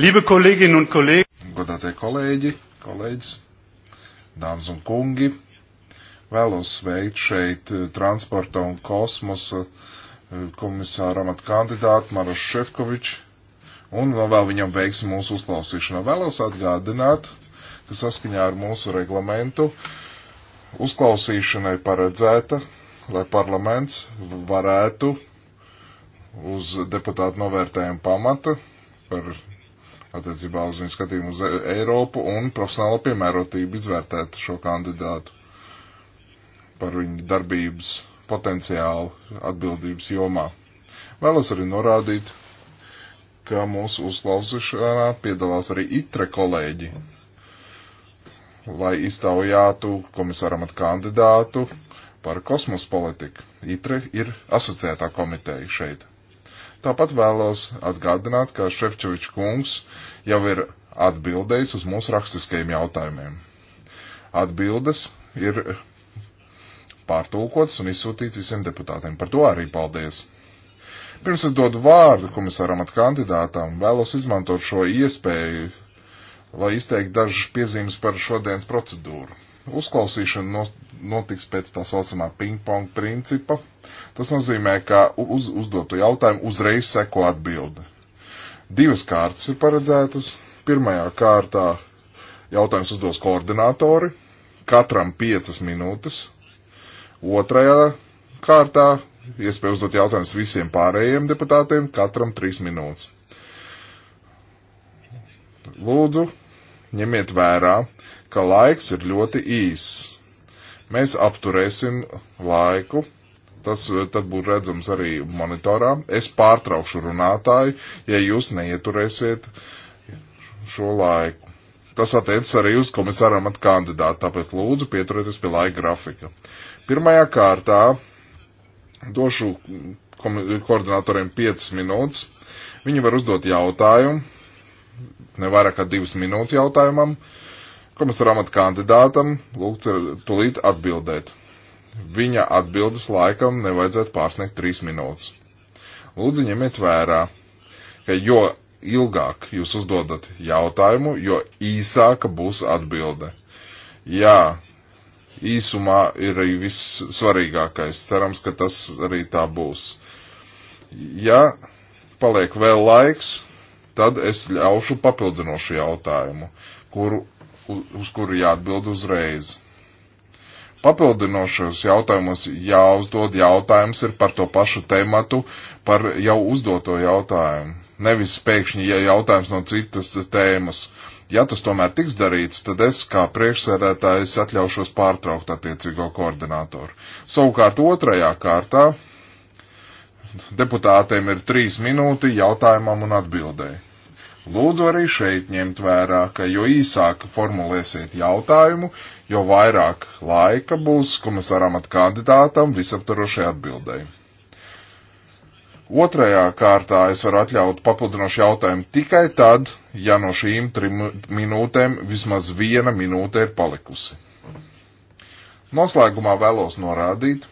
Liebe Kolleginnen un Kollegen, godātie kolēģi, kolēģis, dāmas un kungi, vēlos sveikt šeit eh, transporta un kosmosa eh, komisāra amata kandidātu Marošu Šefkoviču un vēl, vēl viņam veiksim mūsu uzklausīšanā. Vēlos atgādināt, ka saskaņā ar mūsu reglamentu uzklausīšanai paredzēta, lai parlaments varētu uz deputātu novērtējumu pamata par attiecībā uz viņu skatījumu uz e- Eiropu un profesionālo piemērotību izvērtēt šo kandidātu par viņu darbības potenciālu atbildības jomā. Vēlos arī norādīt, ka mūsu uzklausīšanā piedalās arī itre kolēģi, lai iztaujātu komisāram at kandidātu par kosmos politiku. Itre ir asociētā komiteja šeit. Tāpat vēlos atgādināt, ka Šefčovičs kungs jau ir atbildējis uz mūsu rakstiskajiem jautājumiem. Atbildes ir pārtulkots un izsūtīts visiem deputātiem. Par to arī paldies! Pirms es dodu vārdu komisāram at kandidātam, vēlos izmantot šo iespēju, lai izteiktu dažas piezīmes par šodienas procedūru. Uzklausīšana notiks pēc tā saucamā ping-pong principa. Tas nozīmē, ka uz uzdotu jautājumu uzreiz seko atbildi. Divas kārtas ir paredzētas. Pirmajā kārtā jautājums uzdos koordinātori, katram piecas minūtes. Otrajā kārtā iespēja uzdot jautājumus visiem pārējiem deputātiem, katram trīs minūtes. Lūdzu, ņemiet vērā, ka laiks ir ļoti īss. Mēs apturēsim laiku. Tas eh, tad būs redzams arī monitorā. Es pārtraukšu runātāju, ja jūs neieturēsiet šo laiku. Tas attiecas arī uz komisāram at kandidātu, tāpēc lūdzu pieturieties pie laika grafika. Pirmajā kārtā došu koordinatoriem 5 minūtes. Viņi var uzdot jautājumu, ne vairāk kā 2 minūtes jautājumam. Uh, Komisāra amata kandidātam lūgts tūlīt atbildēt. Viņa atbildes laikam nevajadzētu pārsniegt trīs minūtes. Lūdzu, ņemiet vērā, ka jo ilgāk jūs uzdodat jautājumu, jo īsāka būs atbilde. Jā, īsumā ir arī viss svarīgākais. Cerams, ka tas arī tā būs. Ja paliek vēl laiks, tad es ļaušu papildinošu jautājumu, kuru uz kuru jāatbild uzreiz. Papildinošos jautājumos jāuzdod jautājums ir par to pašu tematu, par jau uzdoto jautājumu. Nevis pēkšņi ja jautājums no citas tēmas. Ja tas tomēr tiks darīts, tad es kā priekšsēdētājs atļaušos pārtraukt attiecīgo koordinātoru. Savukārt otrajā kārtā deputātiem ir trīs minūti jautājumam un atbildēji. Lūdzu arī šeit ņemt vērā, ka jo īsāk formulēsiet jautājumu, jo vairāk laika būs komisāram at kandidātam visaptarošai atbildēji. Otrajā kārtā es varu atļaut papildinošu jautājumu tikai tad, ja no šīm trim minūtēm vismaz viena minūte ir palikusi. Noslēgumā vēlos norādīt,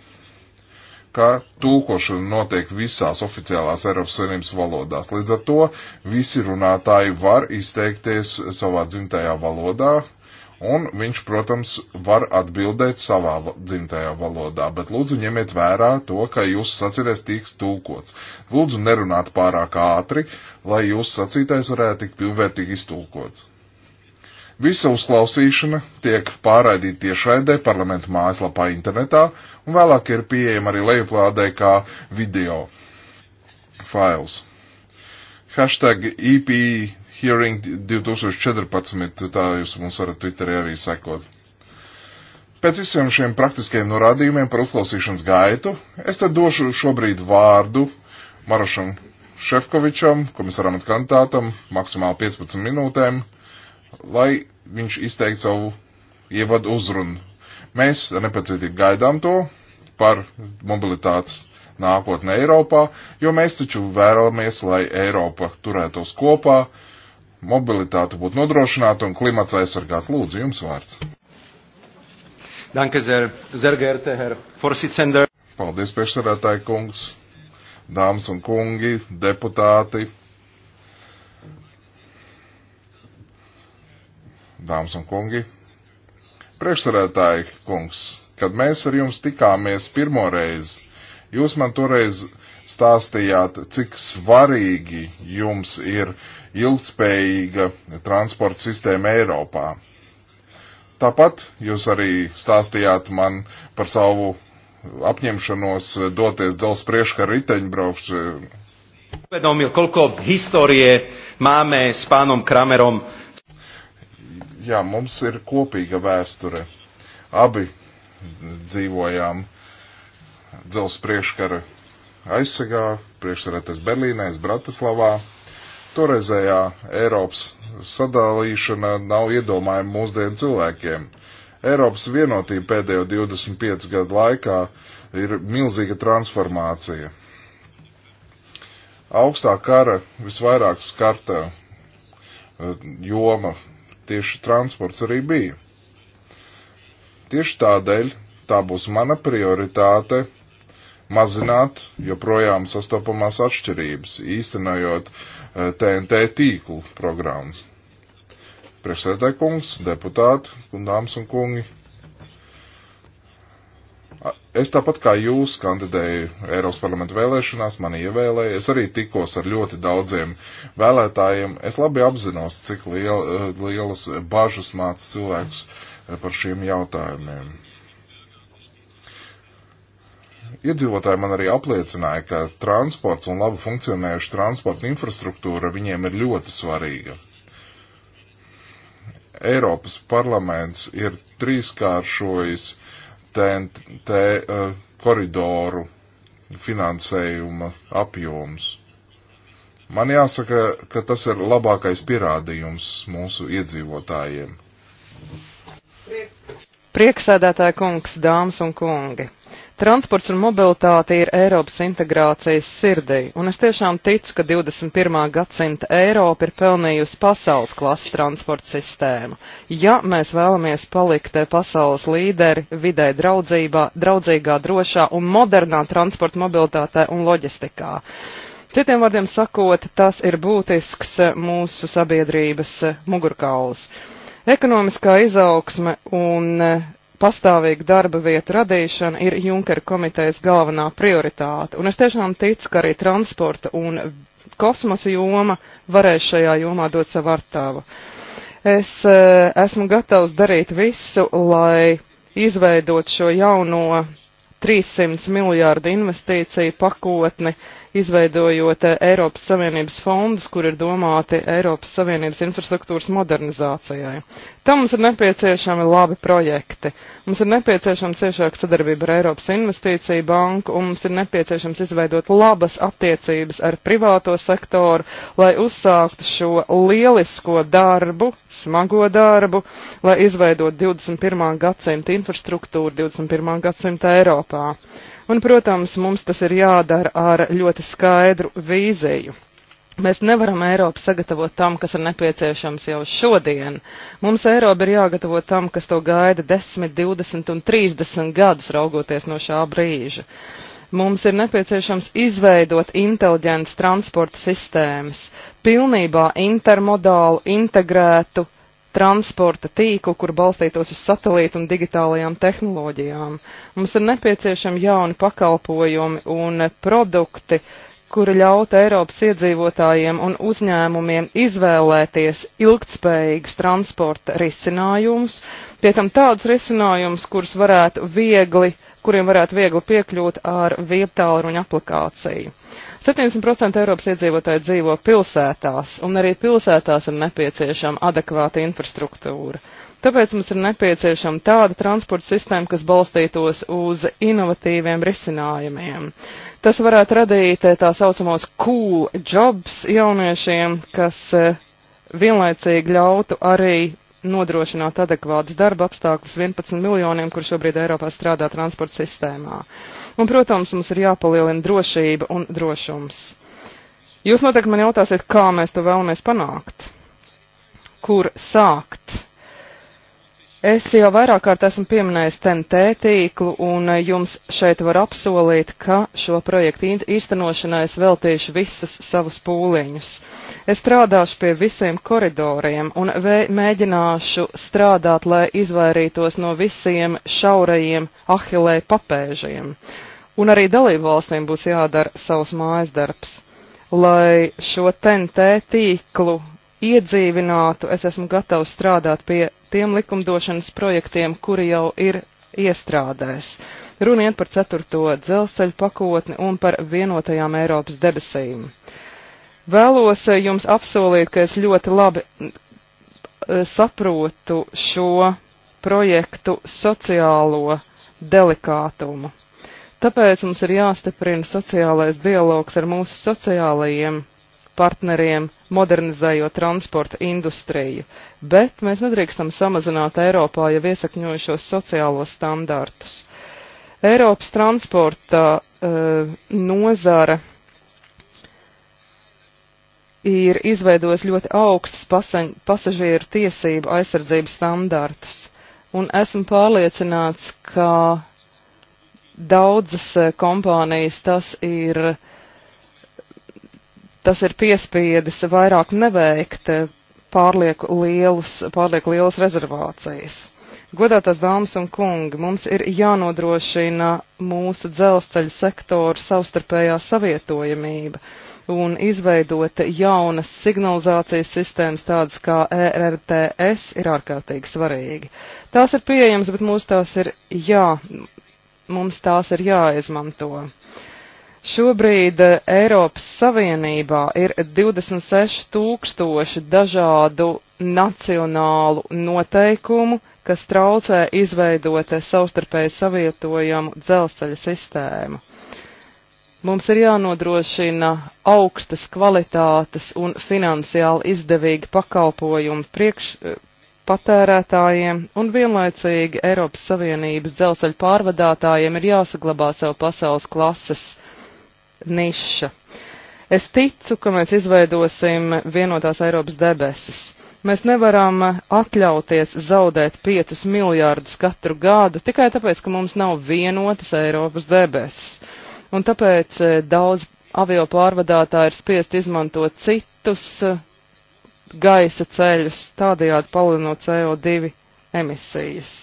ka tūkošana notiek visās oficiālās Eiropas Savienības valodās. Līdz ar to visi runātāji var izteikties savā dzimtajā valodā, un viņš, protams, var atbildēt savā dzimtajā valodā, bet lūdzu ņemiet vērā to, ka jūsu sacītais tiks tulkots. Lūdzu nerunāt pārāk ātri, lai jūsu sacītais varētu tikt pilnvērtīgi iztulkots. Visa uzklausīšana tiek pārraidīta tiešraidē parlamentu mājaslapā internetā un vēlāk ir pieejama arī lejuplādē kā video fails. Hashtag EP Hearing 2014, tā jūs mums varat Twitterī arī sekot. Pēc visiem šiem praktiskajiem norādījumiem par uzklausīšanas gaitu, es tad došu šobrīd vārdu Marošam Šefkovičam, komisaram un kandidātam, maksimāli 15 minūtēm lai viņš izteikt savu ievadu uzrunu. Mēs ar nepacietību gaidām to par mobilitātes nākotne Eiropā, jo mēs taču vēlamies, lai Eiropa turētos kopā, mobilitāte būtu nodrošināta un klimats aizsargāts. Lūdzu, jums vārds. Danke sehr, sehr geehrte Herr Vorsitzender. Paldies, priekšsēdētāji kungs, dāmas un kungi, deputāti. dāmas un kungi. Priekšsarētāji kungs, kad mēs ar jums tikāmies pirmoreiz, jūs man toreiz stāstījāt, cik svarīgi jums ir ilgspējīga transporta sistēma Eiropā. Tāpat jūs arī stāstījāt man par savu apņemšanos doties dzelzs priekškara riteņbraukšanu. Uvedomil, koliko historije máme s pánom Kramerom jā, mums ir kopīga vēsture. Abi dzīvojām dzels priekškara aizsegā, priekšsarētais Berlīnē, Bratislavā. Toreizējā Eiropas sadalīšana nav iedomājama mūsdienu cilvēkiem. Eiropas vienotība pēdējo 25 gadu laikā ir milzīga transformācija. Augstā kara visvairāk skarta eh, joma tieši transports arī bija. Tieši tādēļ tā būs mana prioritāte mazināt joprojām sastopamās atšķirības, īstenojot TNT eh, tīklu programmas. Priekšsēdētāji kungs, deputāti, dāmas un kungi, Es tāpat kā jūs kandidēju Eiropas parlamentu vēlēšanās, mani ievēlēja, es arī tikos ar ļoti daudziem vēlētājiem. Es labi apzinos, cik liel, eh, lielas bažas māca cilvēkus eh, par šiem jautājumiem. Iedzīvotāji man arī apliecināja, ka transports un labi funkcionējuša transporta infrastruktūra viņiem ir ļoti svarīga. Eiropas parlaments ir trīskāršojis uh, TNT eh, koridoru finansējuma apjoms. Man jāsaka, ka tas ir labākais pierādījums mūsu iedzīvotājiem. Priek. Prieksēdētāja kungs, dāmas un kungi! Transports un mobilitāte ir Eiropas integrācijas sirdī, un es tiešām ticu, ka 21. gadsimta Eiropa ir pelnījusi pasaules klases transporta sistēmu. Ja mēs vēlamies palikt pasaules līderi vidē draudzībā, draudzīgā, drošā un modernā transporta mobilitātē un loģistikā. Citiem vārdiem sakot, tas ir būtisks mūsu sabiedrības mugurkauls. Ekonomiskā izaugsme un pastāvīga darba vieta radīšana ir Junkera komitejas galvenā prioritāte. Un es tiešām ticu, ka arī transporta un kosmosa joma varēs šajā jomā dot savu artavu. Es e, esmu gatavs darīt visu, lai izveidot šo jauno 300 miljārdu investīciju pakotni, uh, izveidojot eh, Eiropas Savienības fondus, kur ir domāti Eiropas Savienības infrastruktūras modernizācijai. Tam mums ir nepieciešami labi projekti. Mums ir nepieciešama ciešāka sadarbība ar Eiropas Investīciju banku, un mums ir nepieciešams izveidot labas attiecības ar privāto sektoru, lai uzsāktu šo lielisko darbu, smago darbu, lai izveidot 21. gadsimta infrastruktūru 21. gadsimta Eiropā. Un, protams, mums tas ir jādara ar ļoti skaidru vīziju. Mēs nevaram Eiropu sagatavot tam, kas ir nepieciešams jau šodien. Mums Eiropa ir jāgatavo tam, kas to gaida 10, 20 un 30 gadus raugoties no šā brīža. Mums ir nepieciešams izveidot inteliģentas transporta sistēmas, pilnībā intermodālu, integrētu, transporta tīklu, kur balstītos uz satelītu un digitālajām tehnoloģijām. Mums ir nepieciešami jauni pakalpojumi un produkti, kuri ļautu Eiropas iedzīvotājiem un uzņēmumiem izvēlēties ilgtspējīgus transporta risinājumus, pie tam tādus risinājumus, kurus varētu viegli, kuriem varētu viegli piekļūt ar viedtālu ruņu aplikāciju. 70% Eiropas iedzīvotāji dzīvo pilsētās, un arī pilsētās ir nepieciešama adekvāta infrastruktūra. Tāpēc mums ir nepieciešama tāda transporta sistēma, kas balstītos uz inovatīviem risinājumiem. Tas varētu radīt eh, tā saucamos cool jobs jauniešiem, kas eh, vienlaicīgi ļautu arī nodrošināt adekvātus darba apstākļus 11 miljoniem, kur šobrīd Eiropā strādā transporta sistēmā. Un, protams, mums ir jāpalielina drošība un drošums. Jūs noteikti man jautāsiet, kā mēs to vēlamies panākt, kur sākt Es jau vairāk kārt esmu pieminējis TNT tīklu, un eh, jums šeit var apsolīt, ka šo projektu īstenošanai es veltīšu visus savus pūliņus. Es strādāšu pie visiem koridoriem un mēģināšu strādāt, lai izvairītos no visiem šaurajiem ahilē papēžiem. Un arī dalību valstīm būs jādara savs mājas darbs, lai šo TNT tīklu iedzīvinātu, es esmu gatavs strādāt pie tiem likumdošanas projektiem, kuri jau ir iestrādēs. Runiet par ceturto dzelzceļu pakotni un par vienotajām Eiropas debesīm. Vēlos eh, jums apsolīt, ka es ļoti labi eh, saprotu šo projektu sociālo delikātumu. Tāpēc mums ir jāstiprina sociālais dialogs ar mūsu sociālajiem partneriem, modernizējot transporta industriju, bet mēs nedrīkstam samazināt Eiropā jau iesakņojušos sociālos standartus. Eiropas transporta uh, nozara ir izveidojis ļoti augstas pasaņ, pasažieru tiesību aizsardzības standartus, un esmu pārliecināts, ka daudzas eh, kompānijas tas ir uh, tas ir piespiedis vairāk neveikt eh, pārlieku lielus, pārlieku lielas rezervācijas. Godātās dāmas un kungi, mums ir jānodrošina mūsu dzelzceļa sektoru savstarpējā savietojamība un izveidot jaunas signalizācijas sistēmas tādas kā ERTS ir ārkārtīgi svarīgi. Tās ir pieejamas, bet mums tās ir jā, mums tās ir jāizmanto. Šobrīd eh, Eiropas Savienībā ir 26 tūkstoši dažādu nacionālu noteikumu, kas traucē izveidot eh, savstarpēji savietojamu dzelzceļa sistēmu. Mums ir jānodrošina augstas kvalitātes un finansiāli izdevīgi pakalpojumi priekš, eh, patērētājiem un vienlaicīgi Eiropas Savienības dzelzceļa pārvadātājiem ir jāsaglabā savu pasaules klases niša. Es ticu, ka mēs izveidosim vienotās Eiropas debesis. Mēs nevaram atļauties zaudēt 5 miljārdus katru gadu tikai tāpēc, ka mums nav vienotas Eiropas debesis. Un tāpēc eh, daudz avio pārvadātāji ir spiest izmantot citus eh, gaisa ceļus, tādējādi palielinot CO2 emisijas.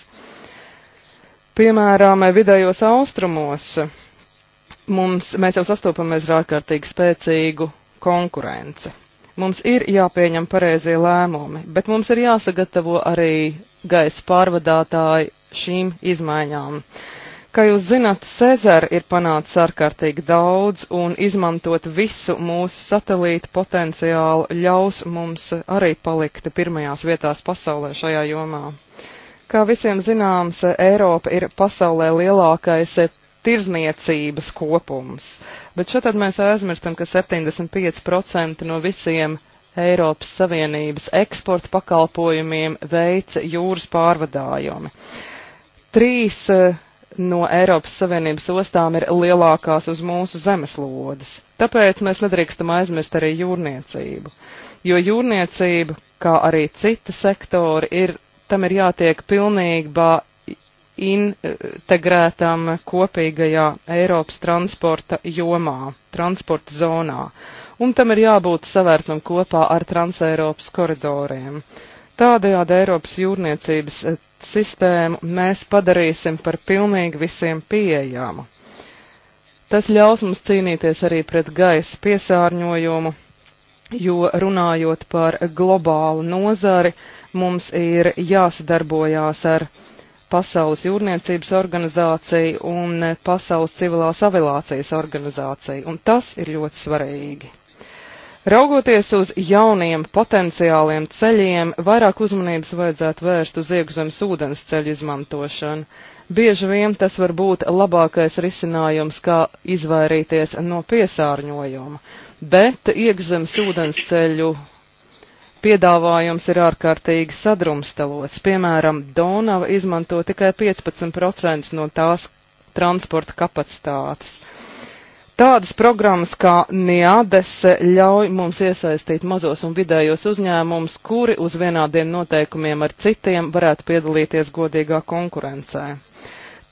Piemēram, eh, vidējos austrumos mums, mēs jau sastopamies ar ārkārtīgi spēcīgu konkurenci. Mums ir jāpieņem pareizie lēmumi, bet mums ir jāsagatavo arī gaisa pārvadātāji šīm izmaiņām. Kā jūs zināt, Cezara ir panācis ārkārtīgi daudz un izmantot visu mūsu satelītu potenciālu ļaus mums arī palikt pirmajās vietās pasaulē šajā jomā. Kā visiem zināms, Eiropa ir pasaulē lielākais tirzniecības kopums. Bet šatad mēs aizmirstam, ka 75% no visiem Eiropas Savienības eksporta pakalpojumiem veica jūras pārvadājumi. Trīs eh, no Eiropas Savienības ostām ir lielākās uz mūsu zemeslodes, tāpēc mēs nedrīkstam aizmirst arī jūrniecību, jo jūrniecība, kā arī citi sektori, ir, tam ir jātiek pilnībā integrētam kopīgajā Eiropas transporta jomā, transporta zonā. Un tam ir jābūt savērtam kopā ar Transeiropas koridoriem. Tādējādi Eiropas jūrniecības eh, sistēmu mēs padarīsim par pilnīgi visiem pieejamu. Tas ļaus mums cīnīties arī pret gaisa piesārņojumu, jo runājot par globālu nozari, mums ir jāsadarbojās ar Pasaules jūrniecības organizācija un eh, Pasaules civilās aviācijas organizācija, un tas ir ļoti svarīgi. Raugoties uz jauniem potenciāliem ceļiem, vairāk uzmanības vajadzētu vērst uz iekšzemes ūdens ceļu izmantošanu. Bieži vien tas var būt labākais risinājums, kā izvairīties no piesārņojuma, bet iekšzemes ūdens ceļu piedāvājums ir ārkārtīgi sadrumstalots. Piemēram, Donava izmanto tikai 15% no tās transporta kapacitātes. Tādas programmas kā Niades ļauj mums iesaistīt mazos un vidējos uzņēmumus, kuri uz vienādiem noteikumiem ar citiem varētu piedalīties godīgā konkurencē.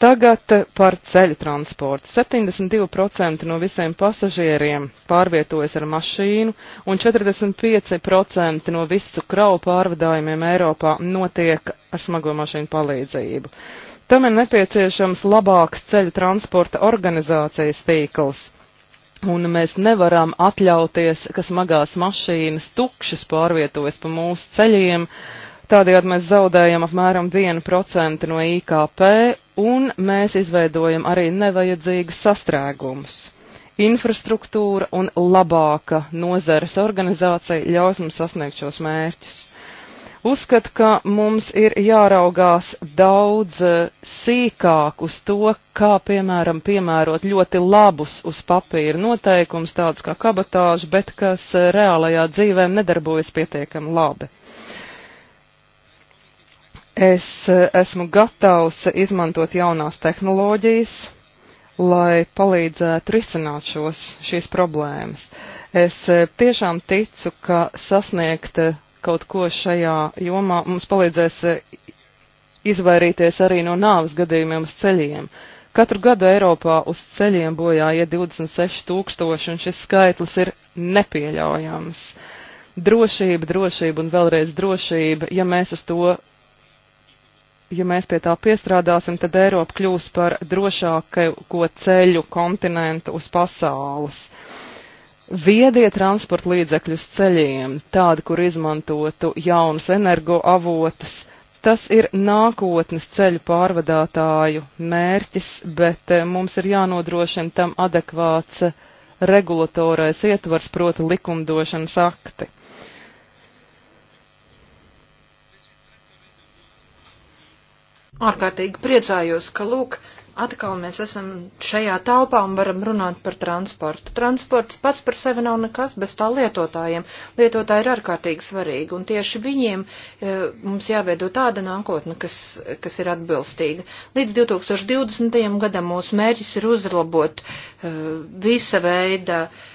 Tagad par ceļu transportu. 72% no visiem pasažieriem pārvietojas ar mašīnu un 45% no visu kravu pārvadājumiem Eiropā notiek ar smago mašīnu palīdzību. Tam ir nepieciešams labāks ceļu transporta organizācijas tīkls. Un mēs nevaram atļauties, ka smagās mašīnas tukšas pārvietojas pa mūsu ceļiem, uh, Tādējādi mēs zaudējam apmēram 1% no IKP un mēs izveidojam arī nevajadzīgus sastrēgumus. Infrastruktūra un labāka nozares organizācija ļaus mums sasniegt šos mērķus. Uzskatu, ka mums ir jāraugās daudz eh, sīkāk uz to, kā piemēram piemērot ļoti labus uz papīra noteikumus, tādus kā kabatāžu, bet kas eh, reālajā dzīvē nedarbojas pietiekami labi. Es eh, esmu gatavs izmantot jaunās tehnoloģijas, lai palīdzētu risināt šos, šīs problēmas. Es eh, tiešām ticu, ka sasniegt eh, kaut ko šajā jomā mums palīdzēs izvairīties arī no nāves gadījumiem uz ceļiem. Katru gadu Eiropā uz ceļiem bojā iet 26 tūkstoši, un šis skaitlis ir nepieļaujams. Drošība, drošība un vēlreiz drošība, ja mēs uz to ja mēs pie tā piestrādāsim, tad Eiropa kļūs par drošāko ceļu kontinentu uz pasaules. Viedie transporta līdzekļi uz ceļiem, tādi, kur izmantotu jaunus energoavotus, tas ir nākotnes ceļu pārvadātāju mērķis, bet eh, mums ir jānodrošina tam adekvāts eh, regulatorais ietvars, proti likumdošanas akti. ārkārtīgi priecājos, ka lūk, atkal mēs esam šajā telpā un varam runāt par transportu. Transports pats par sevi nav nekas bez tā lietotājiem. Lietotāji ir ārkārtīgi svarīgi, un tieši viņiem e, mums jāveido tāda nākotne, kas, kas ir atbilstīga. Līdz 2020. gadam mūsu mērķis ir uzlabot e, visa veida e,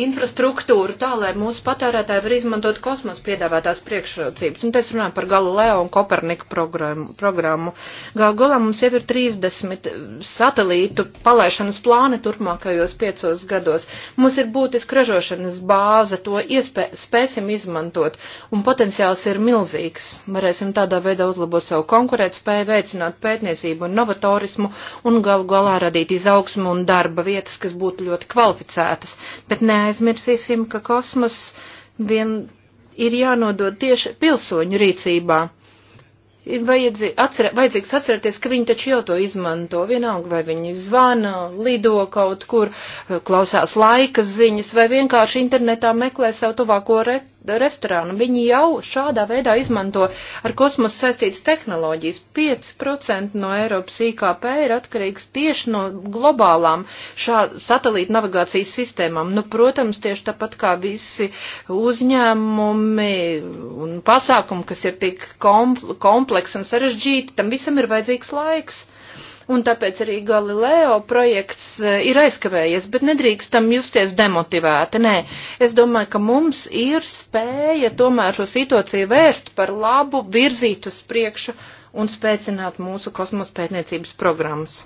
infrastruktūru tā, lai mūsu patērētāji var izmantot kosmosa piedāvātās priekšrocības. Un te es runāju par Galileo un Koperniku programmu. programmu. Gal galā mums jau ir 30 satelītu palaišanas plāni turpmākajos piecos gados. Mums ir būtiski ražošanas bāze, to iespē, spēsim izmantot. Un potenciāls ir milzīgs. Varēsim tādā veidā uzlabot savu konkurētspēju, veicināt pētniecību un novatorismu un galu galā radīt izaugsmu un darba vietas, kas būtu ļoti kvalificētas kosmoss, bet neaizmirsīsim, ka kosmos vien ir jānodod tieši pilsoņu rīcībā. Ir vajadzi, atcer, vajadzīgs atcerēties, ka viņi taču jau to izmanto. Vienalga, vai viņi zvana, lido kaut kur, klausās laikas ziņas, vai vienkārši internetā meklē savu tuvāko retu restorānu. Viņi jau šādā veidā izmanto ar kosmosu saistītas tehnoloģijas. 5% no Eiropas IKP ir atkarīgs tieši no globālām šā satelīta navigācijas sistēmām. Nu, protams, tieši tāpat kā visi uzņēmumi un pasākumi, kas ir tik kompleksi un sarežģīti, tam visam ir vajadzīgs laiks un tāpēc arī Galileo projekts eh, ir aizkavējies, bet nedrīkstam justies demotivēti. Nē, es domāju, ka mums ir spēja tomēr šo situāciju vērst par labu, virzīt uz priekšu un spēcināt mūsu kosmospētniecības programmas.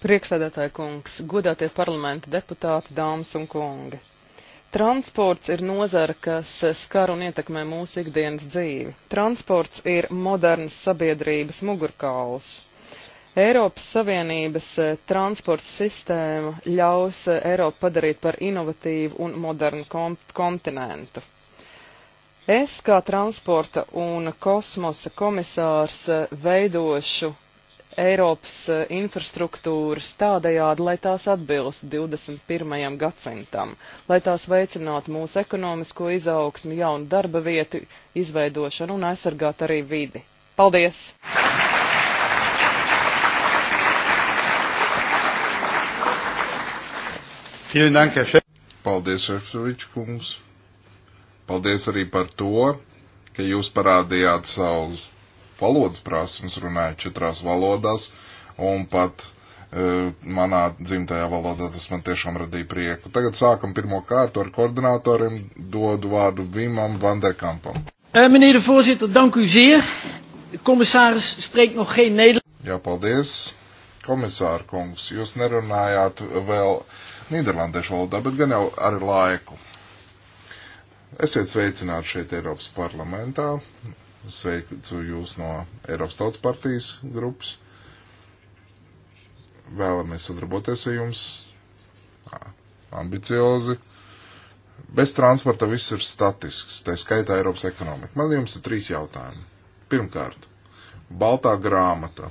Priekšsēdētāja kungs, godātie parlamenta deputāti, dāmas un kungi! Transports ir nozara, kas skar un ietekmē mūsu ikdienas dzīvi. Transports ir modernas sabiedrības mugurkauls. Eiropas Savienības eh, transporta sistēma ļaus eh, Eiropu padarīt par inovatīvu un modernu kontinentu. Es kā transporta un kosmosa komisārs eh, veidošu Eiropas eh, infrastruktūras tādējādi, lai tās atbilst 21. gadsimtam, lai tās veicinātu mūsu ekonomisko izaugsmu, jaunu darba vietu izveidošanu un aizsargātu arī vidi. Paldies! Paldies, Šefčovičs kungs! Paldies arī par to, ka jūs parādījāt savus valodas prasmes, runāju četrās valodās, un pat e, manā dzimtajā valodā tas man tiešām radīja prieku. Tagad sākam pirmo kārtu ar koordinatoriem, dodu vārdu Vimam Vanderkampam. Eh, meneer de voorzitter, dank u zeer. De commissaris spreekt nog geen Nederlands. Jā, paldies. Komisāra kungs, jūs nerunājāt vēl Nīderlandiešu valodā, bet gan jau ar laiku. Esiet sveicināti šeit Eiropas parlamentā. Sveicu jūs no Eiropas Tautas partijas grupas. Vēlamies sadarboties ar jums ambiciozi. Bez transporta viss ir statisks, tā skaitā Eiropas ekonomika. Man jums ir trīs jautājumi. Pirmkārt, Baltā grāmata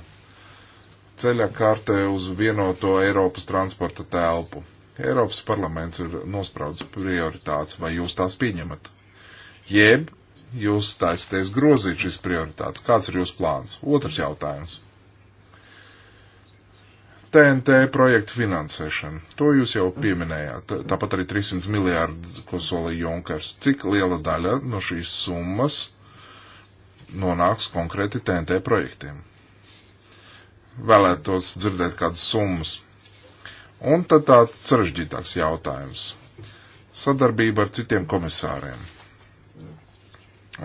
ceļa kārtē uz vienoto Eiropas transporta telpu. Eiropas parlaments ir nospraudis prioritātes, vai jūs tās pieņemat? Jeb jūs taisties grozīt šīs prioritātes? Kāds ir jūsu plāns? Otrs jautājums. TNT projektu finansēšana. To jūs jau pieminējāt. Tāpat arī 300 miljārdi, ko solīja Junkers. Cik liela daļa no šīs summas nonāks konkrēti TNT projektiem? Vēlētos dzirdēt kādas summas. Un tad tāds sarežģītāks jautājums. Sadarbība ar citiem komisāriem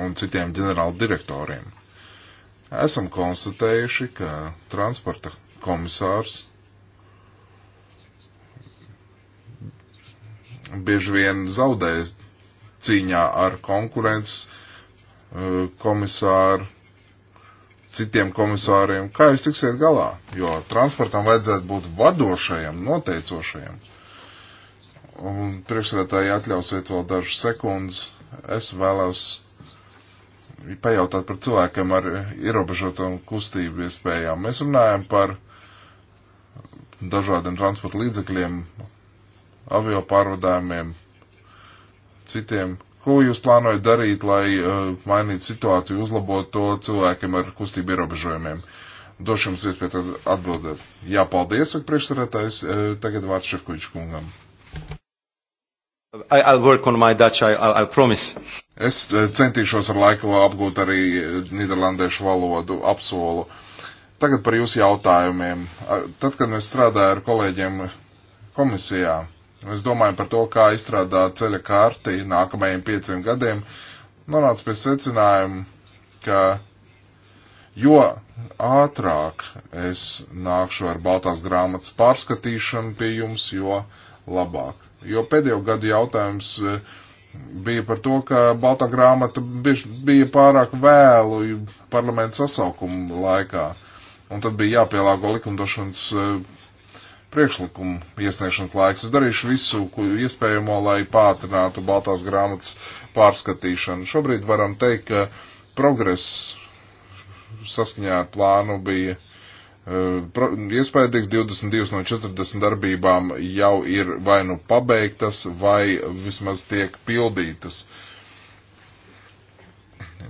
un citiem ģenerāla direktoriem. Esam konstatējuši, ka transporta komisārs bieži vien zaudē cīņā ar konkurences eh, komisāru, citiem komisāriem. Kā jūs tiksiet galā? Jo transportam vajadzētu būt vadošajam, noteicošajam. Un priekšsēdētāji atļausiet vēl dažas sekundes. Es vēlos pajautāt par cilvēkiem ar ierobežotām kustību iespējām. Mēs runājam par dažādiem transporta līdzekļiem, avio pārvadājumiem, citiem. Ko jūs plānojat darīt, lai uh, mainītu situāciju, uzlabot to cilvēkiem ar kustību ierobežojumiem? Došu jums iespēju atbildēt. Jā, paldies, saka priekšsarētājs. Uh, tagad vārds Šefkoviča kungam. I, I'll work on my Dutch, I, I, I promise. Es eh, centīšos ar laiku apgūt arī eh, nīderlandiešu valodu, apsolu. Tagad par jūsu jautājumiem. Tad, kad mēs strādājam ar kolēģiem komisijā, mēs domājam par to, kā izstrādāt ceļa karti nākamajiem pieciem gadiem, nonāca pie secinājuma, ka jo ātrāk es nākšu ar Baltās grāmatas pārskatīšanu pie jums, jo labāk Jo pēdējo gadu jautājums e, bija par to, ka Baltā grāmata bija pārāk vēlu parlamentu sasaukumu laikā. Un tad bija jāpielāgo likumdošanas e, priekšlikumu iesniegšanas laiks. Es darīšu visu iespējamo, lai pātrinātu Baltās grāmatas pārskatīšanu. Šobrīd varam teikt, ka progress saskaņā ar plānu bija uh, Eh, iespējams, 22 no 40 darbībām jau ir vai nu pabeigtas, vai vismaz tiek pildītas.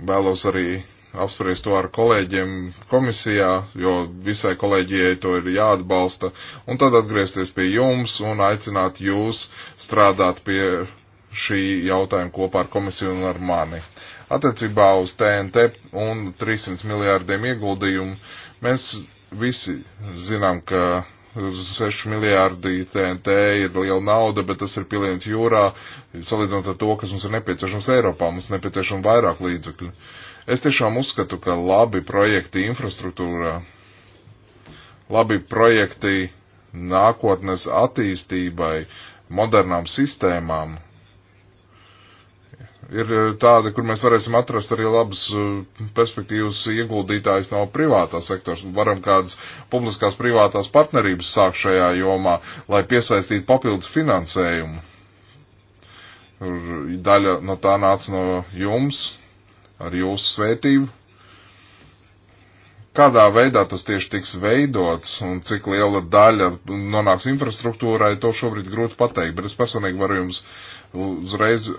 Vēlos arī apspriest to ar kolēģiem komisijā, jo visai kolēģijai to ir jāatbalsta, un tad atgriezties pie jums un aicināt jūs strādāt pie šī jautājuma kopā ar komisiju un ar mani. Attiecībā uz TNT un 300 miljārdiem ieguldījumu mēs Visi zinām, ka 6 miljārdi TNT ir liela nauda, bet tas ir piliens jūrā, salīdzinot ar to, kas mums ir nepieciešams Eiropā, mums ir nepieciešama vairāk līdzekļu. Es tiešām uzskatu, ka labi projekti infrastruktūrā, labi projekti nākotnes attīstībai, modernām sistēmām ir eh, tāda, kur mēs varēsim atrast arī labas eh, perspektīvas ieguldītājs no privātā sektors. Varam kādas publiskās privātās partnerības sākt šajā jomā, lai piesaistītu papildus finansējumu. Daļa no tā nāca no jums, ar jūsu svētību. Kādā veidā tas tieši tiks veidots un cik liela daļa nonāks infrastruktūrai, to šobrīd grūti pateikt, bet es personīgi varu jums uzreiz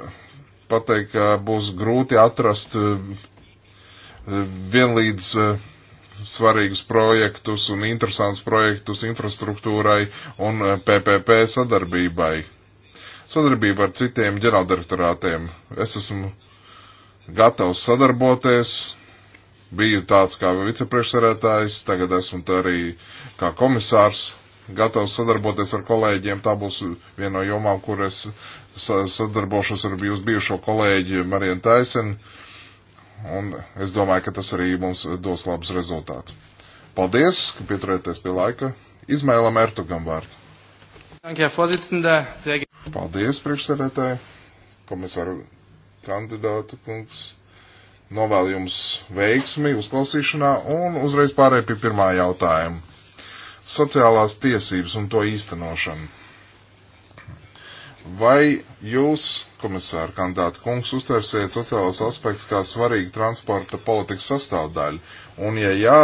pateikt, ka būs grūti atrast eh, vienlīdz eh, svarīgus projektus un interesants projektus infrastruktūrai un PPP eh, sadarbībai. Sadarbība ar citiem ģenerāldirektorātiem. Es esmu gatavs sadarboties, biju tāds kā vicepriekšsarētājs, tagad esmu arī kā komisārs, gatavs sadarboties ar kolēģiem. Tā būs viena no jomām, kur es sadarbošos ar jūsu bijušo kolēģi Marienu Taisenu, un es domāju, ka tas arī mums dos labus rezultātus. Paldies, ka pieturēties pie laika. Izmēlam Ertugam vārds. Paldies, priekšsēdētāji, komisāru kandidātu kungs. Novēlu jums veiksmi uzklausīšanā un uzreiz pārēju pie pirmā jautājuma. Sociālās tiesības un to īstenošanu. Vai jūs, komisāra kandidāta kungs, uztversiet sociālos aspektus kā svarīgu transporta politikas sastāvdaļu? Un ja jā,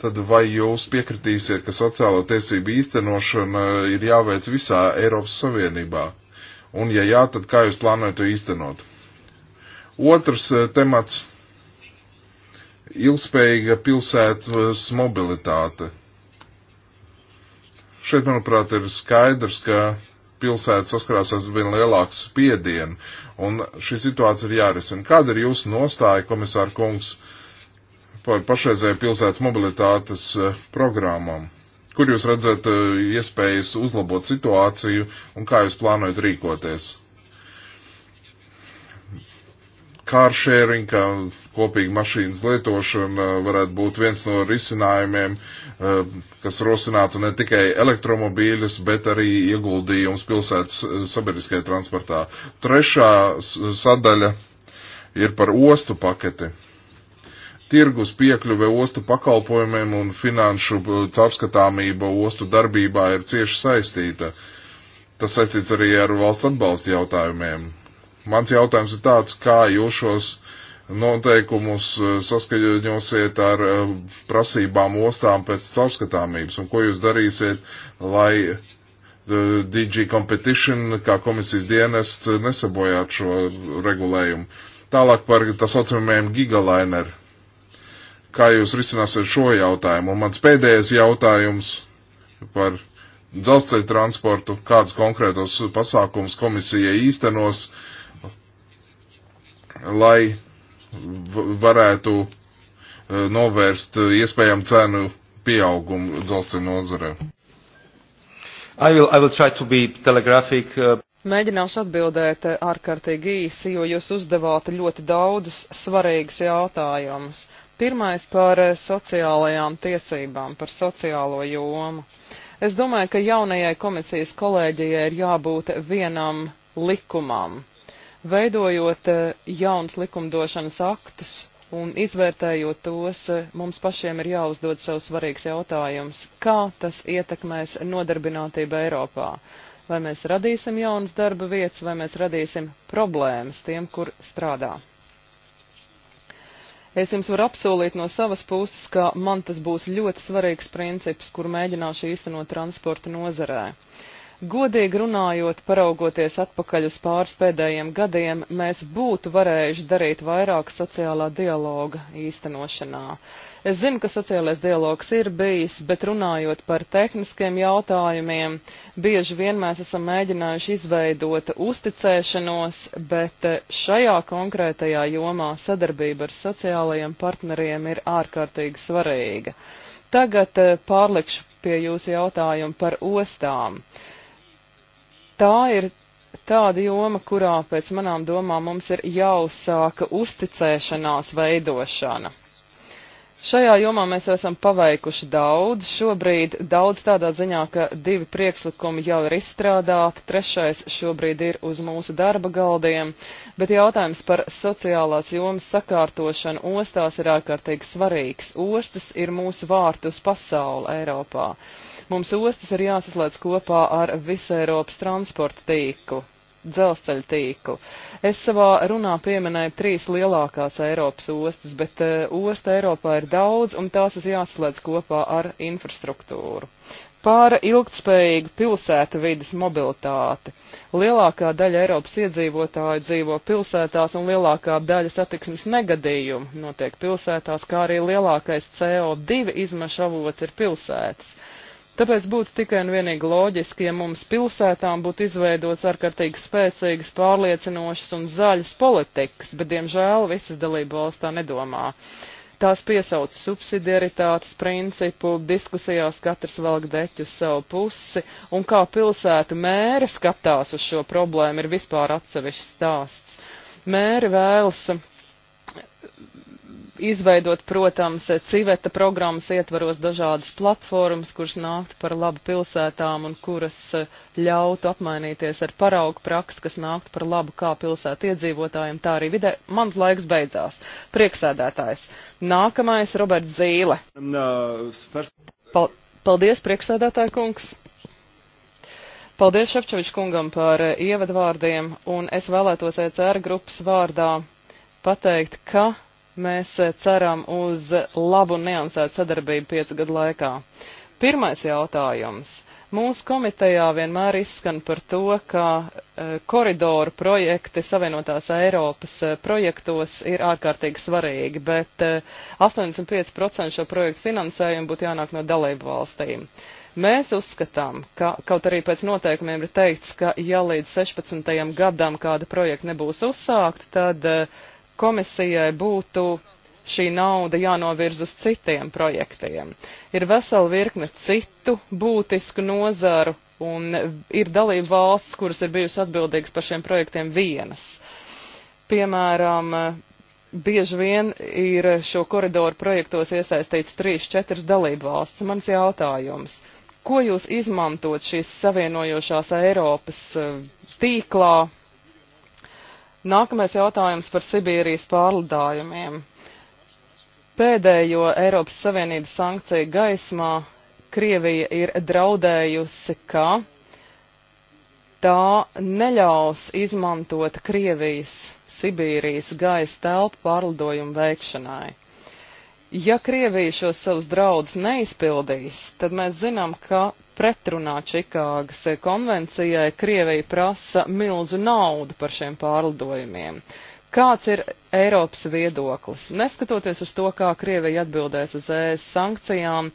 tad vai jūs piekritīsiet, ka sociālo tiesību īstenošana eh, ir jāveic visā Eiropas Savienībā? Un ja jā, tad kā jūs plānojat to īstenot? Otrs eh, temats - ilgspējīga pilsētas mobilitāte. Šeit, manuprāt, ir skaidrs, ka pilsētas saskarās ar vien lielāku spiedienu, un šī situācija ir jārisina. Kāda ir jūsu nostāja, komisāra kungs, par pašreizēju pilsētas mobilitātes eh, programmām? Kur jūs redzat eh, iespējas uzlabot situāciju un kā jūs plānojat rīkoties? kāršēring, kā kopīga mašīnas lietošana varētu būt viens no risinājumiem, eh, kas rosinātu ne tikai elektromobīļus, bet arī ieguldījums pilsētas eh, sabiedriskajā transportā. Trešā sadaļa ir par ostu paketi. Tirgus piekļuve ostu pakalpojumiem un finanšu eh, caurskatāmība ostu darbībā ir cieši saistīta. Tas saistīts arī ar valsts atbalsta jautājumiem Mans jautājums ir tāds, kā jūs šos noteikumus eh, saskaņosiet ar eh, prasībām ostām pēc caurskatāmības un ko jūs darīsiet, lai eh, DG Competition kā komisijas dienests nesabojātu šo regulējumu. Tālāk par tā saucamajiem gigalaineru. Kā jūs risināsiet šo jautājumu? Un mans pēdējais jautājums par dzelzceļa transportu, kādas konkrētos pasākums komisija īstenos, uh, lai varētu e, novērst e, iespējamu cenu pieaugumu dzelzceļa nozarē. I will, I will try to be telegraphic. E. Mēģināšu atbildēt ārkārtīgi īsi, jo jūs uzdevāt ļoti daudzus svarīgus jautājumus. Pirmais par sociālajām tiesībām, par sociālo jomu. Es domāju, ka jaunajai komisijas kolēģijai ir jābūt vienam likumam veidojot eh, jaunas likumdošanas aktus un izvērtējot tos, eh, mums pašiem ir jāuzdod sev svarīgs jautājums, kā tas ietekmēs nodarbinātību Eiropā. Vai mēs radīsim jaunas darba vietas, vai mēs radīsim problēmas tiem, kur strādā. Es jums varu apsolīt no savas puses, ka man tas būs ļoti svarīgs princips, kur mēģināšu īstenot transporta nozarē. Uh, Godīgi runājot, paraugoties atpakaļ uz pāris pēdējiem gadiem, mēs būtu varējuši darīt vairāk sociālā dialoga īstenošanā. Es zinu, ka sociālais dialogs ir bijis, bet runājot par tehniskiem jautājumiem, bieži vien mēs esam mēģinājuši izveidot uzticēšanos, bet šajā konkrētajā jomā sadarbība ar sociālajiem partneriem ir ārkārtīgi svarīga. Tagad eh, pārlikšu pie jūsu jautājuma par ostām. Uh, tā ir tāda joma, kurā pēc manām domām mums ir jāuzsāka uzticēšanās veidošana. Šajā jomā mēs esam paveikuši daudz, šobrīd daudz tādā ziņā, ka divi priekšlikumi jau ir izstrādāti, trešais šobrīd ir uz mūsu darba galdiem, bet jautājums par sociālās jomas sakārtošanu ostās ir ārkārtīgi svarīgs. Ostas ir mūsu vārti uz pasauli Eiropā. Uh, Mums ostas ir jāsaslēdz kopā ar visu Eiropas transporta tīklu dzelzceļa tīklu. Es savā runā pieminēju trīs lielākās Eiropas ostas, bet uh, osta Eiropā ir daudz un tās ir jāslēdz kopā ar infrastruktūru. Pāra ilgtspējīga pilsēta vidas mobilitāte. Lielākā daļa Eiropas iedzīvotāju dzīvo pilsētās un lielākā daļa satiksmes negadījumu notiek pilsētās, kā arī lielākais CO2 izmešu avots ir pilsētas. Uh, Tāpēc būtu tikai un vienīgi loģiski, ja mums pilsētām būtu izveidots ārkārtīgi spēcīgas, pārliecinošas un zaļas politikas, bet diemžēl visas dalību valstā nedomā. Tās piesauc subsidiaritātes principu, diskusijās katrs velk deķu uz savu pusi, un kā pilsētu mēra skatās uz šo problēmu ir vispār atsevišķs stāsts. Mēri vēlas izveidot, protams, civeta programmas ietvaros dažādas platformas, kuras nāktu par labu pilsētām un kuras eh, ļautu apmainīties ar paraugu praksi, kas nāktu par labu kā pilsētu iedzīvotājiem, tā arī vidē. Man laiks beidzās. Prieksēdētājs. Nākamais Roberts Zīle. Paldies, prieksēdētāja kungs. Paldies Šepčevičs kungam par eh, ievadvārdiem, un es vēlētos ECR grupas vārdā pateikt, ka Mēs eh, ceram uz labu un neansētu sadarbību piecu gadu laikā. Pirmais jautājums. Mūsu komitejā vienmēr izskan par to, ka eh, koridoru projekti Savienotās Eiropas eh, projektos ir ārkārtīgi svarīgi, bet 85% šo projektu finansējumu būtu jānāk no dalību valstīm. Mēs uzskatām, ka kaut arī pēc noteikumiem ir teikts, ka ja līdz 16. gadam kāda projekta nebūs uzsākta, tad komisijai būtu šī nauda jānovirz uz citiem projektiem. Ir vesela virkne citu būtisku nozaru, un ir dalība valsts, kuras ir bijusi atbildīgas par šiem projektiem vienas. Piemēram, bieži vien ir šo koridoru projektos iesaistīts 3-4 dalību valsts. Mans jautājums, ko jūs izmantot šīs savienojošās Eiropas eh, tīklā, Nākamais jautājums par Sibīrijas pārlidājumiem. Pēdējo Eiropas Savienības sankciju gaismā Krievija ir draudējusi, ka tā neļaus izmantot Krievijas Sibīrijas gaisa telpu pārlidojumu veikšanai. Ja Krievija šos savus draudus neizpildīs, tad mēs zinām, ka pretrunā Čikāgas konvencijai, Krievija prasa milzu naudu par šiem pārlidojumiem. Kāds ir Eiropas viedoklis? Neskatoties uz to, kā Krievija atbildēs uz ES sankcijām,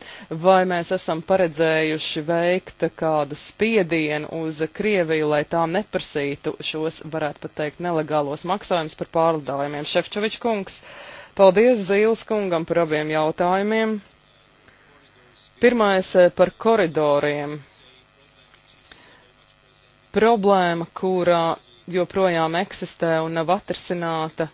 vai mēs esam paredzējuši veikt kādu spiedienu uz Krieviju, lai tā neprasītu šos, varētu pat teikt, nelegālos maksājumus par pārlidājumiem? Šefčovičs kungs, paldies Zīles kungam par abiem jautājumiem. Pirmais eh, par koridoriem. Problēma, kurā joprojām eksistē un nav atrisināta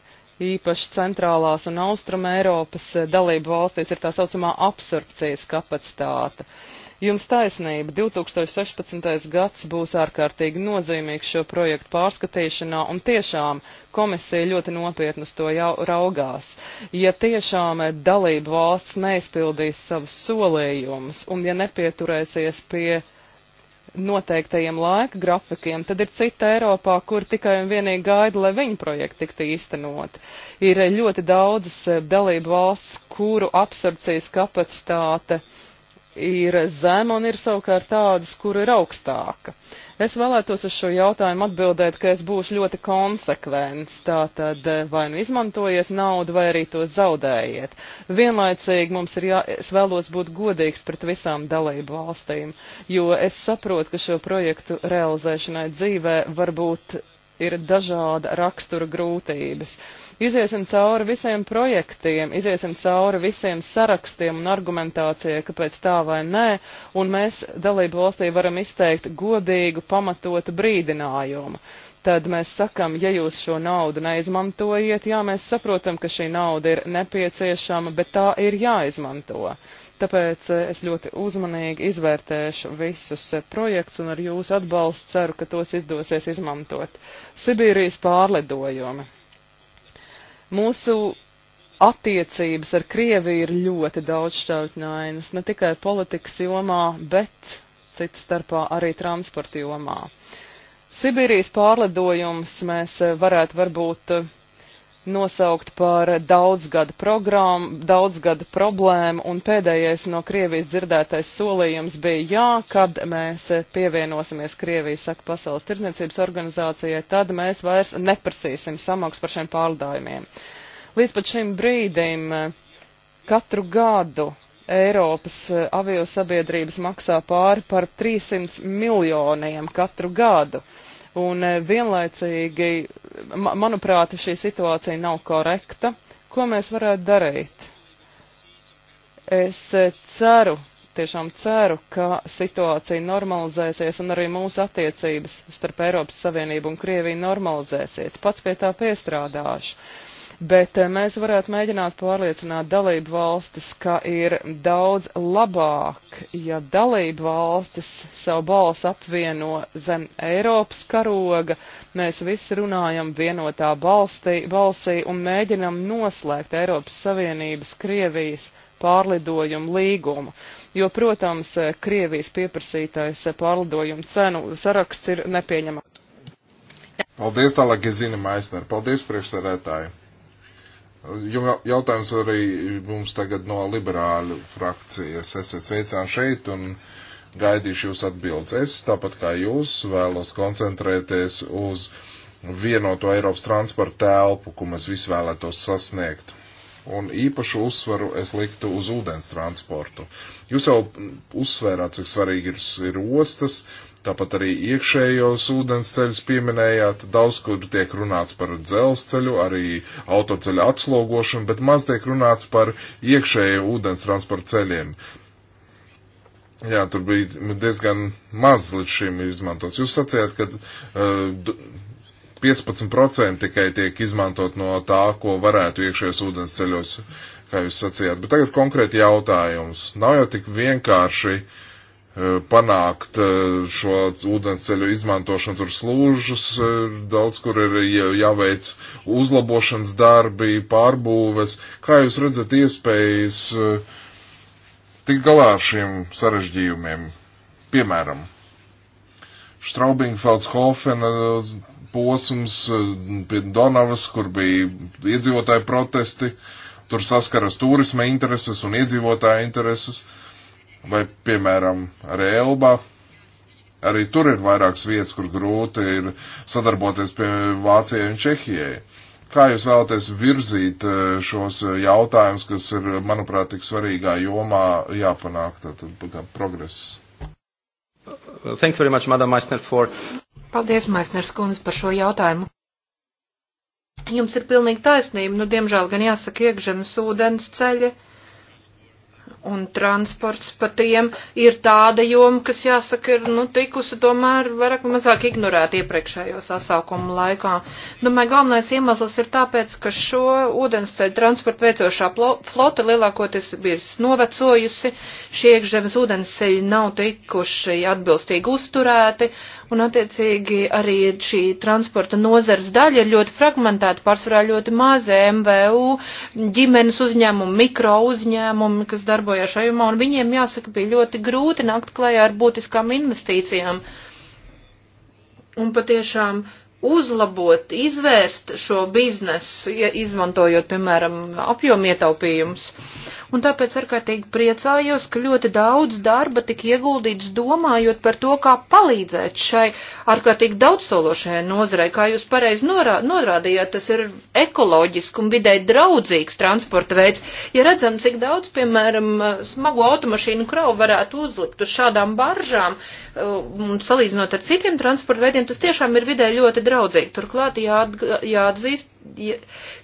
īpaši centrālās un austruma Eiropas eh, dalību valstīs, ir tā saucamā absorpcijas kapacitāte. Uh, Jums taisnība, 2016. gads būs ārkārtīgi nozīmīgs šo projektu pārskatīšanā, un tiešām komisija ļoti nopietni uz to jau raugās. Ja tiešām dalība valsts neizpildīs savus solījumus, un ja nepieturēsies pie noteiktajiem laika grafikiem, tad ir cita Eiropā, kur tikai un vienīgi gaida, lai viņu projekti tiktu īstenot. Ir ļoti daudzas dalību valsts, kuru absorpcijas kapacitāte uh, ir zema un ir savukārt tādas, kur ir augstāka. Es vēlētos uz šo jautājumu atbildēt, ka es būšu ļoti konsekvents. Tātad eh, vai nu izmantojiet naudu, vai arī to zaudējiet. Vienlaicīgi mums ir jā, es vēlos būt godīgs pret visām dalību valstīm, jo es saprotu, ka šo projektu realizēšanai dzīvē varbūt ir dažāda rakstura grūtības. Iziesim cauri visiem projektiem, iziesim cauri visiem sarakstiem un argumentācijai, kāpēc tā vai nē, un mēs dalību valstī varam izteikt godīgu, pamatotu brīdinājumu tad mēs sakam, ja jūs šo naudu neizmantojiet, jā, mēs saprotam, ka šī nauda ir nepieciešama, bet tā ir jāizmanto. Tāpēc eh, es ļoti uzmanīgi izvērtēšu visus eh, projektus un ar jūsu atbalstu ceru, ka tos izdosies izmantot. Sibīrijas pārlidojumi. Mūsu attiecības ar Krieviju ir ļoti daudzšķautņainas, ne tikai politikas jomā, bet citu starpā arī transporta jomā. Sibīrijas pārlidojums mēs eh, varētu varbūt nosaukt par daudzgada programmu, daudzgada problēmu, un pēdējais no Krievijas dzirdētais solījums bija jā, kad mēs pievienosimies Krievijas, saka Pasaules tirdzniecības organizācijai, tad mēs vairs neprasīsim samaksu par šiem pārdājumiem. Līdz pat šim brīdim katru gadu Eiropas aviosabiedrības maksā pāri par 300 miljoniem katru gadu. Uh, Un eh, vienlaicīgi, manuprāt, šī situācija nav korekta. Ko mēs varētu darīt? Es eh, ceru, tiešām ceru, ka situācija normalizēsies un arī mūsu attiecības starp Eiropas Savienību un Krieviju normalizēsies. Pats pie tā piestrādāšu bet eh, mēs varētu mēģināt pārliecināt dalību valstis, ka ir daudz labāk, ja dalību valstis savu balsu apvieno zem Eiropas karoga, mēs visi runājam vienotā balstī, balsī un mēģinam noslēgt Eiropas Savienības Krievijas pārlidojumu līgumu. Jo, protams, eh, Krievijas pieprasītais eh, pārlidojumu cenu saraksts ir nepieņemams. Paldies, tālāk, Gezina Maisner. Paldies, priekšsarētāji. Jautājums arī mums tagad no liberāļu frakcijas. Esiet sveicināti šeit un gaidīšu jūs atbildes. Es, tāpat kā jūs, vēlos koncentrēties uz vienoto Eiropas transporta telpu, ko mēs visi vēlētos sasniegt. Un īpašu uzsvaru es liktu uz ūdens transportu. Jūs jau uzsvērāt, cik svarīgi ir, ir ostas, uh, Tāpat arī iekšējos ūdensceļus pieminējāt, daudz kur tiek runāts par dzelzceļu, arī autoceļu atslogošanu, bet maz tiek runāts par iekšējo ūdens transporta ceļiem. Jā, tur bija diezgan maz līdz šim izmantots. Jūs sacījāt, ka uh, 15% tikai tiek izmantot no tā, ko varētu iekšējos ūdens ceļos, kā jūs sacījāt. Bet tagad konkrēti jautājums. Nav jau tik vienkārši uh, E, panākt e, šo ūdensceļu izmantošanu, tur slūžas, e, daudz kur ir jāveic uzlabošanas darbi, pārbūves. Kā jūs redzat iespējas tik galā ar šiem sarežģījumiem? Piemēram, Straubingfeldshofena posms pie Donavas, kur bija iedzīvotāju protesti, tur saskaras turisma intereses un iedzīvotāju intereses. Uh, vai, piemēram, ar Elba. Arī tur ir vairākas vietas, kur grūti ir sadarboties pie Vācijai un Čehijai. Kā jūs vēlaties virzīt e, šos e, jautājumus, kas ir, manuprāt, tik svarīgā jomā jāpanāk, tātad progress? Thank you very much, Madam Meissner, for. Paldies, Meissners kundze, par šo jautājumu. Jums ir pilnīgi taisnība, nu, diemžēl gan jāsaka iekšzemes ūdens ceļi un transports pa tiem ir tāda joma, kas jāsaka ir, nu, tikusi tomēr vairāk vai mazāk ignorēta iepriekšējo sasaukumu laikā. Domāju, galvenais iemesls ir tāpēc, ka šo ūdensceļu transportu veicošā flota lielākoties ir novecojusi, šie iekšzemes ūdensceļi nav tikuši atbilstīgi uzturēti un attiecīgi arī šī transporta nozars daļa ir ļoti fragmentēta, pārsvarā ļoti maza MVU, ģimenes uzņēmumu, mikro uzņēmumu, kas darbojās šajā jomā, un viņiem jāsaka bija ļoti grūti nākt klajā ar būtiskām investīcijām. Un patiešām uzlabot, izvērst šo biznesu, ja izmantojot, piemēram, apjomietaupījumus. Uh, un tāpēc ārkārtīgi priecājos, ka ļoti daudz darba tika ieguldīts domājot par to, kā palīdzēt šai ārkārtīgi daudzsološajai nozarei. Kā jūs pareizi norā, norādījāt, tas ir ekoloģiski un vidē draudzīgs transporta veids. Ja redzam, cik daudz, piemēram, smagu automašīnu kravu varētu uzlikt uz šādām baržām, uh, un salīdzinot ar citiem transporta veidiem, tas tiešām ir vidē ļoti draudzīgi. Turklāt jāatzīst, ja,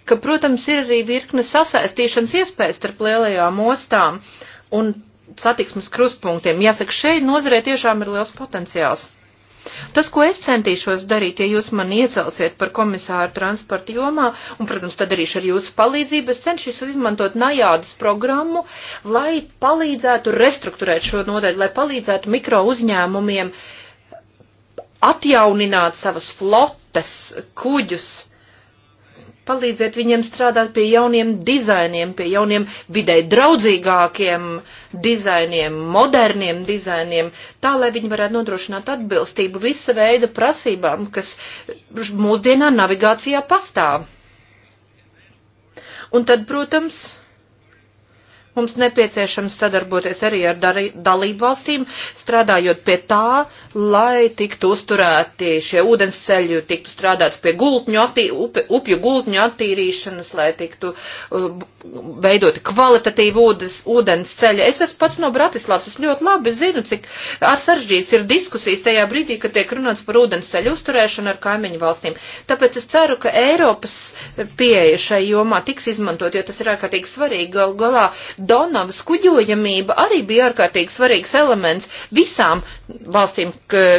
ka, protams, ir arī virkne sasaistīšanas iespējas starp lielajām ostām un satiksmes kruspunktiem. Jāsaka, šeit nozarē tiešām ir liels potenciāls. Tas, ko es centīšos darīt, ja jūs mani iecelsiet par komisāru transporta jomā, un, protams, tad darīšu ar jūsu palīdzību, es cenšos izmantot najādas programmu, lai palīdzētu restruktūrēt šo nodaļu, lai palīdzētu mikro uzņēmumiem atjaunināt savas flotes, kuģus, palīdziet viņiem strādāt pie jauniem dizainiem, pie jauniem videi draudzīgākiem dizainiem, moderniem dizainiem, tā, lai viņi varētu nodrošināt atbilstību visa veida prasībām, kas mūsdienā navigācijā pastāv. Un tad, protams, Mums nepieciešams sadarboties arī ar dalību valstīm, strādājot pie tā, lai tiktu uzturēti šie ūdensceļi, tiktu strādāts pie gultņu attī, upe, upju gultņu attīrīšanas, lai tiktu uh, veidoti kvalitatīvi ūdens, ūdensceļi. Es esmu pats no Bratislavas, es ļoti labi zinu, cik saržģīts ir diskusijas tajā brīdī, kad tiek runāts par ūdensceļu uzturēšanu ar kaimiņu valstīm. Tāpēc es ceru, ka Eiropas pieeja šai jomā tiks izmantot, jo tas ir ārkārtīgi svarīgi. Gal galā Donavas kuģojamība arī bija ārkārtīgi svarīgs elements visām valstīm,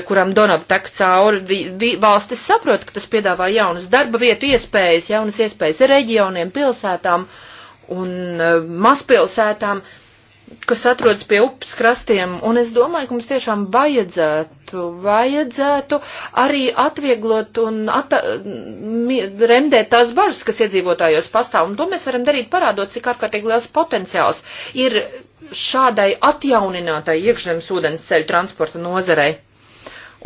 kurām Donava tek cauri. Vi, vi, valstis saprot, ka tas piedāvā jaunas darba vietu iespējas, jaunas iespējas reģioniem, pilsētām un e, mazpilsētām. Uh, kas atrodas pie upes krastiem, un es domāju, ka mums tiešām vajadzētu, vajadzētu arī atvieglot un ata, remdēt tās bažas, kas iedzīvotājos pastāv, un to mēs varam darīt parādot, cik ārkārtīgi liels potenciāls ir šādai atjauninātai iekšzemes ūdens ceļu transporta nozarei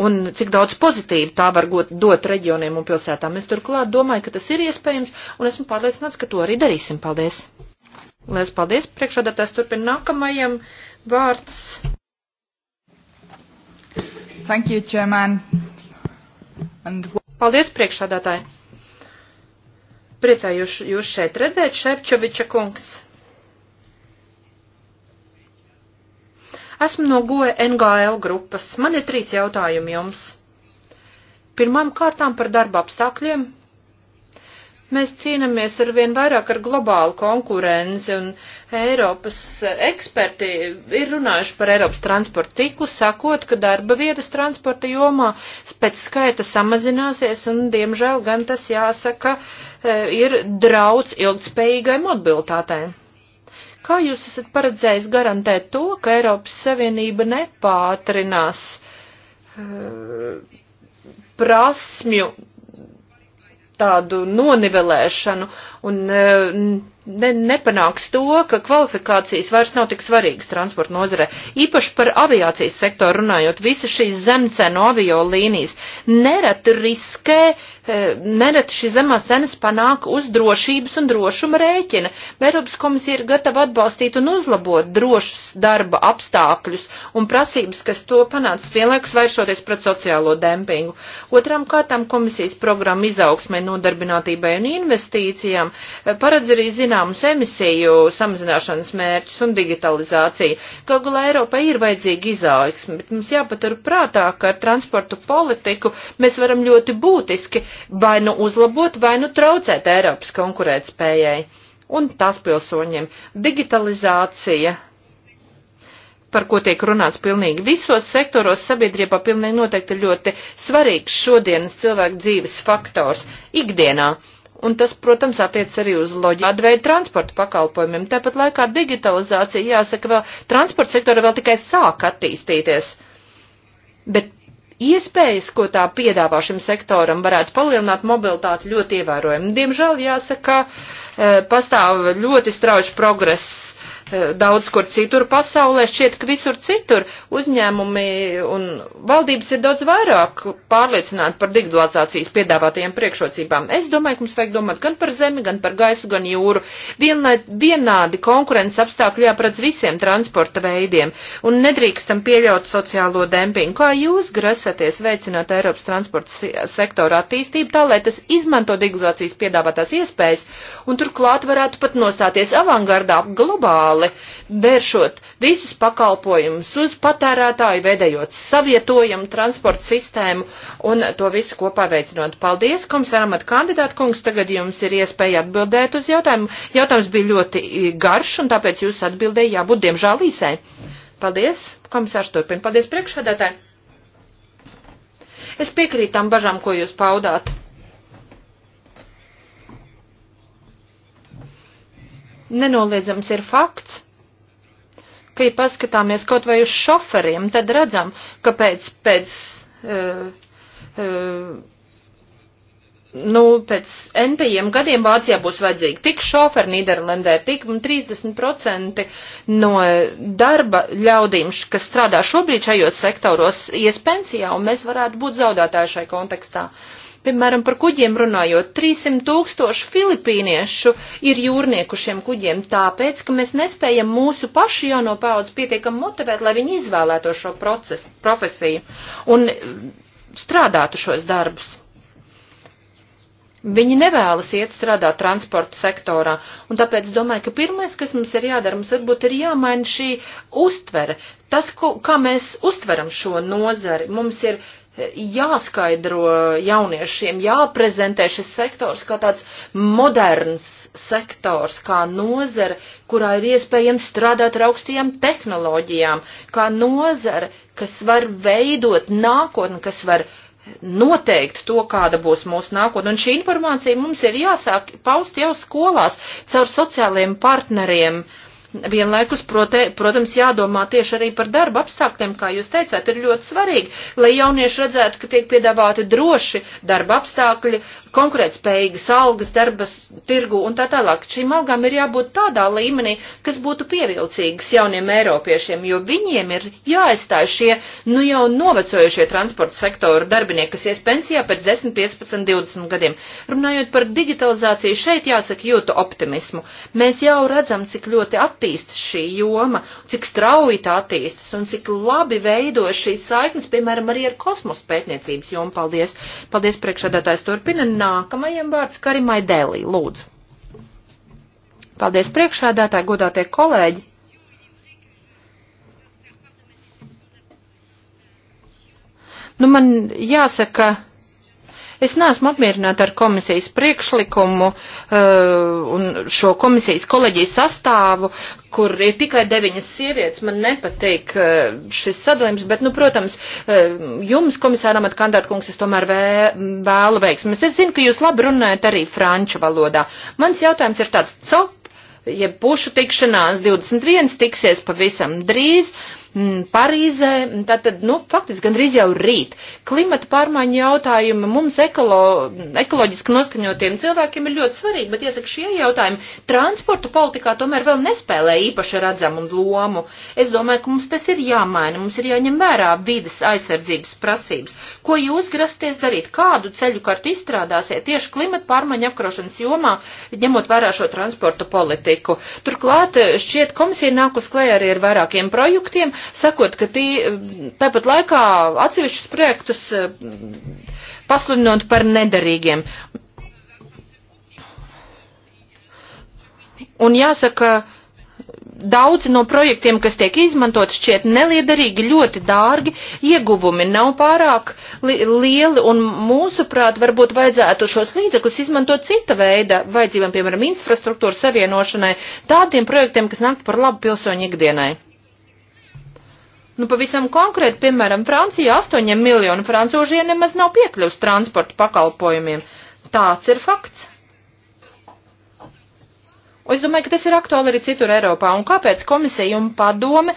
un cik daudz pozitīvu tā var dot reģioniem un pilsētām. Es turklāt domāju, ka tas ir iespējams, un esmu pārliecināts, ka to arī darīsim. Paldies! Lielas paldies. Priekšādātājs turpina nākamajam vārds. Thank you, Chairman. And... Paldies, priekšādātāji. Priecājos jūs šeit redzēt, Šepčoviča kungs. Esmu no GOE NGL grupas. Man ir trīs jautājumi jums. Pirmām kārtām par darba apstākļiem, Mēs cīnāmies ar vien vairāk ar globālu konkurenci, un Eiropas eh, eksperti ir runājuši par Eiropas transportu tīklu, sakot, ka darba vietas transporta jomā pēc skaita samazināsies, un, diemžēl, gan tas jāsaka, eh, ir drauds ilgspējīgai mobilitātei. Kā jūs esat paredzējis garantēt to, ka Eiropas Savienība nepātrinās uh, prasmju tādu nonivelēšanu un eh, ne, nepanāks to, ka kvalifikācijas vairs nav tik svarīgas transporta nozare. Īpaši par aviācijas sektoru runājot, visa šīs zemcenu avio līnijas nereti riskē, eh, nereti šīs zemās cenas panāk uz drošības un drošuma rēķina. Eiropas komisija ir gatava atbalstīt un uzlabot drošus darba apstākļus un prasības, kas to panāca vienlaikus vēršoties pret sociālo dempingu. Otram kārtām komisijas programma izaugsmai, nodarbinātībai un investīcijām iespējām, paredz arī zināmus emisiju samazināšanas mērķus un digitalizāciju. Kaut galā Eiropai ir vajadzīga izaugsme, bet mums jāpatur prātā, ka ar transportu politiku mēs varam ļoti būtiski vai nu uzlabot, vai nu traucēt Eiropas konkurētspējai un tās pilsoņiem. Digitalizācija par ko tiek runāts pilnīgi visos sektoros sabiedrībā, pilnīgi noteikti ļoti svarīgs šodienas cilvēku dzīves faktors ikdienā un tas, protams, attiec arī uz loģiskādu veidu transporta pakalpojumiem. Tāpat laikā digitalizācija, jāsaka, vēl transporta sektora vēl tikai sāk attīstīties. Bet iespējas, ko tā piedāvā šim sektoram, varētu palielināt mobilitāti ļoti ievērojami. Diemžēl, jāsaka, eh, pastāv ļoti strauji progress Eh, daudz kur citur pasaulē, šķiet, ka visur citur uzņēmumi un valdības ir daudz vairāk pārliecināti par digitalizācijas piedāvātajām priekšrocībām. Es domāju, ka mums vajag domāt gan par zemi, gan par gaisu, gan jūru. Vienlai, vienādi konkurences apstākļi jāpredz visiem transporta veidiem un nedrīkstam pieļaut sociālo dempingu. Kā jūs grasaties veicināt Eiropas transporta sektora attīstību tā, lai tas izmanto digitalizācijas piedāvātās iespējas un turklāt varētu pat nostāties avangardā globāli? modeli, vēršot visus pakalpojumus uz patērētāju, veidojot savietojumu transporta sistēmu un to visu kopā veicinot. Paldies, komisāram at kandidātu kungs, tagad jums ir iespēja atbildēt uz jautājumu. Jautājums bija ļoti eh, garš un tāpēc jūs atbildēji jābūt diemžēl īsai. Paldies, komisārs turpina. Paldies priekšādātāji. Es piekrītu tam bažām, ko jūs paudāt nenoliedzams ir fakts, ka, ja paskatāmies kaut vai uz šoferiem, tad redzam, ka pēc, pēc, uh, uh, nu, pēc entajiem gadiem Vācijā būs vajadzīgi tik šoferi Nīderlandē, tik 30% no darba ļaudīm, kas strādā šobrīd šajos sektoros, ies pensijā, un mēs varētu būt zaudētāji šai kontekstā. Uh, Piemēram, par kuģiem runājot, 300 tūkstoši filipīniešu ir jūrnieku šiem kuģiem, tāpēc, ka mēs nespējam mūsu pašu jauno paudzi pietiekam motivēt, lai viņi izvēlēto šo procesu, profesiju un mm, strādātu šos darbus. Viņi nevēlas iet strādāt transporta sektorā, un tāpēc domāju, ka pirmais, kas mums ir jādara, mums varbūt ir jāmaina šī uztvere. Tas, ko, kā mēs uztveram šo nozari, mums ir jāskaidro jauniešiem, jāprezentē šis sektors kā tāds moderns sektors, kā nozara, kurā ir iespējams strādāt ar augstajām tehnoloģijām, kā nozara, kas var veidot nākotni, kas var noteikt to, kāda būs mūsu nākotne. Un šī informācija mums ir jāsāk paust jau skolās caur sociālajiem partneriem. Uh, vienlaikus, protē, protams, jādomā tieši arī par darba apstākļiem, kā jūs teicāt, ir ļoti svarīgi, lai jaunieši redzētu, ka tiek piedāvāti droši darba apstākļi, konkurētspējīgas algas, darbas, tirgu un tā tālāk. Šīm algām ir jābūt tādā līmenī, kas būtu pievilcīgas jauniem eiropiešiem, jo viņiem ir jāaizstāj šie, nu jau novecojušie transporta sektoru darbinieki, kas ies pensijā pēc 10, 15, 20 gadiem. Runājot par digitalizāciju, šeit jāsaka jūtu optimismu. Mēs jau redzam, cik ļoti attīstīt attīstas šī joma, cik strauji tā attīstas un cik labi veido šīs saiknes, piemēram, arī ar kosmosa pētniecības jomu. Paldies, paldies priekšādātājs turpina. Nākamajam vārds Karimai Delī, lūdzu. Paldies priekšādātāji, godātie kolēģi. Nu, man jāsaka, Es neesmu apmierināta ar komisijas priekšlikumu uh, un šo komisijas kolēģijas sastāvu, kur ir tikai deviņas sievietes. Man nepatīk uh, šis sadalījums, bet, nu, protams, uh, jums, komisāram at kandātkungs, es tomēr vē, vēlu veiksmes. Es zinu, ka jūs labi runājat arī franču valodā. Mans jautājums ir tāds, co, ja pušu tikšanās 21 tiksies pavisam drīz. Uh, Mm, Parīzē, tātad, nu, faktiski gandrīz jau rīt. Klimata pārmaiņa jautājumi mums ekolo, ekoloģiski noskaņotiem cilvēkiem ir ļoti svarīgi, bet, iesaka, šie jautājumi transporta politikā tomēr vēl nespēlē īpaši redzamu lomu. Es domāju, ka mums tas ir jāmaina, mums ir jāņem vērā vides aizsardzības prasības. Ko jūs grasties darīt? Kādu ceļu kartu izstrādāsiet tieši klimata pārmaiņa apkarošanas jomā, ņemot vērā šo transporta politiku? Turklāt, šķiet, komisija nāk uz klē arī ar vairākiem projektiem, sakot, ka tī, tāpat laikā atsevišķus projektus eh, pasludinot par nederīgiem. Un jāsaka, daudzi no projektiem, kas tiek izmantot, šķiet neliederīgi, ļoti dārgi, ieguvumi nav pārāk li lieli, un mūsuprāt, varbūt vajadzētu šos līdzekļus izmantot cita veida vajadzībām, piemēram, infrastruktūras savienošanai, tādiem projektiem, kas nāk par labu pilsoņu ikdienai. Nu, pavisam konkrēti, piemēram, Francija 8 miljonu francūžiem nemaz nav piekļuvis transporta pakalpojumiem. Tāds ir fakts. Un es domāju, ka tas ir aktuāli arī citur Eiropā. Un kāpēc komisija un padome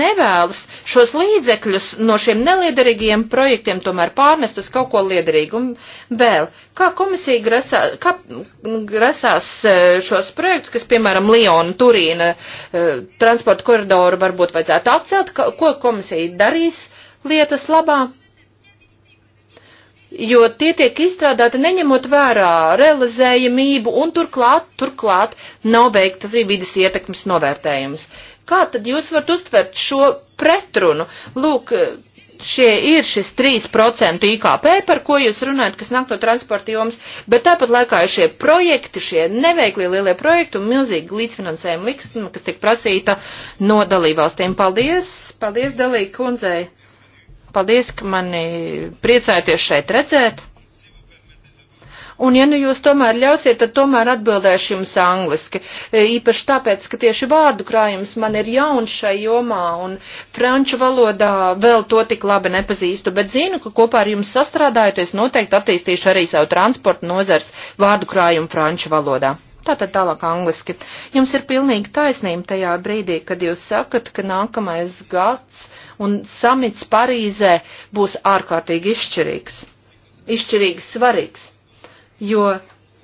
nevēlas šos līdzekļus no šiem neliederīgiem projektiem tomēr pārnest uz kaut ko liederīgu? Un vēl, kā komisija grasā, kā grasās e, šos projektus, kas, piemēram, Liona, Turīna e, transporta koridoru varbūt vajadzētu atcelt, ko komisija darīs lietas labā? jo tie tiek izstrādāti neņemot vērā realizējamību un turklāt, turklāt nav veikta arī vidas ietekmes novērtējums. Kā tad jūs varat uztvert šo pretrunu? Lūk, šie ir šis 3% IKP, par ko jūs runājat, kas nāk no transporta jomas, bet tāpat laikā ir šie projekti, šie neveiklie lielie projekti un milzīgi līdzfinansējuma liksma, kas tiek prasīta no dalībvalstīm. Paldies, paldies dalīgi kundzei. Paldies, ka mani priecājaties šeit redzēt. Un, ja nu jūs tomēr ļausiet, tad tomēr atbildēšu jums angliski. E, īpaši tāpēc, ka tieši vārdu krājums man ir jauns šai jomā un franču valodā vēl to tik labi nepazīstu, bet zinu, ka kopā ar jums sastrādājoties noteikti attīstīšu arī savu transporta nozars vārdu krājumu franču valodā. Tātad tālāk angliski. Jums ir pilnīgi taisnība tajā brīdī, kad jūs sakat, ka nākamais gads un samits Parīzē būs ārkārtīgi izšķirīgs. Izšķirīgi svarīgs. Jo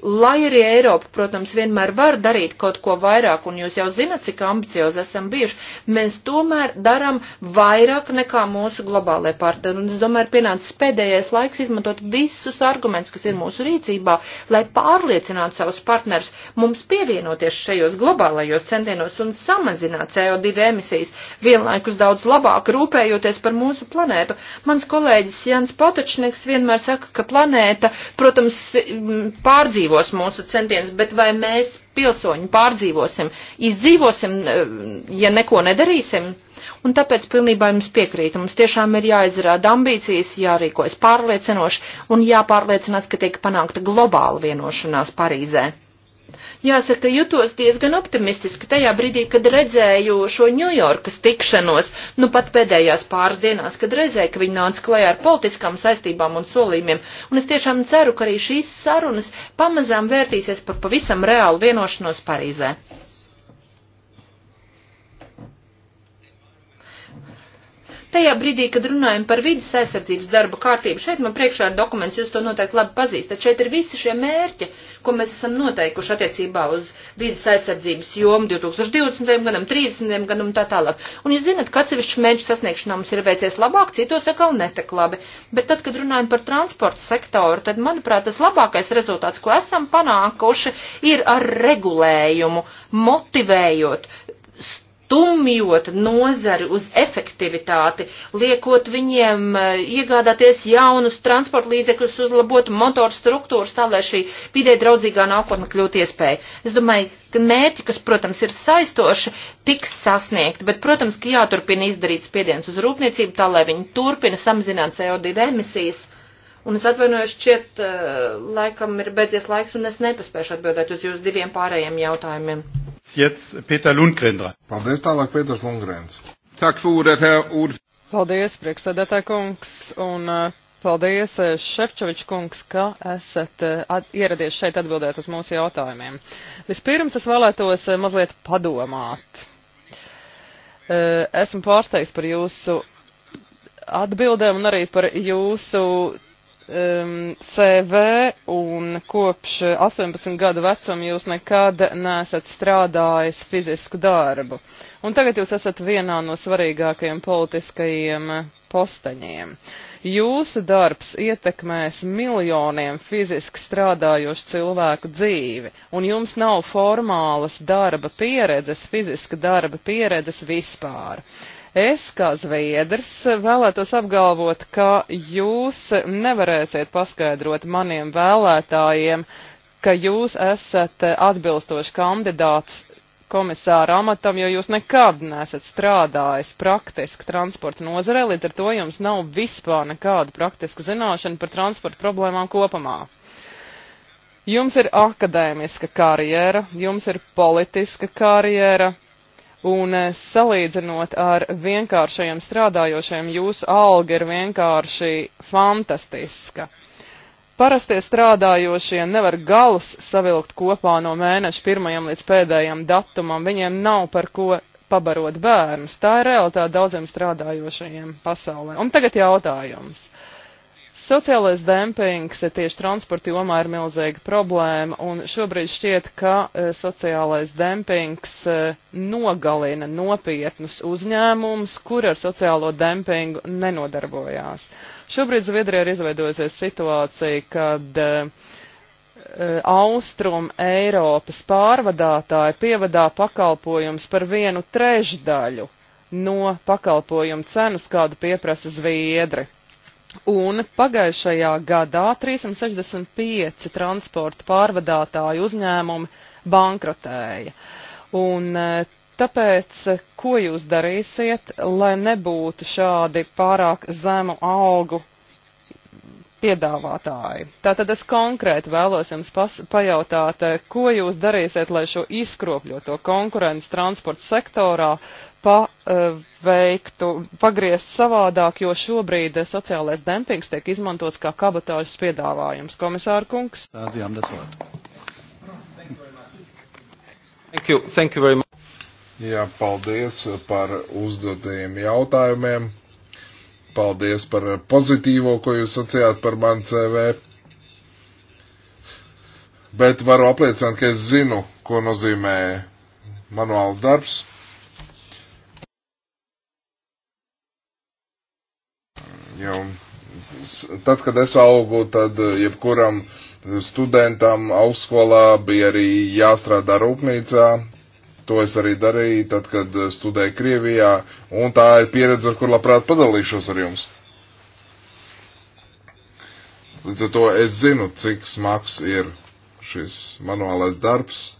Lai arī Eiropa, protams, vienmēr var darīt kaut ko vairāk, un jūs jau zinat, cik ambiciozi esam bijuši, mēs tomēr daram vairāk nekā mūsu globālajie partneri. Un es domāju, ir pienācis pēdējais laiks izmantot visus argumentus, kas ir mūsu rīcībā, lai pārliecinātu savus partnerus mums pievienoties šajos globālajos centienos un samazināt CO2 emisijas, vienlaikus daudz labāk rūpējoties par mūsu planētu. Mans kolēģis Jans Potočnieks vienmēr saka, ka planēta, protams, pārdzīvo izdzīvos mūsu centienus, bet vai mēs pilsoņi pārdzīvosim, izdzīvosim, eh, ja neko nedarīsim? Un tāpēc pilnībā jums piekrītu. Mums tiešām ir jāizrāda ambīcijas, jārīkojas pārliecinoši un jāpārliecinās, ka tiek panākta globāla vienošanās Parīzē jāsaka, jutos diezgan optimistiski tajā brīdī, kad redzēju šo Ņujorkas tikšanos, nu pat pēdējās pāris dienās, kad redzēju, ka viņi nāca klajā ar politiskām saistībām un solījumiem. Un es tiešām ceru, ka arī šīs sarunas pamazām vērtīsies par pavisam reālu vienošanos Parīzē. Tajā brīdī, kad runājam par vidas aizsardzības darba kārtību, šeit man priekšā ir dokuments, jūs to noteikti labi pazīstat. Šeit ir visi šie mērķi, ko mēs esam noteikuši attiecībā uz vidas aizsardzības jomu 2020. gadam, 30. gadam un tā tālāk. Un jūs zinat, ka atsevišķu mērķu sasniegšanā mums ir veicies labāk, citos atkal netek labi. Bet tad, kad runājam par transporta sektoru, tad, manuprāt, tas labākais rezultāts, ko esam panākuši, ir ar regulējumu, motivējot stumjot nozari uz efektivitāti, liekot viņiem eh, iegādāties jaunus transporta līdzekļus, uzlabot motoru struktūras, tā lai šī vidē draudzīgā nākotne kļūtu iespēja. Es domāju, ka mērķi, kas, protams, ir saistoši, tiks sasniegti, bet, protams, ka jāturpina izdarīt spiediens uz rūpniecību, tā lai viņi turpina samazināt CO2 emisijas Un es atvainojos, šķiet, eh, laikam ir beidzies laiks, un es nepaspēšu atbildēt uz jūsu diviem pārējiem jautājumiem. Paldies tālāk, Pēters Lundgrēns. Paldies, priekšsēdētāj kungs, un eh, paldies, eh, Šefčovič kungs, ka esat at, ieradies šeit atbildēt uz mūsu jautājumiem. Vispirms es vēlētos mazliet padomāt. Esmu pārsteigts par jūsu atbildēm un arī par jūsu um, CV un kopš 18 gadu vecuma jūs nekad nesat strādājis fizisku darbu. Un tagad jūs esat vienā no svarīgākajiem politiskajiem posteņiem. Jūsu darbs ietekmēs miljoniem fiziski strādājošu cilvēku dzīvi, un jums nav formālas darba pieredzes, fiziska darba pieredzes vispār. Es, kā zviedrs, vēlētos apgalvot, ka jūs nevarēsiet paskaidrot maniem vēlētājiem, ka jūs esat atbilstoši kandidāts komisāra amatam, jo jūs nekad nesat strādājis praktiski transporta nozarē, līdz ar to jums nav vispār nekādu praktisku zināšanu par transporta problēmām kopumā. Jums ir akadēmiska karjera, jums ir politiska karjera, Un eh, salīdzinot ar vienkāršajiem strādājošiem, jūsu alga ir vienkārši fantastiska. Parastie strādājošie nevar galus savilkt kopā no mēneša pirmajam līdz pēdējam datumam, viņiem nav par ko pabarot bērnus. Tā ir realitāte daudziem strādājošajiem pasaulē. Un tagad jautājums. Sociālais dempings tieši transporta jomā ir milzīga problēma, un šobrīd šķiet, ka e, sociālais dempings e, nogalina nopietnus uzņēmumus, kur ar sociālo dempingu nenodarbojās. Šobrīd Zviedrijā ir izveidojusies situācija, kad e, e, Austrum Eiropas pārvadātāji pievadā pakalpojums par vienu trešdaļu no pakalpojumu cenas, kādu pieprasa Zviedri. Un pagājušajā gadā 365 transporta pārvadātāju uzņēmumi bankrotēja. Un e, tāpēc, e, ko jūs darīsiet, lai nebūtu šādi pārāk zemu algu piedāvātāji? Tātad es konkrēti vēlos jums pas, pajautāt, e, ko jūs darīsiet, lai šo izkropļoto konkurences transporta sektorā paveiktu, eh, pagriezt savādāk, jo šobrīd eh, sociālais dempings tiek izmantots kā kabatāžas piedāvājums. Komisāra kungs. Tādījām desot. Thank you, thank you very much. Jā, paldies par uzdotajiem jautājumiem. Paldies par pozitīvo, ko jūs sacījāt par manu CV. Bet varu apliecināt, ka es zinu, ko nozīmē manuāls darbs jau tad, kad es augu, tad eh, jebkuram studentam augstskolā bija arī jāstrādā rūpnīcā. To es arī darīju, tad, kad eh, studēju Krievijā, un tā ir pieredze, ar kur labprāt padalīšos ar jums. Līdz ar to es zinu, cik smags ir šis manuālais darbs.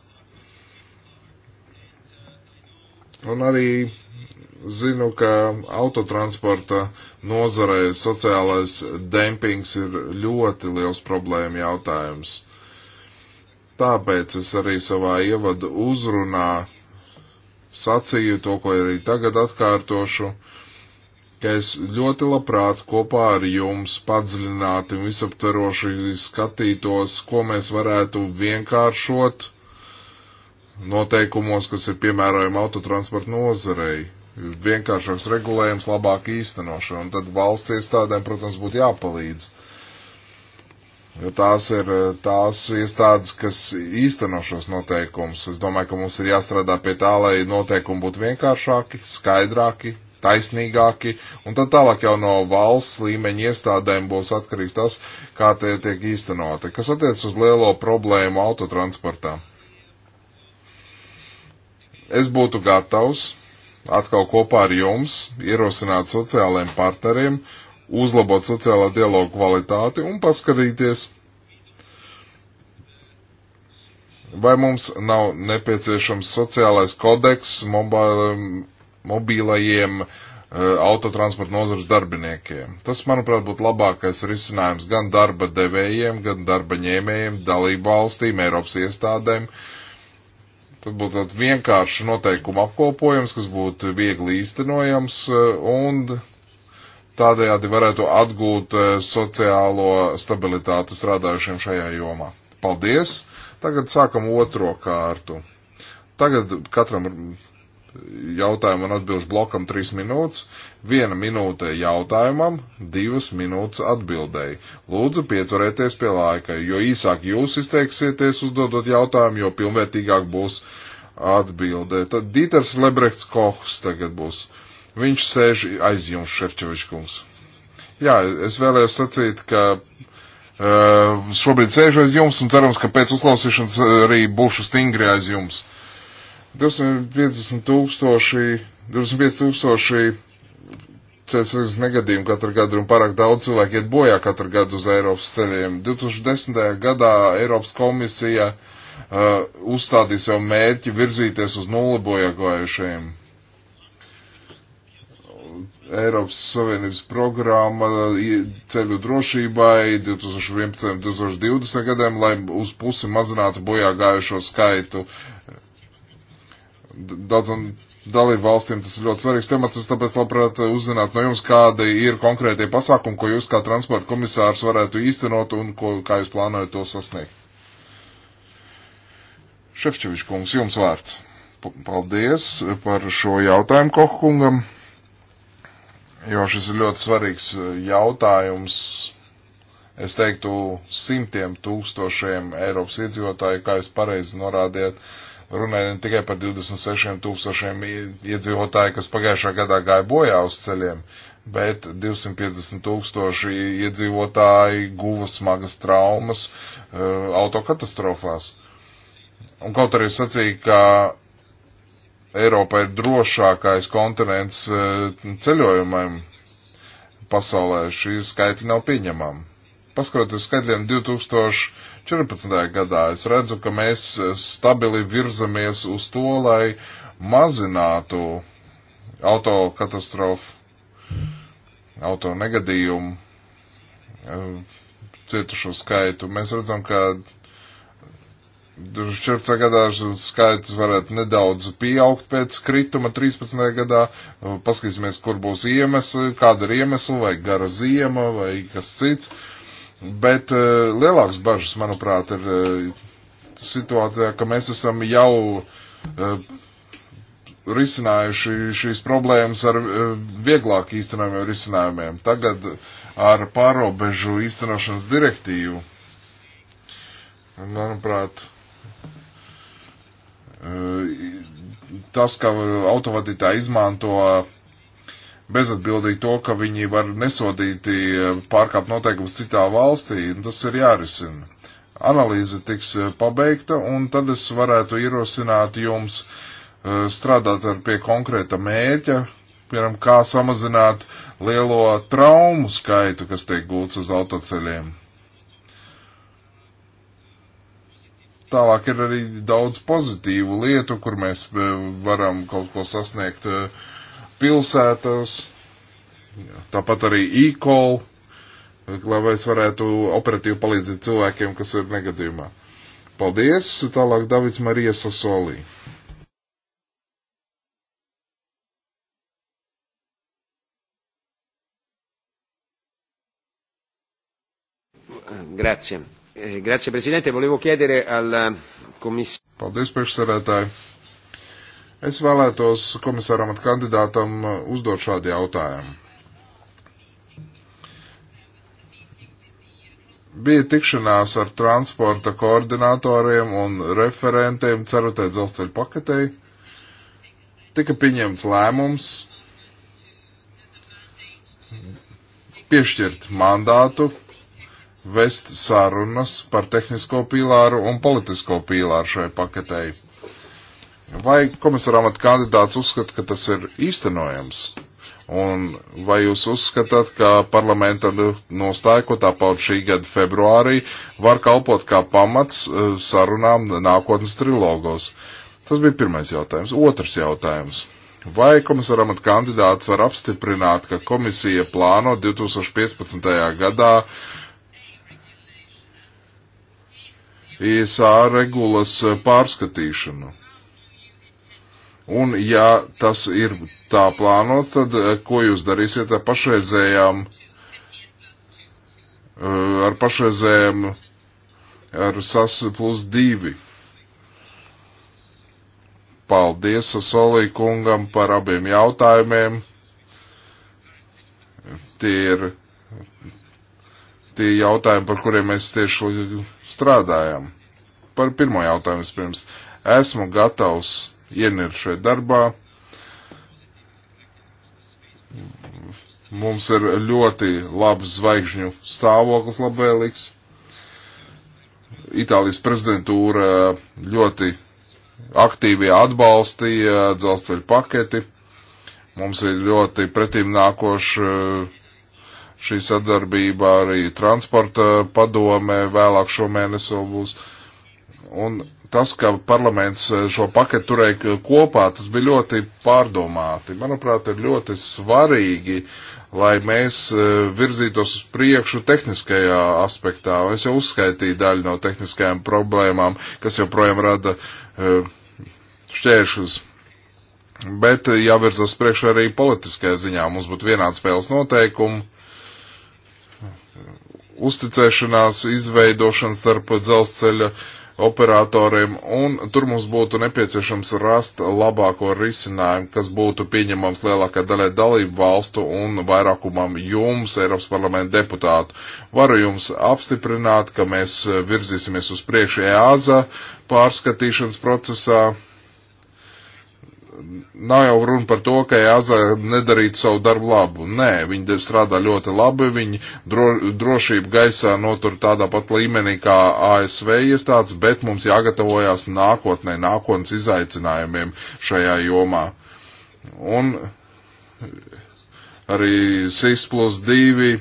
Un arī Zinu, ka autotransporta nozarē sociālais dempings ir ļoti liels problēma jautājums. Tāpēc es arī savā ievadu uzrunā sacīju to, ko arī tagad atkārtošu, ka es ļoti labprāt kopā ar jums padziļināti un visaptveroši skatītos, ko mēs varētu vienkāršot noteikumos, kas ir piemērojami autotransporta nozarei vienkāršāks regulējums, labāka īstenošana, un tad valsts iestādēm, protams, būtu jāpalīdz. Jo tās ir eh, tās iestādes, kas īsteno šos noteikumus. Es domāju, ka mums ir jāstrādā pie tā, lai noteikumi būtu vienkāršāki, skaidrāki, taisnīgāki, un tad tālāk jau no valsts līmeņa iestādēm būs atkarīgs tas, kā tie tiek īstenoti. Kas attiec uz lielo problēmu autotransportā? Es būtu gatavs atkal kopā ar jums ierosināt sociālajiem partneriem, uzlabot sociālā dialogu kvalitāti un paskatīties, vai mums nav nepieciešams sociālais kodeks mobīlajiem uh, eh, autotransporta nozares darbiniekiem. Tas, manuprāt, būtu labākais risinājums gan darba devējiem, gan darba ņēmējiem, dalību valstīm, Eiropas iestādēm, uh, Tad būtu tāds vienkāršs noteikumu apkopojums, kas būtu viegli īstenojams eh, un tādējādi varētu atgūt eh, sociālo stabilitātu strādājušiem šajā jomā. Paldies! Tagad sākam otro kārtu. Tagad katram jautājumu un atbilžu blokam trīs minūtes, viena minūte jautājumam, divas minūtes atbildēji. Lūdzu pieturēties pie laika, jo īsāk jūs izteiksieties uzdodot jautājumu, jo pilnvērtīgāk būs atbildē. Tad Dīters Lebrechts Kohs tagad būs. Viņš sēž aiz jums, Šefčevičkungs. Jā, es vēlējos sacīt, ka Uh, šobrīd sēžu aiz jums un cerams, ka pēc uzklausīšanas eh, arī būšu stingri aiz jums. 250 tūkstoši, 25 tūkstoši ceļu negadījumu katru gadu un pārāk daudz cilvēku iet bojā katru gadu uz Eiropas ceļiem. 2010. gadā Eiropas komisija uh, uzstādīja sev mērķi virzīties uz nulli bojāgājušajiem. Eiropas Savienības programma uh, ceļu drošībai 2011. un 2020. gadiem, lai uz pusi mazinātu bojāgājušo skaitu. Uh, Daudzam dalību valstīm tas ir ļoti svarīgs temats, es tāpēc labprāt eh, uzzināt no jums, kādi ir konkrētie pasākumi, ko jūs kā transporta komisārs varētu īstenot un ko, kā jūs plānojat to sasniegt. Šefčevičs kungs, jums vārds. Paldies par šo jautājumu Kohkungam, jo šis ir ļoti svarīgs eh, jautājums es teiktu, simtiem tūkstošiem Eiropas iedzīvotāju, kā jūs pareizi norādījāt, Runāja ne tikai par 26 tūkstošiem iedzīvotāju, kas pagājušā gadā gāja bojā uz ceļiem, bet 250 tūkstoši iedzīvotāji guva smagas traumas uh, autokatastrofās. Un kaut arī sacīja, ka Eiropa ir drošākais kontinents uh, ceļojumiem pasaulē. Šī skaita nav pieņemama. Paskatoties skaitļiem, 2000 14. gadā. Es redzu, ka mēs stabili virzamies uz to, lai mazinātu autokatastrofu, auto negadījumu, eh, cietušo skaitu. Mēs redzam, ka 14. gadā skaits varētu nedaudz pieaugt pēc krituma 13. gadā. Paskatīsimies, kur būs iemesli, kāda ir iemesla, vai gara ziema, vai kas cits. Uh, Bet uh, eh, lielāks bažas, manuprāt, ir uh, situācijā, ka mēs esam jau uh, risinājuši šīs problēmas ar vieglāk īstenojumiem risinājumiem. Tagad ar pārobežu īstenošanas direktīvu, manuprāt, tas, ka autovadītāji izmanto bezatbildīgi to, ka viņi var nesodīti eh, pārkāpt noteikumus citā valstī, tas ir jārisina. Analīze tiks eh, pabeigta, un tad es varētu ierosināt jums eh, strādāt ar pie konkrēta mērķa, piemēram, kā samazināt lielo traumu skaitu, kas tiek gūts uz autoceļiem. Tālāk ir arī daudz pozitīvu lietu, kur mēs varam kaut ko sasniegt uh, pilsētās, tāpat arī e-call, lai es varētu operatīvi palīdzēt cilvēkiem, kas ir negadījumā. Paldies! Tālāk Davids Marijas Sasolī. Grazie. Eh, grazie Presidente, volevo chiedere al eh, Commissario. Paldies, priekšsarētāji. Es vēlētos komisāram un kandidātam uh, uzdot šādu jautājumu. Bija tikšanās ar transporta koordinatoriem un referentiem cerotē dzelzceļa paketei. Tika pieņemts lēmums piešķirt mandātu vest sarunas par tehnisko pīlāru un politisko pīlāru šai paketei Vai komisāra amata kandidāts uzskata, ka tas ir īstenojams? Un vai jūs uzskatāt, ka parlamenta nostāja, ko tā pauda šī gada februārī, var kalpot kā pamats e, sarunām nākotnes trilogos? Tas bija pirmais jautājums. Otrs jautājums. Vai komisāram at kandidāts var apstiprināt, ka komisija plāno 2015. gadā ISA regulas pārskatīšanu? Un ja tas ir tā plānots, tad eh, ko jūs darīsiet ar pašreizējām, eh, ar pašreizējām, ar SAS plus 2? Paldies Sasolī kungam par abiem jautājumiem. Tie ir tie jautājumi, par kuriem mēs tieši strādājam. Par pirmo jautājumu vispirms. Esmu gatavs ieniršai darbā. Mums ir ļoti labs zvaigžņu stāvoklis, labvēlīgs. Itālijas prezidentūra ļoti aktīvi atbalstīja dzelzceļa paketi. Mums ir ļoti pretīm nākoši eh, šī sadarbība arī transporta padomē vēlāk šomēnes vēl būs. Un tas, ka parlaments eh, šo paketu turēja kopā, tas bija ļoti pārdomāti. Manuprāt, ir ļoti svarīgi, lai mēs eh, virzītos uz priekšu tehniskajā aspektā. Es jau uzskaitīju daļu no tehniskajām problēmām, kas joprojām rada eh, šķēršus. Bet jāvirzas priekšu arī politiskajā ziņā. Mums būtu vienāds spēles noteikumi uzticēšanās izveidošana starp dzelzceļa operatoriem, un tur mums būtu nepieciešams rast labāko risinājumu, kas būtu pieņemams lielākai daļai dalību valstu un vairākumam jums, Eiropas parlamenta deputātu. Varu jums apstiprināt, ka mēs virzīsimies uz priekšu EASA pārskatīšanas procesā nav jau runa par to, ka Jāza nedarītu savu darbu labu. Nē, viņi strādā ļoti labi, viņi dro, drošību gaisā notur tādā pat līmenī kā ASV iestādes, bet mums jāgatavojās nākotnē, nākotnes izaicinājumiem šajā jomā. Un arī SIS plus 2 eh,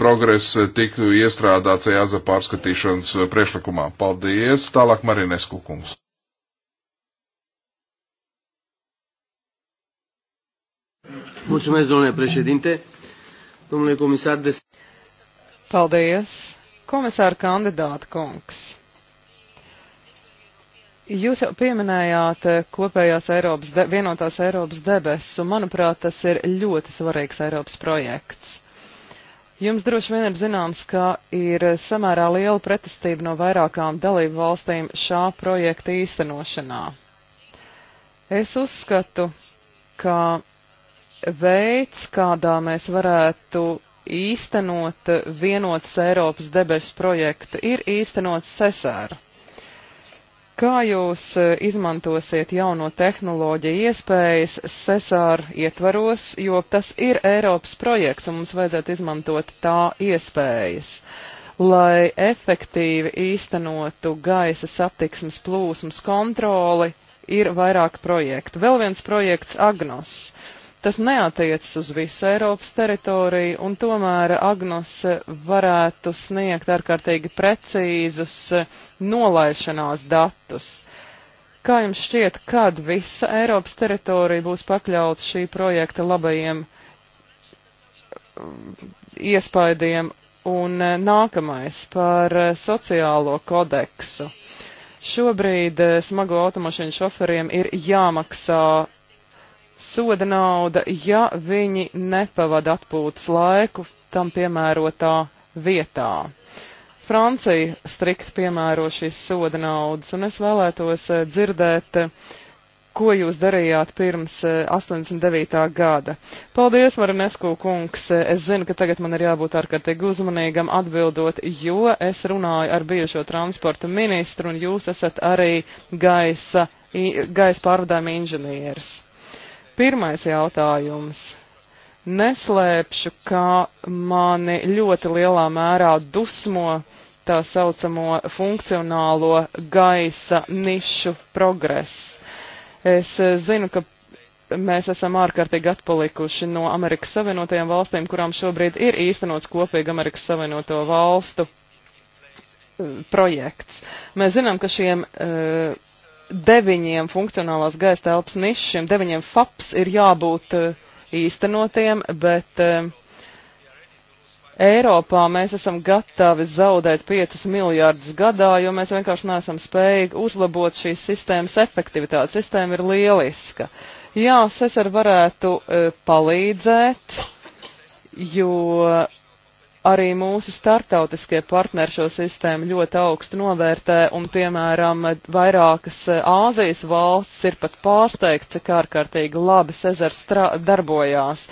progress tiktu iestrādāts Jāza pārskatīšanas eh, priekšlikumā. Paldies, tālāk Marinesku kungs. Mulțumesc, domnule președinte. Domnule komisār, des... Paldies. Komisāra kandidāta kungs. Jūs jau pieminējāt eh, kopējās Eiropas, de, vienotās Eiropas debesis, un manuprāt, tas ir ļoti svarīgs Eiropas projekts. Jums droši vien ir zināms, ka ir samērā liela pretestība no vairākām dalību valstīm šā projekta īstenošanā. Es uzskatu, ka veids, kādā mēs varētu īstenot vienotas Eiropas debesu projektu, ir īstenot sesāru. Kā jūs eh, izmantosiet jauno tehnoloģiju iespējas sesāru ietvaros, jo tas ir Eiropas projekts un mums vajadzētu izmantot tā iespējas, lai efektīvi īstenotu gaisa satiksmes plūsmas kontroli, ir vairāk projektu. Vēl viens projekts Agnos. Tas neatiecas uz visu Eiropas teritoriju, un tomēr Agnos varētu sniegt ārkārtīgi precīzus nolaišanās datus. Kā jums šķiet, kad visa Eiropas teritorija būs pakļauts šī projekta labajiem um, iespaidiem? Un uh, nākamais par uh, sociālo kodeksu. Šobrīd uh, smago automašīnu šoferiem ir jāmaksā soda nauda, ja viņi nepavada atpūtas laiku tam piemērotā vietā. Francija strikt piemēro šīs soda naudas, un es vēlētos eh, dzirdēt, eh, ko jūs darījāt pirms 89. Eh, gada. Paldies, Marinesku kungs! Es zinu, ka tagad man ir jābūt ārkārtīgi uzmanīgam atbildot, jo es runāju ar bijušo transporta ministru, un jūs esat arī gaisa, gaisa pārvadājuma inženieris. Pirmais jautājums. Neslēpšu, ka mani ļoti lielā mērā dusmo tā saucamo funkcionālo gaisa nišu progress. Es eh, zinu, ka mēs esam ārkārtīgi atpalikuši no Amerikas Savienotajām valstīm, kurām šobrīd ir īstenots kopīgi Amerikas Savienoto valstu eh, projekts. Mēs zinām, ka šiem uh, deviņiem funkcionālās gaisa telpas nišiem, deviņiem FAPS ir jābūt eh, īstenotiem, bet eh, Eiropā mēs esam gatavi zaudēt 5 miljārdus gadā, jo mēs vienkārši neesam spējīgi uzlabot šīs sistēmas efektivitāti. Sistēma ir lieliska. Jā, SESAR varētu eh, palīdzēt, jo Arī mūsu startautiskie partneri šo sistēmu ļoti augstu novērtē, un, piemēram, vairākas eh, Āzijas valstis ir pat pārsteigts, cik ārkārtīgi labi Cezars darbojās.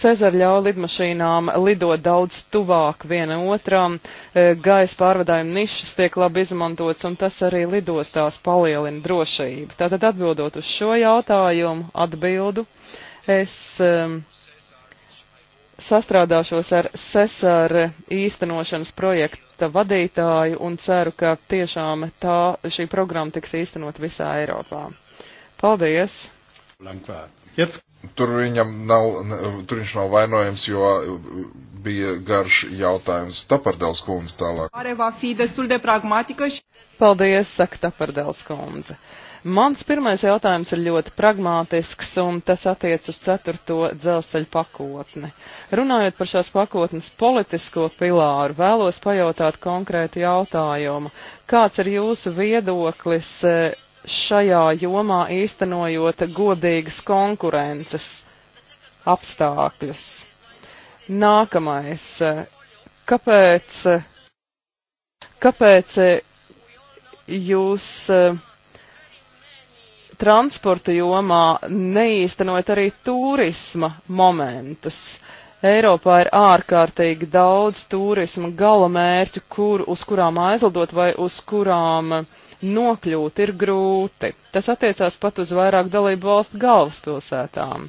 Cezara ļauj lidmašīnām lidot daudz tuvāk viena otram, eh, gaisa pārvadājuma nišas tiek labi izmantotas, un tas arī lidostās palielina drošību. Tātad atbildot uz šo jautājumu, atbildu, es. Um, sastrādāšos ar SESAR īstenošanas projekta vadītāju un ceru, ka tiešām tā, šī programma tiks īstenot visā Eiropā. Paldies! Tur, viņam nav, tur viņš nav vainojams, jo bija garš jautājums. Tapardēls kundze tālāk. Paldies, saka Tapardēls kundze. Mans pirmais jautājums ir ļoti pragmātisks, un tas attiec uz ceturto dzelzceļa pakotni. Runājot par šās pakotnes politisko pilāru, vēlos pajautāt konkrētu jautājumu. Kāds ir jūsu viedoklis e, šajā jomā īstenojot godīgas konkurences apstākļus? Nākamais. E, kāpēc, e, kāpēc jūs transporta jomā neīstenojot arī turisma momentus. Eiropā ir ārkārtīgi daudz turisma galamērķu, kur, uz kurām aizlidot vai uz kurām nokļūt ir grūti. Tas attiecās pat uz vairāk dalību valstu galvaspilsētām.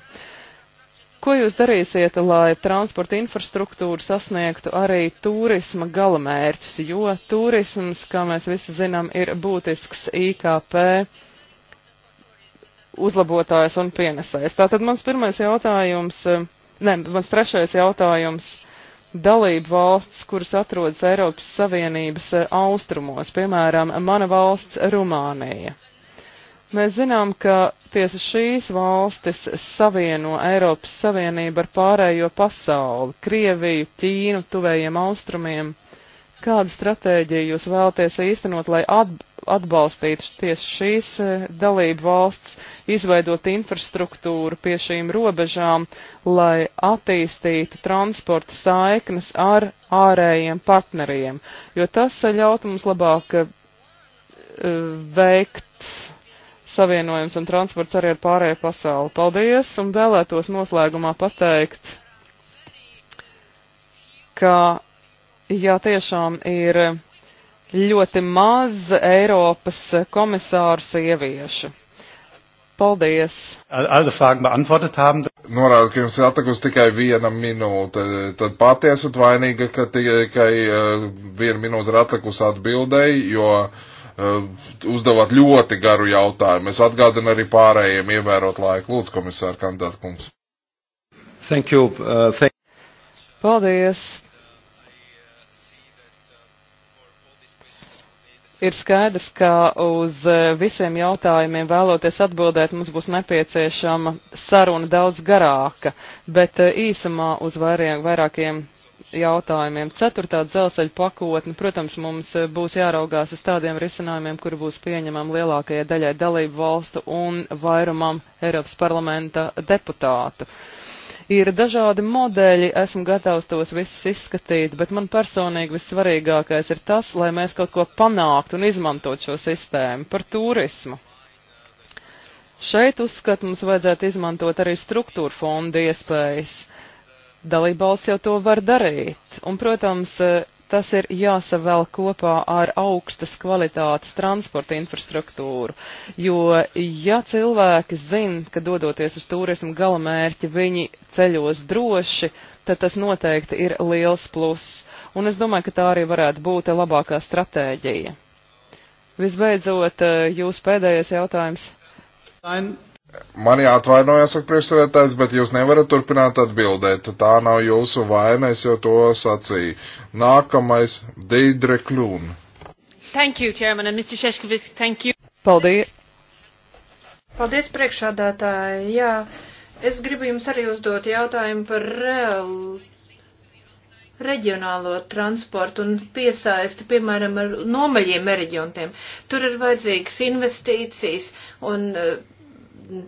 Ko jūs darīsiet, lai transporta infrastruktūra sasniegtu arī turisma galamērķus, jo turisms, kā mēs visi zinām, ir būtisks IKP uzlabotājs un pienesējs. Tātad mans pirmais jautājums, eh, ne, mans trešais jautājums dalību valsts, kuras atrodas Eiropas Savienības eh, austrumos, piemēram, mana valsts Rumānija. Mēs zinām, ka tieši šīs valstis savieno Eiropas Savienību ar pārējo pasauli - Krieviju, Ķīnu, tuvējiem austrumiem. Kādu stratēģiju jūs vēlaties īstenot, lai atbalstītu tieši šīs e, dalību valsts, izveidot infrastruktūru pie šīm robežām, lai attīstītu transporta saiknes ar ārējiem partneriem? Jo tas e, ļaut mums labāk e, veikt savienojums un transports arī ar pārējo pasauli. Paldies un vēlētos noslēgumā pateikt, ka Jā, tiešām ir ļoti maz Eiropas komisāru sieviešu. Paldies! Norādu, ka jums ir atlikusi tikai viena minūte. Tad patiesi vainīga, ka tikai uh, viena minūte ir atlikusi atbildēji, jo uh, uzdevāt ļoti garu jautājumu. Es atgādinu arī pārējiem ievērot laiku. Lūdzu, komisāra kandidāta kungs. Thank you. Uh, thank Paldies! Ir skaidrs, ka uz e, visiem jautājumiem vēloties atbildēt, mums būs nepieciešama saruna daudz garāka, bet e, īsumā uz vairāk, vairākiem jautājumiem. Ceturtā dzelzceļa pakotne, protams, mums e, būs jāraugās uz tādiem risinājumiem, kuri būs pieņemami lielākajai daļai dalību valstu un vairumam Eiropas parlamenta deputātu. Uh, Ir dažādi modeļi, esmu gatavs tos visus izskatīt, bet man personīgi vissvarīgākais ir tas, lai mēs kaut ko panāktu un izmantot šo sistēmu par turismu. Šeit uzskat mums vajadzētu izmantot arī struktūra fonda iespējas. Dalībvalsts jau to var darīt. Un, protams, tas ir jāsavēl kopā ar augstas kvalitātes transporta infrastruktūru. Jo, ja cilvēki zina, ka dodoties uz turismu galamērķi, viņi ceļos droši, tad tas noteikti ir liels pluss. Un es domāju, ka tā arī varētu būt labākā stratēģija. Visbeidzot, eh, jūs pēdējais jautājums. Nein. Mani atvainojās, saka priekšsēdētājs, bet jūs nevarat turpināt atbildēt. Tā nav jūsu vaina, es jau to sacīju. Nākamais - Deidre Kļūna. Thank you, Chairman, and Mr. Šeškovic, thank you. Paldies. Paldies, priekšādātāji. Jā, es gribu jums arī uzdot jautājumu par reālu reģionālo transportu un piesaisti, piemēram, ar nomaļiem reģiontiem. Tur ir vajadzīgas investīcijas un eh,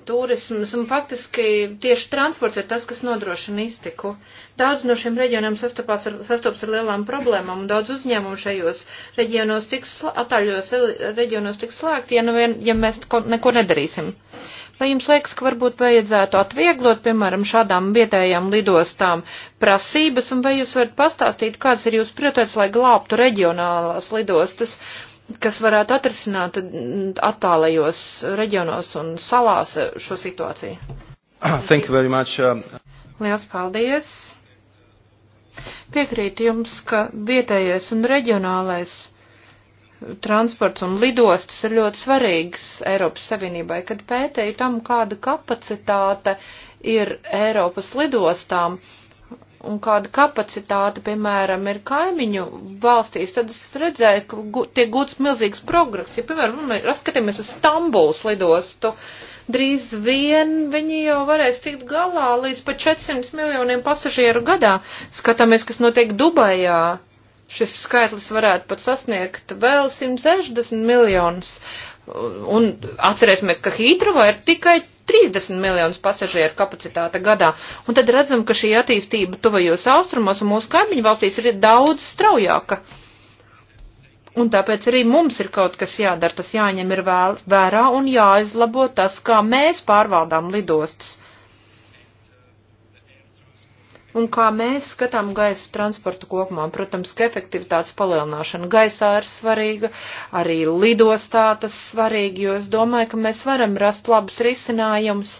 turisms un faktiski tieši transports ir tas, kas nodrošina iztiku. Daudz no šiem reģioniem sastopas ar, sastopas ar lielām problēmām un daudz uzņēmumu šajos reģionos tiks, atāļos e, reģionos tiks slēgti, ja, nu vien, ja mēs neko nedarīsim. Vai jums liekas, ka varbūt vajadzētu atvieglot, piemēram, šādām vietējām lidostām prasības, un vai jūs varat pastāstīt, kāds ir jūsu prioritāts, lai glābtu reģionālās lidostas kas varētu atrisināt mm, attālajos reģionos un salās šo situāciju. Thank you very much. Uh, Liels paldies. Piekrīt jums, ka vietējais un reģionālais transports un lidostas ir ļoti svarīgs Eiropas Savienībai, kad pētēju tam, kāda kapacitāte ir Eiropas lidostām. Uh, un kāda kapacitāte, piemēram, ir kaimiņu valstīs, tad es redzēju, ka gu, tiek gūts milzīgs progress. Ja, piemēram, raskatāmies nu, uz Stambuls lidostu, drīz vien viņi jau varēs tikt galā līdz pat 400 miljoniem pasažieru gadā. Skatāmies, kas notiek Dubajā. Šis skaitlis varētu pat sasniegt vēl 160 miljonus. Un atcerēsimies, ka Hītrava ir tikai 30 miljonus pasažieru kapacitāte gadā. Un tad redzam, ka šī attīstība tuvajos austrumos un mūsu kaimiņu valstīs ir daudz straujāka. Un tāpēc arī mums ir kaut kas jādara, tas jāņem ir vēl, vērā un jāizlabo tas, kā mēs pārvaldām lidostas un kā mēs skatām gaisa transportu kopumā. Protams, ka efektivitātes palielināšana gaisā ir svarīga, arī lidostā tas svarīgi, jo es domāju, ka mēs varam rast labus risinājumus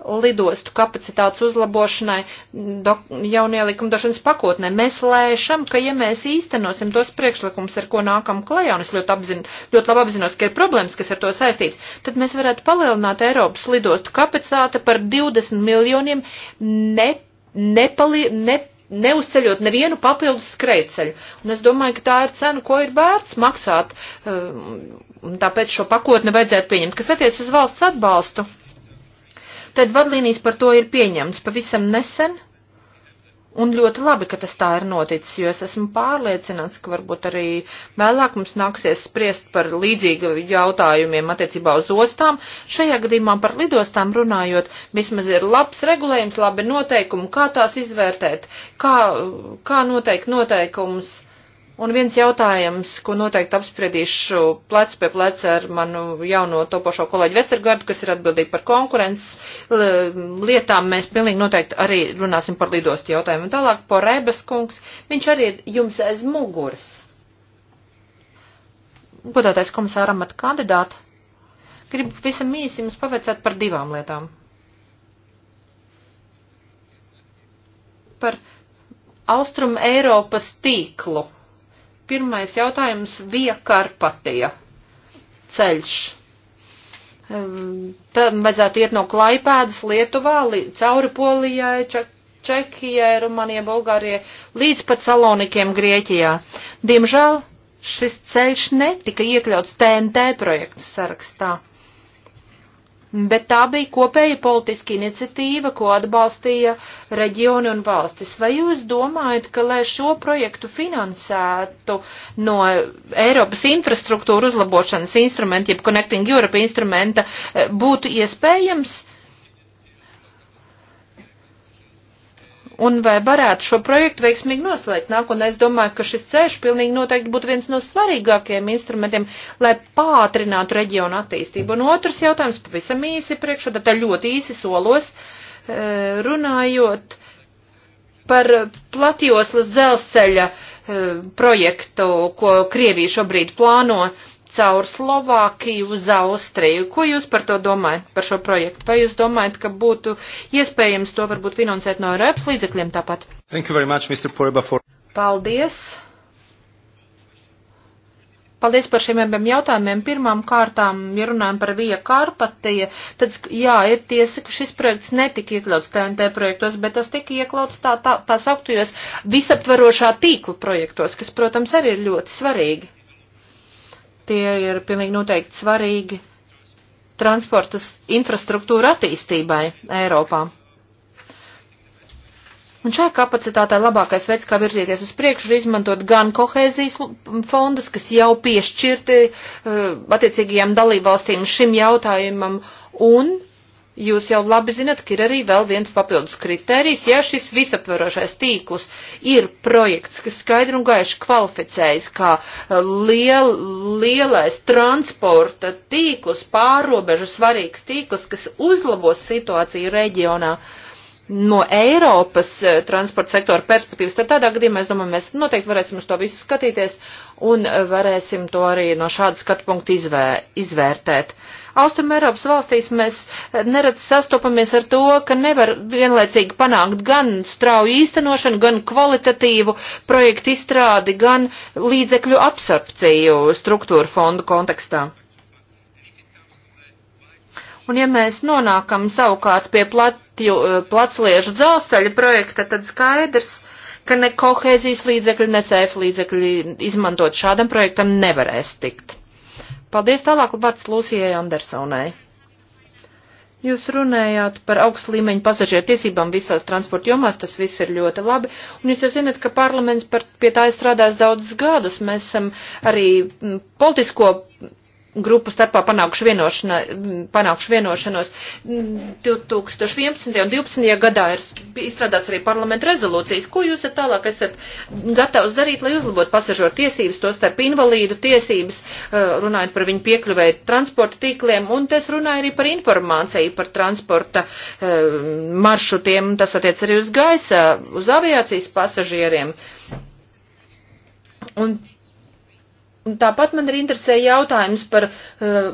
lidostu kapacitātes uzlabošanai jaunie likumdošanas pakotnē. Mēs lēšam, ka ja mēs īstenosim tos priekšlikumus, ar ko nākam klajā, un es ļoti, apzin, ļoti labi apzinos, ka ir problēmas, kas ar to saistīts, tad mēs varētu palielināt Eiropas lidostu kapacitāti par 20 miljoniem ne nepali, ne, neuzceļot nevienu papildus skrejceļu. Un es domāju, ka tā ir cena, ko ir vērts maksāt, eh, un tāpēc šo pakotni vajadzētu pieņemt. Kas attiec uz valsts atbalstu, tad vadlīnijas par to ir pieņemts pavisam nesen Un ļoti labi, ka tas tā ir noticis, jo es esmu pārliecināts, ka varbūt arī vēlāk mums nāksies spriest par līdzīgu jautājumiem attiecībā uz ostām. Šajā gadījumā par lidostām runājot, vismaz ir labs regulējums, labi noteikumi, kā tās izvērtēt, kā, kā noteikt noteikumus Un viens jautājums, ko noteikti apspriedīšu plec pie pleca ar manu jauno topošo kolēģi Vestergardu, kas ir atbildīgi par konkurences lietām, mēs pilnīgi noteikti arī runāsim par lidostu jautājumu. Un tālāk, Porēbas kungs, viņš arī ir jums aiz muguras. Godātais komisāram at kandidātu, gribu visam īsi jums pavaicāt par divām lietām. Par Austrum Eiropas tīklu Pirmais jautājums - viekarpatija ceļš. Tad vajadzētu iet no Klaipēdas Lietuvā cauri Polijai, Čak Čehijai, Rumānijai, Bulgārijai līdz pat Salonikiem Grieķijā. Diemžēl šis ceļš netika iekļauts TNT projektu sarakstā bet tā bija kopēja politiska iniciatīva, ko atbalstīja reģioni un valstis. Vai jūs domājat, ka, lai šo projektu finansētu no Eiropas infrastruktūra uzlabošanas instrumenta, jeb Connecting Europe instrumenta, eh, būtu iespējams un vai varētu šo projektu veiksmīgi noslēgt nāk, un es domāju, ka šis ceļš pilnīgi noteikti būtu viens no svarīgākajiem instrumentiem, lai pātrinātu reģionu attīstību. Un otrs jautājums pavisam īsi priekšā, tad ļoti īsi solos e, runājot par platjoslas dzelzceļa e, projektu, ko Krievija šobrīd plāno caur Slovākiju uz Austriju. Ko jūs par to domājat, par šo projektu? Vai jūs domājat, ka būtu iespējams to varbūt finansēt no Eiropas līdzekļiem tāpat? Much, Poreba, for... Paldies! Paldies par šiem abiem jautājumiem. Pirmām kārtām, ja runājam par Vija Kārpatija, tad, jā, ir tiesa, ka šis projekts netika iekļauts TNT projektos, bet tas tika iekļauts tā, tā, tā sauktajos visaptvarošā tīkla projektos, kas, protams, arī ir ļoti svarīgi. Tie ir pilnīgi noteikti svarīgi transporta infrastruktūra attīstībai Eiropā. Un šajā kapacitātē labākais veids, kā virzīties uz priekšu, ir izmantot gan kohēzijas fondus, kas jau piešķirti uh, attiecīgajām dalībvalstīm šim jautājumam, un Jūs jau labi zinat, ka ir arī vēl viens papildus kriterijs, ja šis visaptverošais tīklus ir projekts, kas skaidri un gaiši kvalificējas kā eh, liel, lielais transporta tīklus, pārobežu svarīgs tīklus, kas uzlabos situāciju reģionā no Eiropas eh, transporta sektora perspektīvas, tad tādā gadījumā, es domāju, mēs noteikti varēsim uz to visu skatīties un eh, varēsim to arī no šāda skatu punkta izvē, izvērtēt. Uh, Austrum Eiropas valstīs mēs eh, neredz sastopamies ar to, ka nevar vienlaicīgi panākt gan strauju īstenošanu, gan kvalitatīvu projektu izstrādi, gan līdzekļu absorpciju struktūra fondu kontekstā. Un ja mēs nonākam savukārt pie platju, eh, platsliežu dzelzceļa projekta, tad skaidrs, ka ne kohēzijas līdzekļi, ne sēfa līdzekļi izmantot šādam projektam nevarēs tikt. Paldies tālāk vārds Lūsijai Andersonai. Jūs runējāt par augstu līmeņu pasažieru tiesībām visās transporta jomās, tas viss ir ļoti labi, un jūs jau zinat, ka parlaments par, pie tā ir strādājis daudzus gadus. Mēs esam arī politisko grupu starpā panākuši, vienošana, panākuši vienošanos. 2011. un 2012. gadā ir izstrādāts arī parlamenta rezolūcijas. Ko jūs esat tālāk esat gatavs darīt, lai uzlabotu pasažoru tiesības, to starp invalīdu tiesības, eh, runājot par viņu piekļuvēju transporta tīkliem, un es runāju arī par informāciju par transporta eh, maršrutiem, tas attiec arī uz gaisa, uz aviācijas pasažieriem. Un Tāpat man ir interesē jautājums par uh,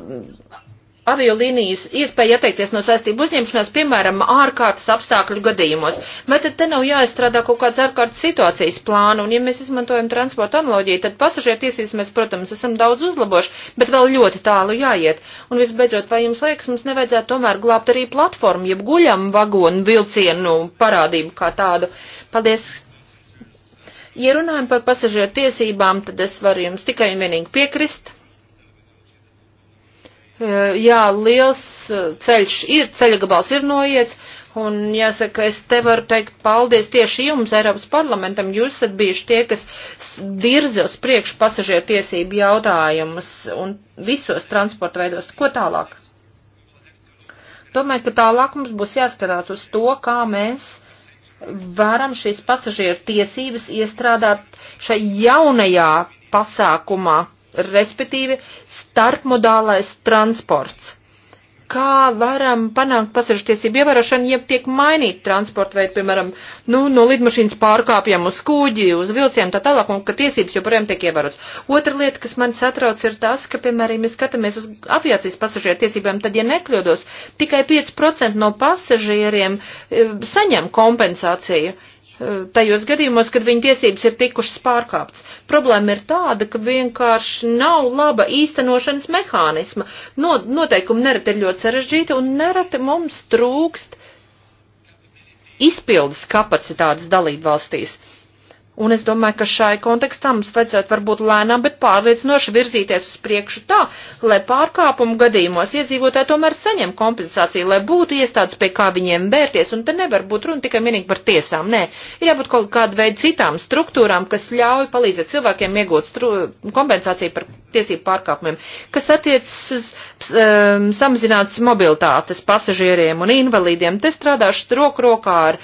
aviolīnijas iespēju atteikties no saistību uzņemšanās, piemēram, ārkārtas apstākļu gadījumos. Vai tad te nav jāizstrādā kaut kāds ārkārtas situācijas plānu, un ja mēs izmantojam transporta analoģiju, tad pasažieru tiesības mēs, protams, esam daudz uzlaboši, bet vēl ļoti tālu jāiet. Un visbeidzot, vai jums liekas, mums nevajadzētu tomēr glābt arī platformu, jeb guļam vagonu vilcienu parādību kā tādu? Paldies! Ja runājam par pasažieru tiesībām, tad es varu jums tikai un vienīgi piekrist. E, jā, liels e, ceļš ir, ceļa gabals ir noiets, un jāsaka, es te varu teikt paldies tieši jums, Eiropas parlamentam. Jūs esat bijuši tie, kas virza uz priekšu pasažieru tiesību jautājumus un visos transporta veidos. Ko tālāk? Domāju, ka tālāk mums būs jāskatās uz to, kā mēs varam šīs pasažieru tiesības iestrādāt šai jaunajā pasākumā, respektīvi starpmodālais transports kā varam panākt pasažiertiesību ievērošanu, ja tiek mainīta transporta veida, piemēram, nu, no lidmašīnas pārkāpjam uz kuģi, uz vilcienu tā tālāk, un ka tiesības joprojām tiek ievērotas. Otra lieta, kas man satrauc, ir tas, ka, piemēram, mēs skatāmies uz aviācijas pasažiertiesībām, tad, ja nekļūdos, tikai 5% no pasažieriem eh, saņem kompensāciju. Eh, tajos gadījumos, kad viņa tiesības ir tikušas pārkāptas. Problēma ir tāda, ka vienkārši nav laba īstenošanas mehānisma. No, noteikumi nereti ir ļoti sarežģīti un nereti mums trūkst izpildes kapacitātes dalību valstīs. Uh, Un es domāju, ka šai kontekstā mums vajadzētu varbūt lēnām, bet pārliecinoši virzīties uz priekšu tā, lai pārkāpumu gadījumos iedzīvotāji tomēr saņem kompensāciju, lai būtu iestādes, pie kā viņiem vērties. Un te nevar būt runa tikai vienīgi par tiesām. Nē, ir jābūt kaut kāda veida citām struktūrām, kas ļauj palīdzēt cilvēkiem iegūt kompensāciju par tiesību pārkāpumiem, kas attiecas uz um, ehm, samazinātas mobilitātes pasažieriem un invalīdiem. Te strādāšu roku rokā ar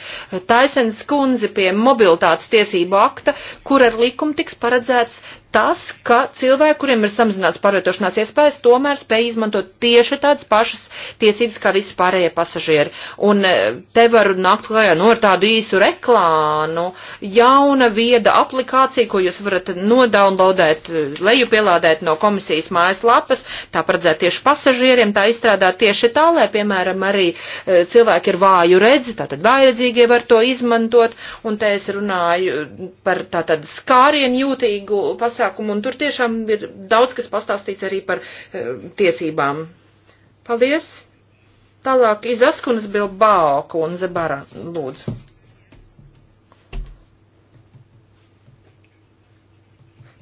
Taisens kundzi pie mobilitātes tiesību akta, kur ar likumu tiks paredzēts tas, ka cilvēki, kuriem ir samazināts pārvietošanās iespējas, tomēr spēj izmantot tieši tādas pašas tiesības kā visi pārējie pasažieri. Un e, te var nākt klajā no nu, tādu īsu reklānu, jauna vieda aplikācija, ko jūs varat nodaunlaudēt, lejupielādēt no komisijas mājaslapas, tā paredzēt tieši pasažieriem, tā izstrādāt tieši tā, lai, piemēram, arī e, cilvēki ir vāju redzi, tātad vājredzīgie var to izmantot, un te es runāju par tātad skārienu jūtīgu pasažieru pasākumu, un tur tiešām ir daudz, kas pastāstīts arī par e, tiesībām. Paldies! Tālāk izaskunas Bilbao kundze bara, lūdzu.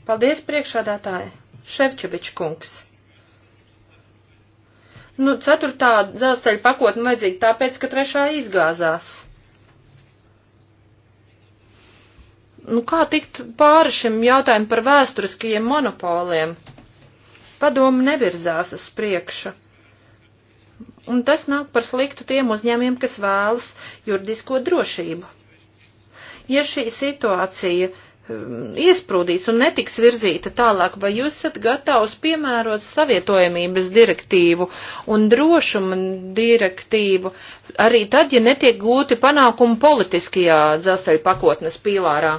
Paldies, priekšādātāji! Ševčevičs kungs! Nu, ceturtā dzelzceļa pakotne vajadzīga tāpēc, ka trešā izgāzās. Nu, kā tikt pāri šim jautājumu par vēsturiskajiem monopoliem? Padomu nevirzās uz priekšu. Un tas nāk par sliktu tiem uzņēmiem, kas vēlas juridisko drošību. Ja šī situācija um, iesprūdīs un netiks virzīta tālāk, vai jūs esat gatavs piemērot savietojamības direktīvu un drošuma direktīvu, arī tad, ja netiek gūti panākumi politiskajā dzelzceļa pakotnes pīlārā?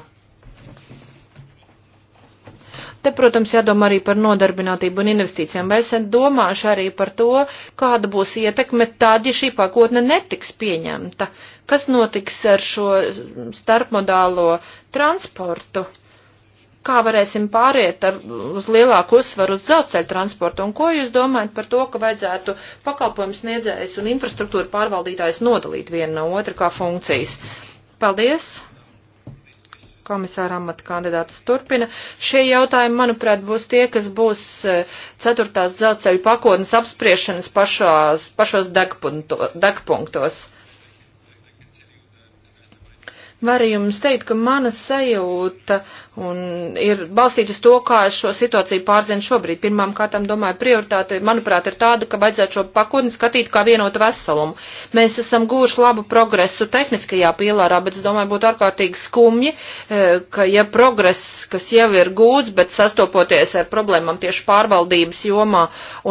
Te, protams, jādomā arī par nodarbinātību un investīcijām. Vai esat domājuši arī par to, kāda būs ietekme tad, ja šī pakotne netiks pieņemta? Kas notiks ar šo starpmodālo transportu? Kā varēsim pāriet ar, uz lielāku uzsvaru uz dzelzceļa transportu? Un ko jūs domājat par to, ka vajadzētu pakalpojums sniedzējs un infrastruktūra pārvaldītājs nodalīt vienu no otra kā funkcijas? Paldies! komisāra amata kandidātas turpina. Šie jautājumi, manuprāt, būs tie, kas būs eh, ceturtās dzelzceļa pakotnes apspriešanas pašos, pašos degpunktos. Varu jums teikt, ka mana sajūta ir balstīta uz to, kā es šo situāciju pārzinu šobrīd. Pirmām kārtām, domāju, prioritāte, manuprāt, ir tāda, ka vajadzētu šo pakotni skatīt kā vienotu veselumu. Mēs esam guvuši labu progresu tehniskajā pīlārā, bet es domāju, būtu ārkārtīgi skumji, e, ka ja progress, kas jau ir gūts, bet sastopoties ar problēmām tieši pārvaldības jomā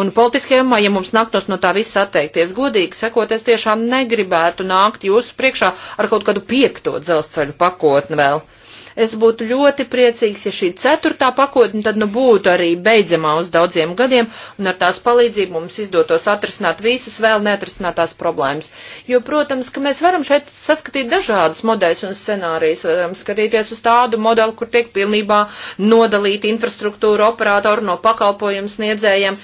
un politiskajā jomā, ja mums naktos no tā viss atteikties, godīgi sakot, es tiešām negribētu nākt jūsu priekšā ar kaut kādu piekto dzelzi dzelzceļu pakotni vēl. Es būtu ļoti priecīgs, ja šī ceturtā pakotne tad nu būtu arī beidzamā uz daudziem gadiem, un ar tās palīdzību mums izdotos atrisināt visas vēl neatrisinātās problēmas. Jo, protams, ka mēs varam šeit saskatīt dažādas modeļus un scenārijas, varam skatīties uz tādu modeli, kur tiek pilnībā nodalīta infrastruktūra operātoru no pakalpojumu sniedzējiem.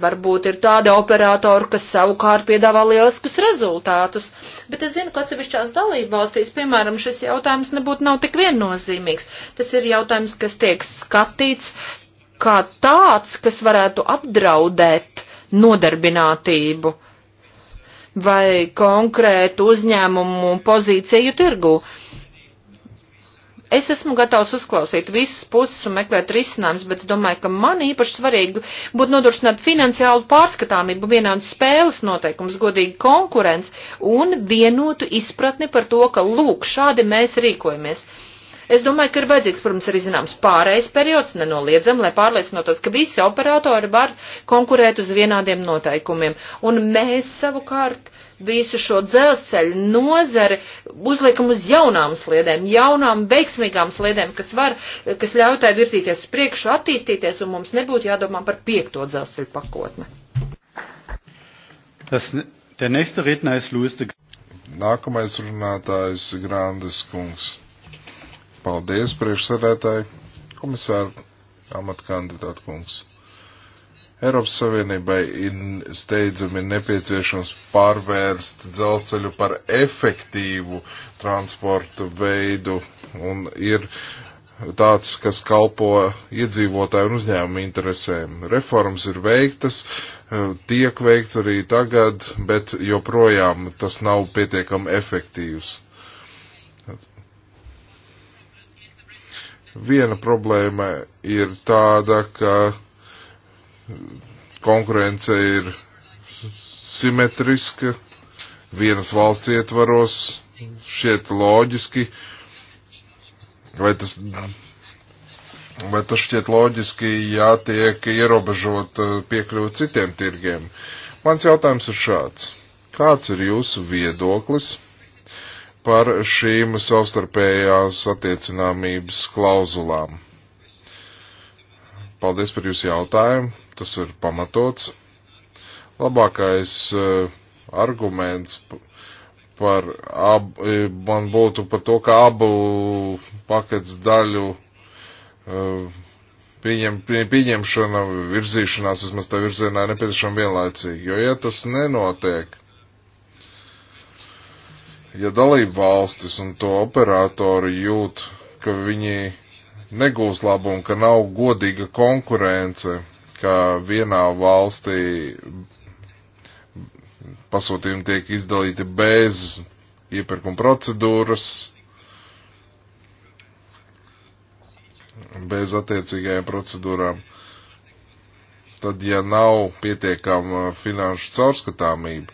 Varbūt ir tādi operātori, kas savukārt piedāvā lieliskus rezultātus. Bet es zinu, ka atsevišķās dalībvalstīs, piemēram, šis jautājums nebūtu nav tik vien nozīmīgs. Tas ir jautājums, kas tiek skatīts kā tāds, kas varētu apdraudēt nodarbinātību vai konkrētu uzņēmumu pozīciju tirgu. Es esmu gatavs uzklausīt visas puses un meklēt risinājumus, bet es domāju, ka man īpaši svarīgi būtu nodrošināt finansiālu pārskatāmību, vienādas spēles noteikums, godīgi konkurence un vienotu izpratni par to, ka lūk, šādi mēs rīkojamies. Es domāju, ka ir vajadzīgs, protams, arī zināms pārējais periods, nenoliedzam, lai pārliecinotos, ka visi operatori var konkurēt uz vienādiem noteikumiem. Un mēs savukārt visu šo dzelzceļu nozari uzliekam uz jaunām sliedēm, jaunām veiksmīgām sliedēm, kas var, kas ļauj tai virzīties uz priekšu, attīstīties, un mums nebūtu jādomā par piekto dzelzceļu pakotni. Tas, der nächste Redner ist Luis de Nākamais runātājs Grandes kungs. Paldies, priekšsarētāji, komisāri, amatkandidāti kungs. Eiropas Savienībai ir steidzami nepieciešams pārvērst dzelzceļu par efektīvu transportu veidu un ir tāds, kas kalpo iedzīvotāju un uzņēmumu interesēm. Reformas ir veiktas, tiek veikts arī tagad, bet joprojām tas nav pietiekami efektīvs. Viena problēma ir tāda, ka konkurence ir simetriska, vienas valsts ietvaros, šķiet loģiski, vai tas, vai tas šķiet loģiski, ja tiek ierobežot eh, piekļuvi citiem tirgiem. Mans jautājums ir šāds. Kāds ir jūsu viedoklis par šīm savstarpējās attiecināmības klauzulām. Paldies par jūsu jautājumu, tas ir pamatots. Labākais uh, arguments par ab, eh, man būtu par to, ka abu paketes daļu uh, pieņem, pie, pieņemšana, virzīšanās vismaz tā virzienā nepieciešama vienlaicīgi. Jo, ja tas nenotiek, ja dalību valstis un to operatori jūt, ka viņi negūs labumu, ka nav godīga konkurence, ka vienā valstī pasūtījumi tiek izdalīti bez iepirkuma procedūras, bez attiecīgajām procedūrām. Tad, ja nav pietiekama finanšu caurskatāmība,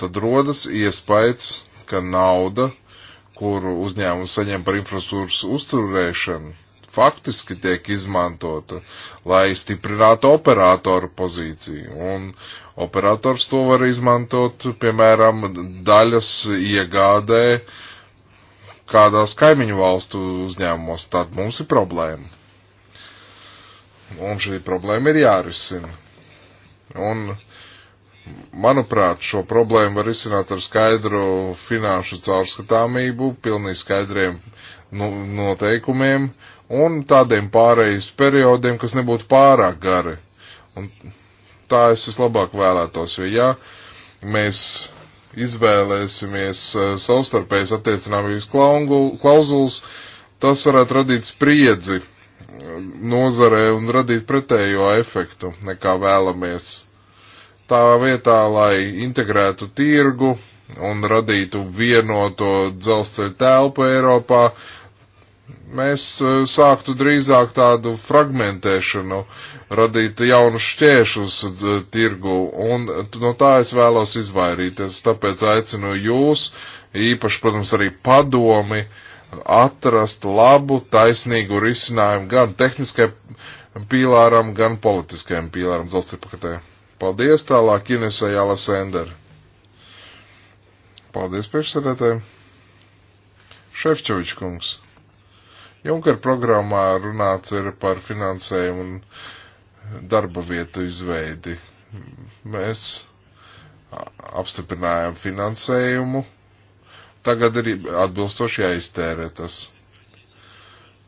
tad rodas iespējas, ka nauda, kuru uzņēmums saņem par infrastruktūras uzturēšanu, faktiski tiek izmantota, lai stiprinātu operatoru pozīciju. Un operators to var izmantot, piemēram, daļas iegādē kādās kaimiņu valstu uzņēmumos. Tad mums ir problēma. Un šī problēma ir jārisina. Un uh, Manuprāt, šo problēmu var izsināt ar skaidru finanšu caurskatāmību, pilnīgi skaidriem nu, noteikumiem un tādiem pārejas periodiem, kas nebūtu pārāk gari. Un tā es vislabāk vēlētos, jo ja mēs izvēlēsimies eh, savstarpējas attiecināmības klauzulas, tas varētu radīt spriedzi eh, nozarē un radīt pretējo efektu, nekā vēlamies. Tā vietā, lai integrētu tirgu un radītu vienoto dzelzceļa telpu Eiropā, mēs e, sāktu drīzāk tādu fragmentēšanu, radītu jaunus šķēršus e, tirgu, un no tā es vēlos izvairīties. Tāpēc aicinu jūs, īpaši, protams, arī padomi, atrast labu, taisnīgu risinājumu gan tehniskai pīlāram, gan politiskajam pīlāram dzelzceļa paketē. Paldies tālāk Inesai Alasender. Paldies priekšsēdētājiem. Šefčovičs kungs. Junker programmā runāts ir par finansējumu un darba vietu izveidi. Mēs apstiprinājām finansējumu. Tagad ir atbilstoši jāiztērē tas.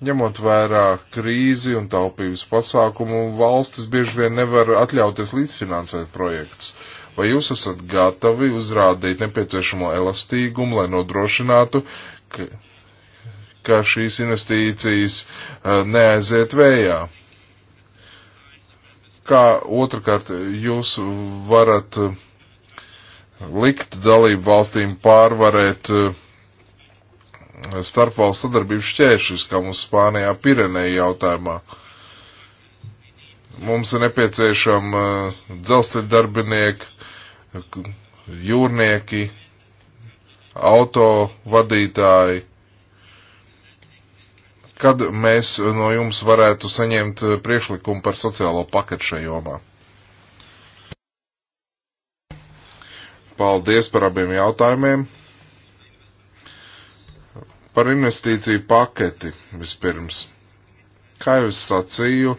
Ņemot vērā krīzi un taupības pasākumu, valstis bieži vien nevar atļauties līdzfinansēt projektus. Vai jūs esat gatavi uzrādīt nepieciešamo elastīgumu, lai nodrošinātu, ka, ka šīs investīcijas eh, neaiziet vējā? Kā otrkārt jūs varat eh, likt dalību valstīm pārvarēt uh, starpvalstu sadarbības šķēršļus, kā mums Spānijā Pirenei jautājumā. Mums ir nepieciešama uh, dzelzceļa darbinieki, jūrnieki, auto vadītāji. Kad mēs no jums varētu saņemt uh, priekšlikumu par sociālo paketu šajā jomā? Paldies par abiem jautājumiem! Par investīciju paketi vispirms. Kā jau es sacīju,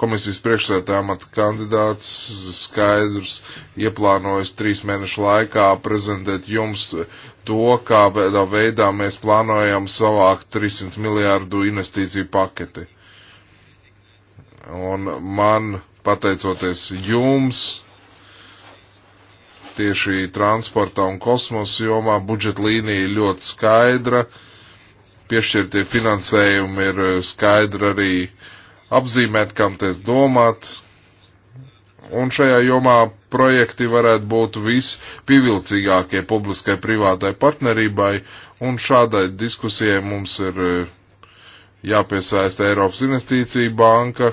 komisijas priekšsēdētāja amata kandidāts skaidrs ieplānojas trīs mēnešu laikā prezentēt jums to, kādā veidā mēs plānojam savākt 300 miljārdu investīciju paketi. Un man, pateicoties jums, tieši transporta un kosmosa jomā budžeta līnija ļoti skaidra, piešķirtie finansējumi ir eh, skaidri arī apzīmēt, kam tas domāt, un šajā jomā projekti varētu būt vispievilcīgākie publiskai privātai partnerībai, un šādai diskusijai mums ir eh, jāpiesaista Eiropas investīcija banka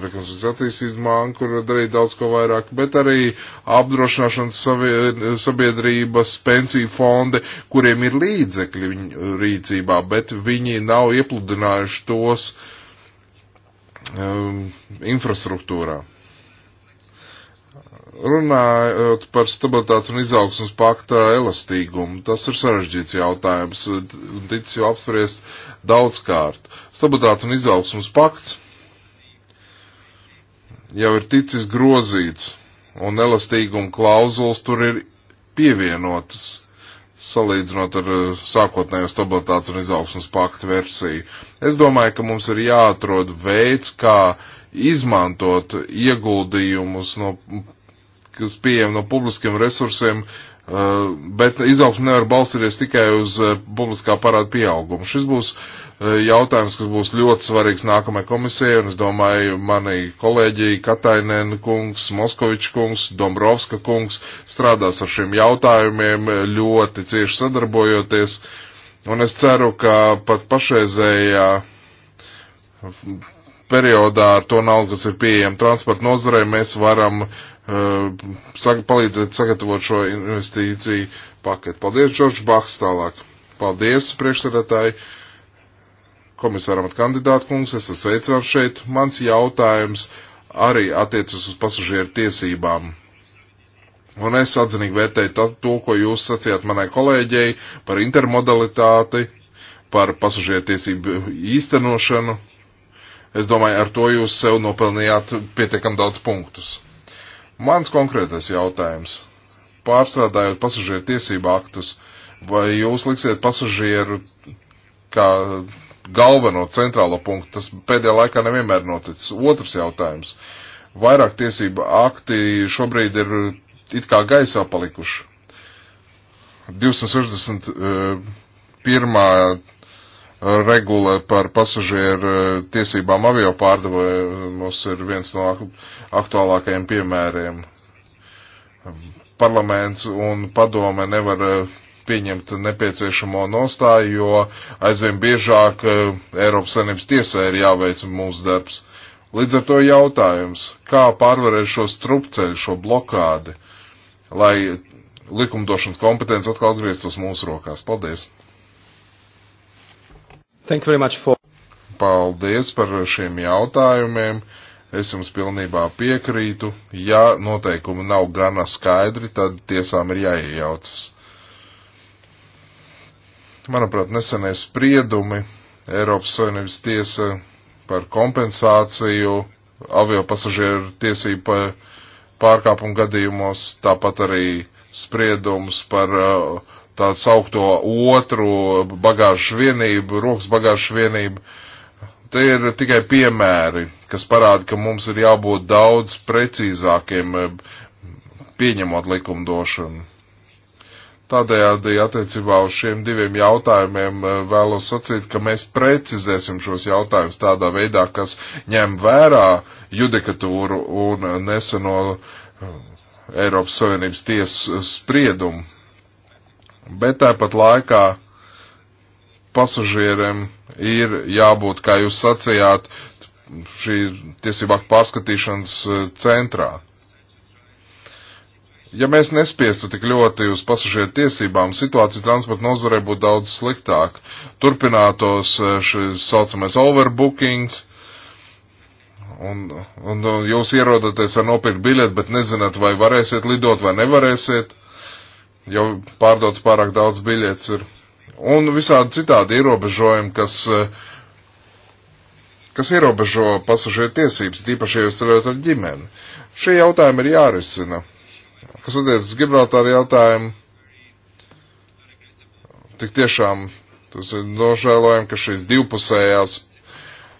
rekonstrukcijas attīstības banku, kur var darīt daudz ko vairāk, bet arī apdrošināšanas sabiedrības, pensiju fondi, kuriem ir līdzekļi viņu rīcībā, bet viņi nav iepludinājuši tos um, infrastruktūrā. Runājot par stabilitātes un izaugsmas pakta elastīgumu, tas ir sarežģīts jautājums un ticis jau apspriest daudzkārt. Stabilitātes un izaugsmas pakts jau ir ticis grozīts, un elastīguma klauzulas tur ir pievienotas, salīdzinot ar eh, sākotnējo stabilitātes un izaugsmas paktu versiju. Es domāju, ka mums ir jāatrod veids, kā izmantot ieguldījumus no kas pieejam no publiskiem resursiem Eh, bet izaugsme nevar balstīties tikai uz eh, publiskā parāda pieaugumu. Šis būs eh, jautājums, kas būs ļoti svarīgs nākamajai komisijai, un es domāju, mani kolēģi Katainen kungs, Moskovičs kungs, Dombrovska kungs strādās ar šiem jautājumiem, ļoti cieši sadarbojoties, un es ceru, ka pat pašreizējā periodā ar to naudu, kas ir pieejama transporta nozarei, mēs varam uh, palīdzēt sagatavot šo investīciju paketu. Paldies, Džordž Bahs, tālāk. Paldies, priekšsēdētāji, komisāram at kandidātu kungs, esat sveicināts šeit. Mans jautājums arī attiecas uz pasažieru tiesībām. Un es atzinīgi vērtēju to, ko jūs sacījāt manai kolēģei par intermodalitāti, par pasažieru tiesību īstenošanu. Es domāju, ar to jūs sev nopelnījāt pietiekam daudz punktus. Mans konkrētais jautājums. Pārstrādājot pasažieru tiesību aktus, vai jūs liksiet pasažieru kā galveno centrālo punktu? Tas pēdējā laikā nevienmēr noticis. Otrs jautājums. Vairāk tiesību akti šobrīd ir it kā gaisā palikuši. 261 regula par pasažieru eh, tiesībām avio pārdevējumos ir viens no aktuālākajiem piemēriem. Parlaments un padome nevar eh, pieņemt nepieciešamo nostāju, jo aizvien biežāk eh, Eiropas Savienības tiesē ir jāveic mūsu darbs. Līdz ar to jautājums, kā pārvarēt šo strupceļu, šo blokādi, lai likumdošanas kompetence atkal atgrieztos mūsu rokās. Paldies! Thank you very much for. Paldies par šiem jautājumiem. Es jums pilnībā piekrītu. Ja noteikumi nav gana skaidri, tad tiesām ir jāiejaucas. Manuprāt, nesenie spriedumi Eiropas Savienības tiesa par kompensāciju avio pasažieru tiesību pārkāpumu gadījumos, tāpat arī spriedums par uh, tā saukto otru bagāžu vienību, rokas bagāžu vienību. Te ir tikai piemēri, kas parāda, ka mums ir jābūt daudz precīzākiem pieņemot likumdošanu. Tādējādi attiecībā uz šiem diviem jautājumiem eh, vēlos sacīt, ka mēs precizēsim šos jautājumus tādā veidā, kas ņem vērā judikatūru un neseno eh, Eiropas Savienības tiesas spriedumu bet tāpat laikā pasažieriem ir jābūt, kā jūs sacījāt, šī tiesībā pārskatīšanas e, centrā. Ja mēs nespiestu tik ļoti uz pasažieru tiesībām, situācija transporta nozarē būtu daudz sliktāka. Turpinātos e, šis saucamais overbookings, un, un jūs ierodaties ar nopirkt biļeti, bet nezināt, vai varēsiet lidot vai nevarēsiet jau pārdots pārāk daudz biļets ir. Un visādi citādi ierobežojumi, kas, eh, kas ierobežo pasažieru tiesības, tīpaši, ja jūs ceļojat ar ģimeni. Šie jautājumi ir jārisina. Kas attiecas Gibraltāra jautājumu, tik tiešām tas ir nožēlojami, ka šīs divpusējās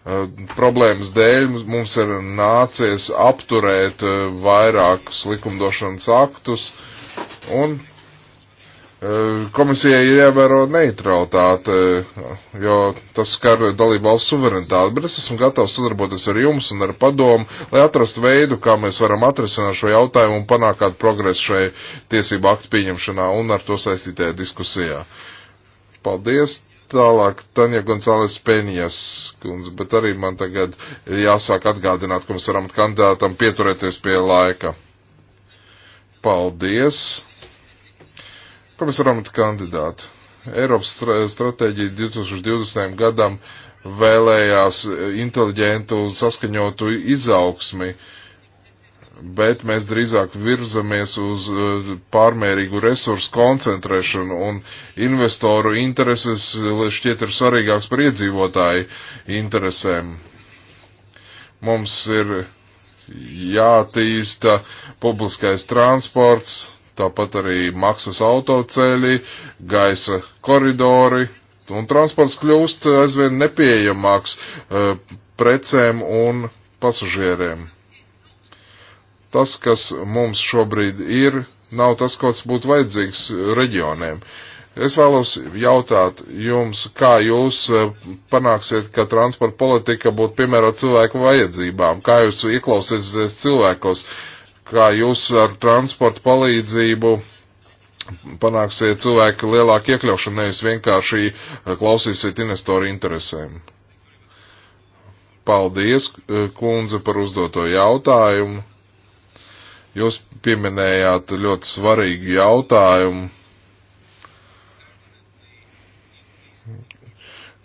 uh, problēmas dēļ mums ir nācies apturēt uh, vairākus likumdošanas aktus, un Eh, komisijai ir jāvēro neutralitāte, jo tas skar dalību valsts suverenitāti, bet es esmu gatavs sadarboties ar jums un ar padomu, lai atrastu veidu, kā mēs varam atrisināt šo jautājumu un panākt kādu progresu šai tiesību aktu pieņemšanā un ar to saistītajā diskusijā. Paldies! Tālāk Tanja Gonzales Penjas kundze, bet arī man tagad jāsāk atgādināt, ka mums varam kandidātam pieturēties pie laika. Paldies! Komisāram un kandidātu. Eiropas stratēģija 2020. gadam vēlējās eh, inteliģentu un saskaņotu izaugsmi, bet mēs drīzāk virzamies uz eh, pārmērīgu resursu koncentrēšanu un investoru intereses šķiet ir svarīgāks par iedzīvotāju interesēm. Mums ir jātīsta publiskais transports, tāpat arī maksas autoceļi, gaisa koridori, un transports kļūst aizvien nepieejamāks uh, precēm un pasažieriem. Tas, kas mums šobrīd ir, nav tas, kas būtu vajadzīgs reģioniem. Es vēlos jautāt jums, kā jūs eh, panāksiet, ka transporta politika būtu piemērota cilvēku vajadzībām, kā jūs ieklausieties cilvēkos, uh, kā jūs ar transportu palīdzību panāksiet cilvēku lielāku iekļaušanu, nevis vienkārši eh, klausīsiet investoru interesēm. Paldies, eh, kundze, par uzdoto jautājumu. Jūs pieminējāt ļoti svarīgu jautājumu,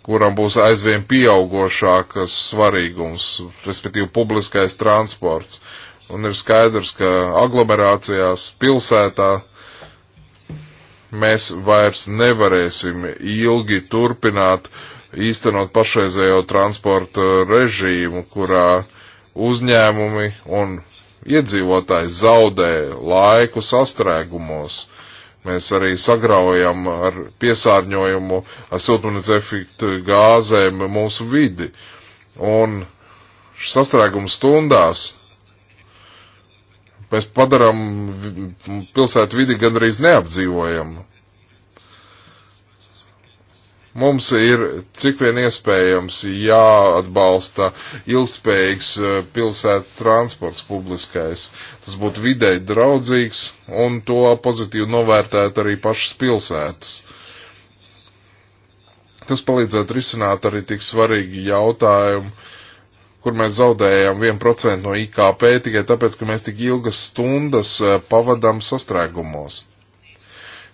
kuram būs aizvien pieaugošākas svarīgums, respektīvi publiskais transports. Uh, Un ir skaidrs, ka aglomerācijās, pilsētā mēs vairs nevarēsim ilgi turpināt īstenot pašreizējo transporta režīmu, kurā uzņēmumi un iedzīvotāji zaudē laiku sastrēgumos. Mēs arī sagraujam ar piesārņojumu, ar siltumnīca efektu gāzēm mūsu vidi. Un sastrēgums stundās Mēs padarām pilsētu vidi gandrīz neapdzīvojamu. Mums ir cik vien iespējams jāatbalsta ilgspējīgs eh, pilsētas transports publiskais. Tas būtu videi draudzīgs un to pozitīvi novērtēt arī pašas pilsētas. Tas palīdzētu risināt arī tik svarīgi jautājumu kur mēs zaudējam 1% no IKP tikai tāpēc, ka mēs tik ilgas stundas eh, pavadām sastrēgumos.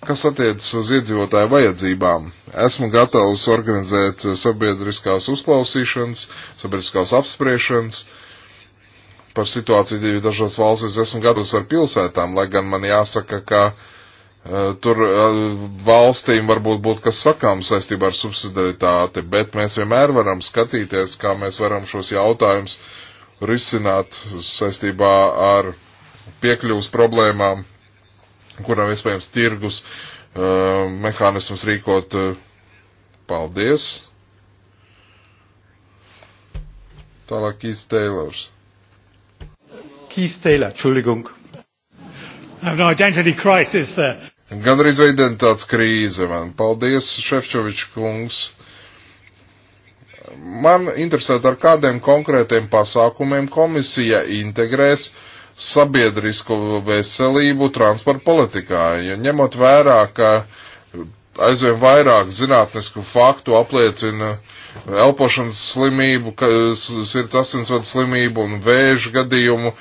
Kas attiecas uz iedzīvotāju vajadzībām? Esmu gatavs organizēt eh, sabiedriskās uzklausīšanas, sabiedriskās apspriešanas par situāciju dažās valstīs. Esmu gatavs ar pilsētām, lai gan man jāsaka, ka uh, Eh, tur eh, valstīm varbūt būtu kas sakām saistībā ar subsidaritāti, bet mēs vienmēr varam skatīties, kā mēs varam šos jautājumus risināt saistībā ar piekļuvas problēmām, kurām iespējams tirgus uh, mehānismus rīkot. Paldies! Tālāk Keith Taylors. Keith Taylor, Entschuldigung. I have an identity crisis there. Gan arī identitātes krīze man. Paldies, Šefčovičs kungs. Man interesē, ar kādiem konkrētiem pasākumiem komisija integrēs sabiedrisko veselību transporta politikā, jo ņemot vērā, ka aizvien vairāk zinātnisku faktu apliecina elpošanas slimību, sirds asinsvadu slimību un vēža gadījumu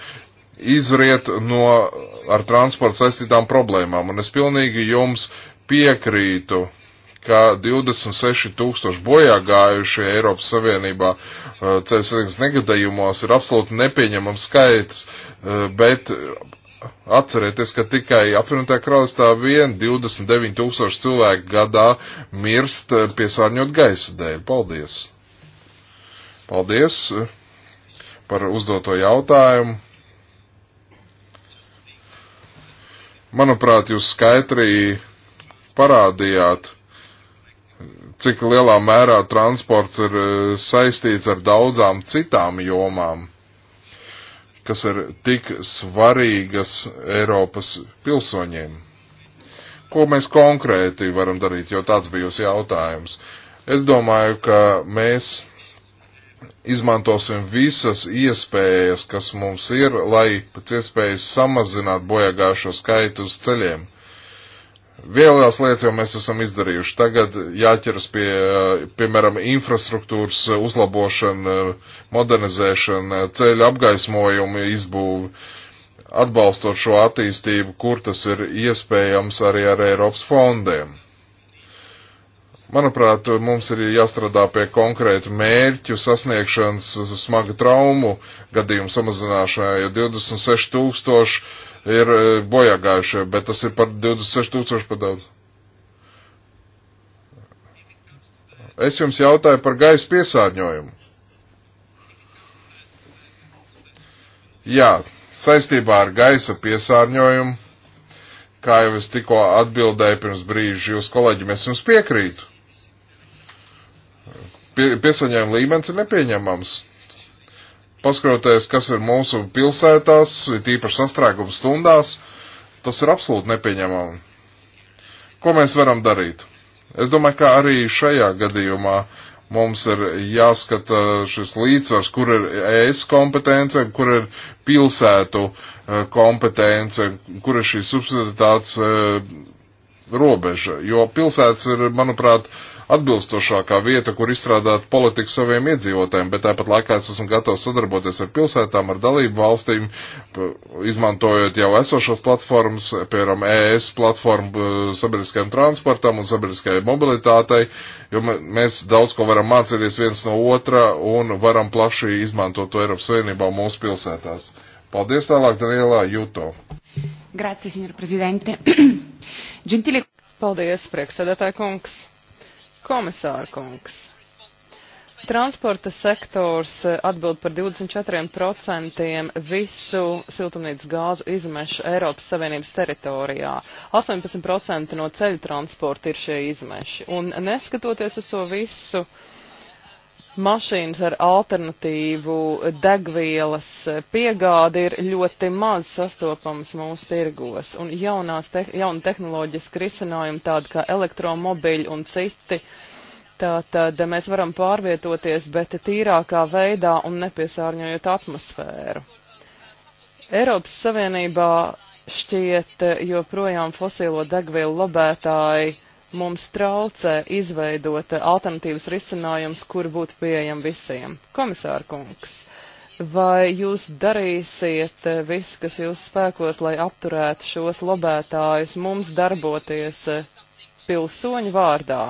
izriet no ar transportu saistītām problēmām. Un es pilnīgi jums piekrītu, ka 26 tūkstoši bojā gājušie Eiropas Savienībā eh, ceļu satiksmes negadījumos ir absolūti nepieņemams skaits, eh, bet atcerieties, ka tikai apvienotā kraustā vien 29 tūkstoši cilvēku gadā mirst eh, piesārņot gaisa dēļ. Paldies! Paldies par uzdoto jautājumu! Manuprāt, jūs skaidri parādījāt, cik lielā mērā transports ir e, saistīts ar daudzām citām jomām, kas ir tik svarīgas Eiropas pilsoņiem. Ko mēs konkrēti varam darīt, jo tāds bija jūsu jautājums. Es domāju, ka mēs izmantosim visas iespējas, kas mums ir, lai pēc iespējas samazinātu bojāgājušo skaitu uz ceļiem. Vielās lietas jau mēs esam izdarījuši. Tagad jāķeras pie, eh, piemēram, infrastruktūras uzlabošana, modernizēšana, ceļu apgaismojuma izbūve, atbalstot šo attīstību, kur tas ir iespējams arī ar Eiropas fondiem. Manuprāt, mums ir jāstrādā pie konkrētu mērķu sasniegšanas smaga traumu gadījumu samazināšanai, jo 26 tūkstoši ir e, bojāgājušie, bet tas ir par 26 tūkstoši par daudz. Es jums jautāju par gaisa piesārņojumu. Jā, saistībā ar gaisa piesārņojumu, kā jau es tikko atbildēju pirms brīža, jūs kolēģi, mēs jums piekrītu pie, piesaņēmuma līmenis ir nepieņemams. Paskatoties, kas ir mūsu pilsētās, tīpaši sastrēguma stundās, tas ir absolūti nepieņemami. Ko mēs varam darīt? Es domāju, ka arī šajā gadījumā mums ir jāskata šis līdzsvars, kur ir ES kompetence, kur ir pilsētu e, kompetence, kur ir šī subsidiatāts e, robeža, jo pilsētas ir, manuprāt, atbilstošākā vieta, kur izstrādāt politiku saviem iedzīvotājiem, bet tāpat laikā es esmu gatavs sadarboties ar pilsētām, ar dalību valstīm, izmantojot jau esošās platformas, piemēram, ES platformu sabiedriskajam transportam un sabiedriskajai mobilitātei, jo mēs daudz ko varam mācīties viens no otra un varam plaši izmantot to Eiropas Savienībā mūsu pilsētās. Paldies tālāk, Danielā Juto. Grazie, signor prezidente. Gentile... Paldies, priekšsēdētāja kungs. Komisāra kungs. Transporta sektors atbild par 24% visu siltumnīcas gāzu izmešu Eiropas Savienības teritorijā. 18% no ceļu transporta ir šie izmeši. Un neskatoties uz to so visu, uh, mašīnas ar alternatīvu degvielas piegādi ir ļoti maz sastopamas mūsu tirgos, un jaunās te, jauna tehnoloģiski risinājumi tādi kā elektromobiļi un citi, tātad mēs varam pārvietoties, bet tīrākā veidā un nepiesārņojot atmosfēru. Eiropas Savienībā šķiet joprojām fosilo degvielu lobētāji uh, mums traucē izveidot alternatīvas risinājums, kur būtu pieejam visiem. Komisāra kungs, vai jūs darīsiet visu, kas jūs spēkos, lai apturētu šos lobētājus mums darboties pilsoņu vārdā?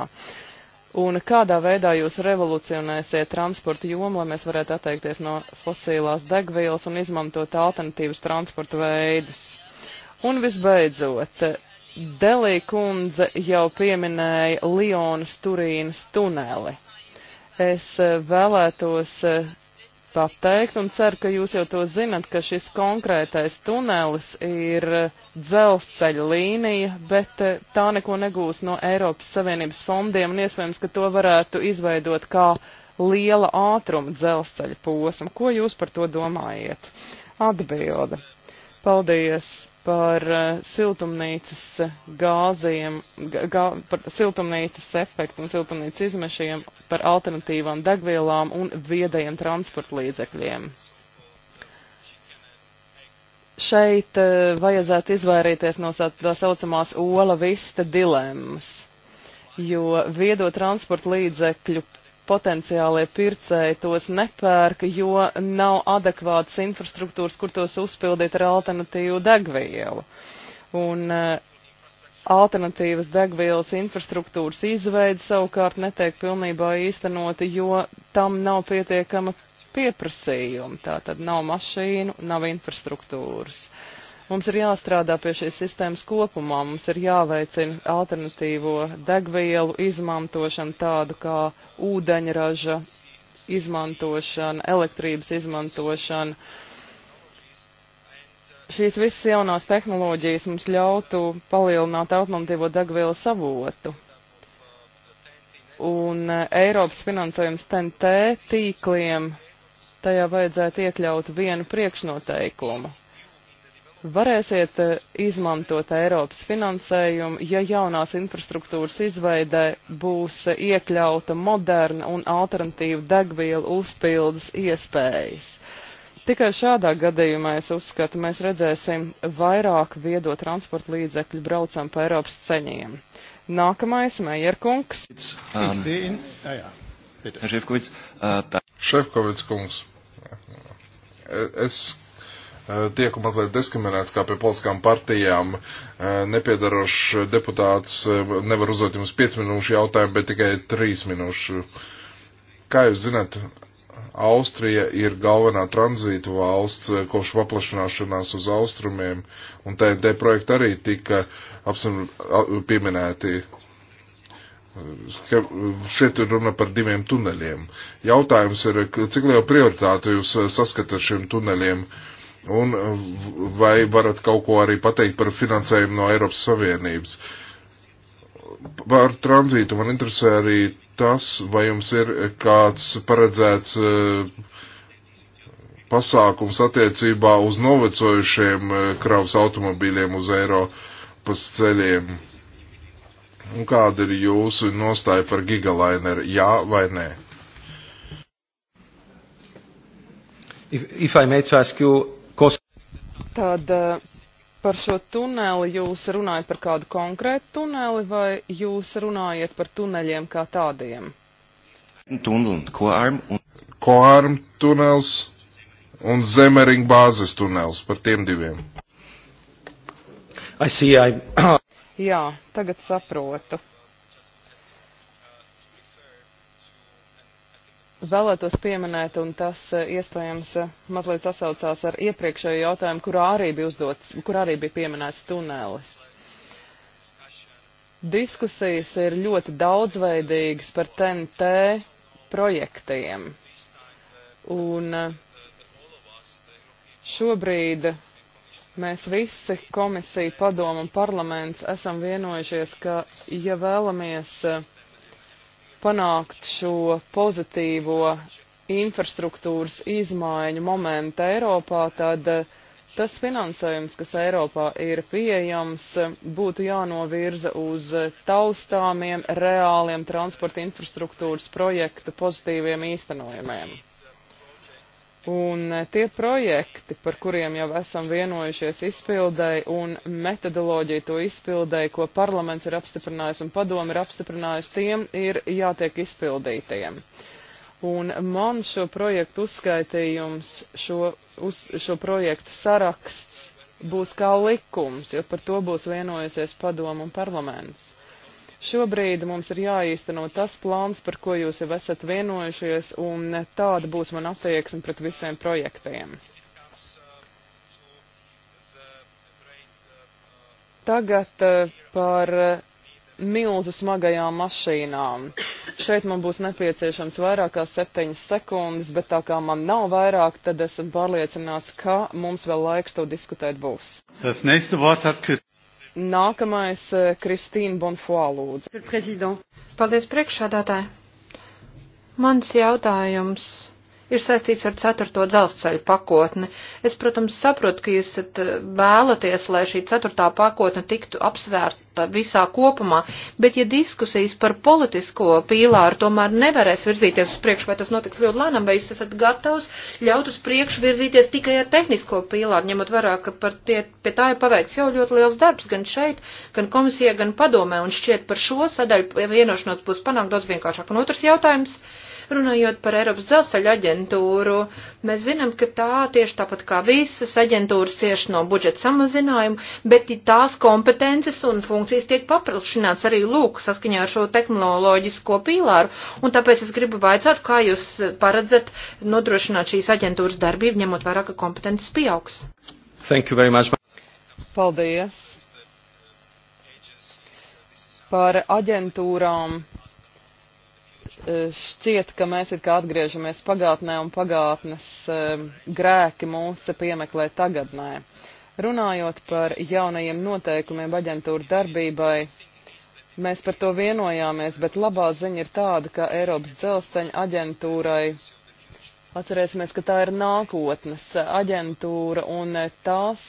un kādā veidā jūs revolucionēsiet transporta jomu, lai mēs varētu atteikties no fosīlās degvielas un izmantot alternatīvas transporta veidus. Un visbeidzot, Delī kundze jau pieminēja Lionas Turīnas tuneli. Es e, vēlētos e, pateikt un ceru, ka jūs jau to zinat, ka šis konkrētais tunelis ir e, dzelzceļa līnija, bet tā neko negūs no Eiropas Savienības fondiem un iespējams, ka to varētu izveidot kā liela ātruma dzelzceļa posmu. Ko jūs par to domājiet? Atbilde. Paldies! par eh, siltumnīcas gāziem, gā, par siltumnīcas efektu un siltumnīcas izmešiem, par alternatīvām degvielām un viedajiem transporta līdzekļiem. Šeit eh, vajadzētu izvairīties no tā saucamās ola vista dilemmas, jo viedo transporta līdzekļu potenciālie pircēji tos nepērk, jo nav adekvātas infrastruktūras, kur tos uzpildīt ar alternatīvu degvielu. Un uh, alternatīvas degvielas infrastruktūras izveida savukārt netiek pilnībā īstenoti, jo tam nav pietiekama pieprasījuma. Tā tad nav mašīnu, nav infrastruktūras. Mums ir jāstrādā pie šīs sistēmas kopumā, mums ir jāveicina alternatīvo degvielu izmantošana tādu kā ūdeņraža izmantošana, elektrības izmantošana šīs visas jaunās tehnoloģijas mums ļautu palielināt alternatīvo degvielas avotu. Un e, Eiropas finansējums TNT tīkliem tajā vajadzētu iekļaut vienu priekšnoteikumu. Varēsiet e, izmantot Eiropas finansējumu, ja jaunās infrastruktūras izveidē būs e, iekļauta moderna un alternatīva degvielu uzpildes iespējas. Uh, Tikai šādā gadījumā es uzskatu, mēs redzēsim vairāk viedo transporta līdzekļu braucam pa Eiropas ceļiem. Nākamais Mejerkungs. Um, ah, Šefkovic uh, kungs. Es uh, tieku mazliet diskriminēts, kā pie politiskām partijām. Uh, nepiedarošs deputāts uh, nevar uzdot jums 5 minūšu jautājumu, bet tikai 3 minūšu. Kā jūs zināt, Austrija ir galvenā tranzītu valsts eh, kopš paplašanāšanās uz austrumiem, un TNT projekti arī tika apsim, pieminēti. Šeit ir runa par diviem tuneļiem. Jautājums ir, cik lielu prioritāti jūs eh, saskatāt šiem tuneļiem, un eh, vai varat kaut ko arī pateikt par finansējumu no Eiropas Savienības? Par tranzītu man interesē arī tas, vai jums ir kāds paredzēts eh, pasākums attiecībā uz novecojušiem eh, kravas automobīļiem uz Eiropas ceļiem. Un kāda ir jūsu nostāja par gigalaineru, jā vai nē? If, if you, cost... Tad uh, par šo tuneli jūs runājat par kādu konkrētu tuneli vai jūs runājat par tuneļiem kā tādiem? Tunelin, koarm un... Koarm tunels un Zemering bāzes tunels, par tiem diviem. I see, I... Jā, tagad saprotu. vēlētos pieminēt, un tas e, iespējams e, mazliet sasaucās ar iepriekšējo jautājumu, kurā arī bija uzdots, kur arī bija pieminēts tunelis. Diskusijas ir ļoti daudzveidīgas par TNT projektiem. Un e, šobrīd mēs visi, komisija, padomu un parlaments, esam vienojušies, ka, ja vēlamies uh, panākt šo pozitīvo infrastruktūras izmaiņu momentu Eiropā, tad eh, tas finansējums, kas Eiropā ir pieejams, būtu jānovirza uz eh, taustāmiem, reāliem transporta infrastruktūras projektu pozitīviem īstenojumiem. Un e, tie projekti, par kuriem jau esam vienojušies izpildēji un metodoloģiju to izpildēji, ko parlaments ir apstiprinājis un padomi ir apstiprinājis, tiem ir jātiek izpildītiem. Un man šo projektu uzskaitījums, šo, uz, šo projektu saraksts būs kā likums, jo par to būs vienojusies padomu un parlaments. Šobrīd mums ir jāīsteno tas plāns, par ko jūs jau esat vienojušies, un tāda būs man attieksme pret visiem projektiem. Tagad eh, par milzu smagajām mašīnām. Šeit man būs nepieciešams vairāk kā septiņas sekundes, bet tā kā man nav vairāk, tad esmu pārliecināts, ka mums vēl laiks to diskutēt būs. Tas neistu vārds atkris. Nākamais eh, Kristīna Bonfoā lūdzu. Paldies priekšādātāji. Mans jautājums ir saistīts ar ceturto dzelzceļu pakotni. Es, protams, saprotu, ka jūs eh, vēlaties, lai šī ceturtā pakotne tiktu apsvērta visā kopumā, bet ja diskusijas par politisko pīlāru tomēr nevarēs virzīties uz priekšu, vai tas notiks ļoti lēnām, vai jūs esat gatavs ļaut uz priekšu virzīties tikai ar tehnisko pīlāru, ņemot vērā, ka par tie, pie tā ir paveikts jau ļoti liels darbs gan šeit, gan komisijā, gan padomē, un šķiet par šo sadaļu vienošanos būs panākt daudz vienkāršāk. Un otrs jautājums. Uh, Runājot par Eiropas dzelzceļa aģentūru, mēs zinām, ka tā tieši tāpat kā visas aģentūras cieši no budžeta samazinājuma, bet tās kompetences un funkcijas tiek paplašināts arī lūk saskaņā ar šo tehnoloģisko pīlāru. Un tāpēc es gribu vaicāt, kā jūs paredzat nodrošināt šīs aģentūras darbību, ņemot vērā, ka kompetences pieaugs. Thank you very much. Paldies. Par aģentūrām Eh, šķiet, ka mēs it kā atgriežamies pagātnē un pagātnes eh, grēki mūs piemeklē tagadnē. Runājot par jaunajiem noteikumiem aģentūra darbībai, mēs par to vienojāmies, bet labā ziņa ir tāda, ka Eiropas dzelzceļa aģentūrai atcerēsimies, ka tā ir nākotnes aģentūra un eh, tās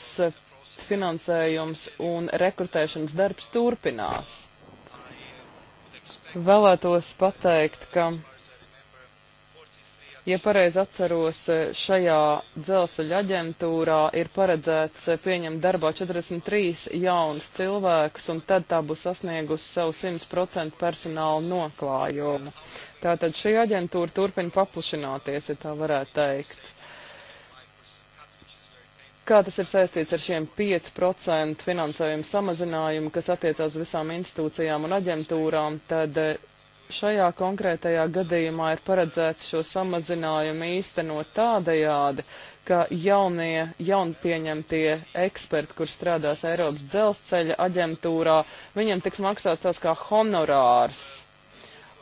finansējums un rekrutēšanas darbs turpinās vēlētos pateikt, ka, ja pareizi atceros, šajā dzelzceļa aģentūrā ir paredzēts pieņemt darbā 43 jaunus cilvēkus, un tad tā būs sasniegusi savu 100% personālu noklājumu. Tātad šī aģentūra turpina paplašināties, ja tā varētu teikt. Kā tas ir saistīts ar šiem 5% finansējumu samazinājumu, kas attiecās visām institūcijām un aģentūrām, tad eh, šajā konkrētajā gadījumā ir paredzēts šo samazinājumu īstenot tādajādi, ka jaunie, jaunpieņemtie eksperti, kur strādās Eiropas dzelzceļa aģentūrā, viņiem tiks maksās tāds kā honorārs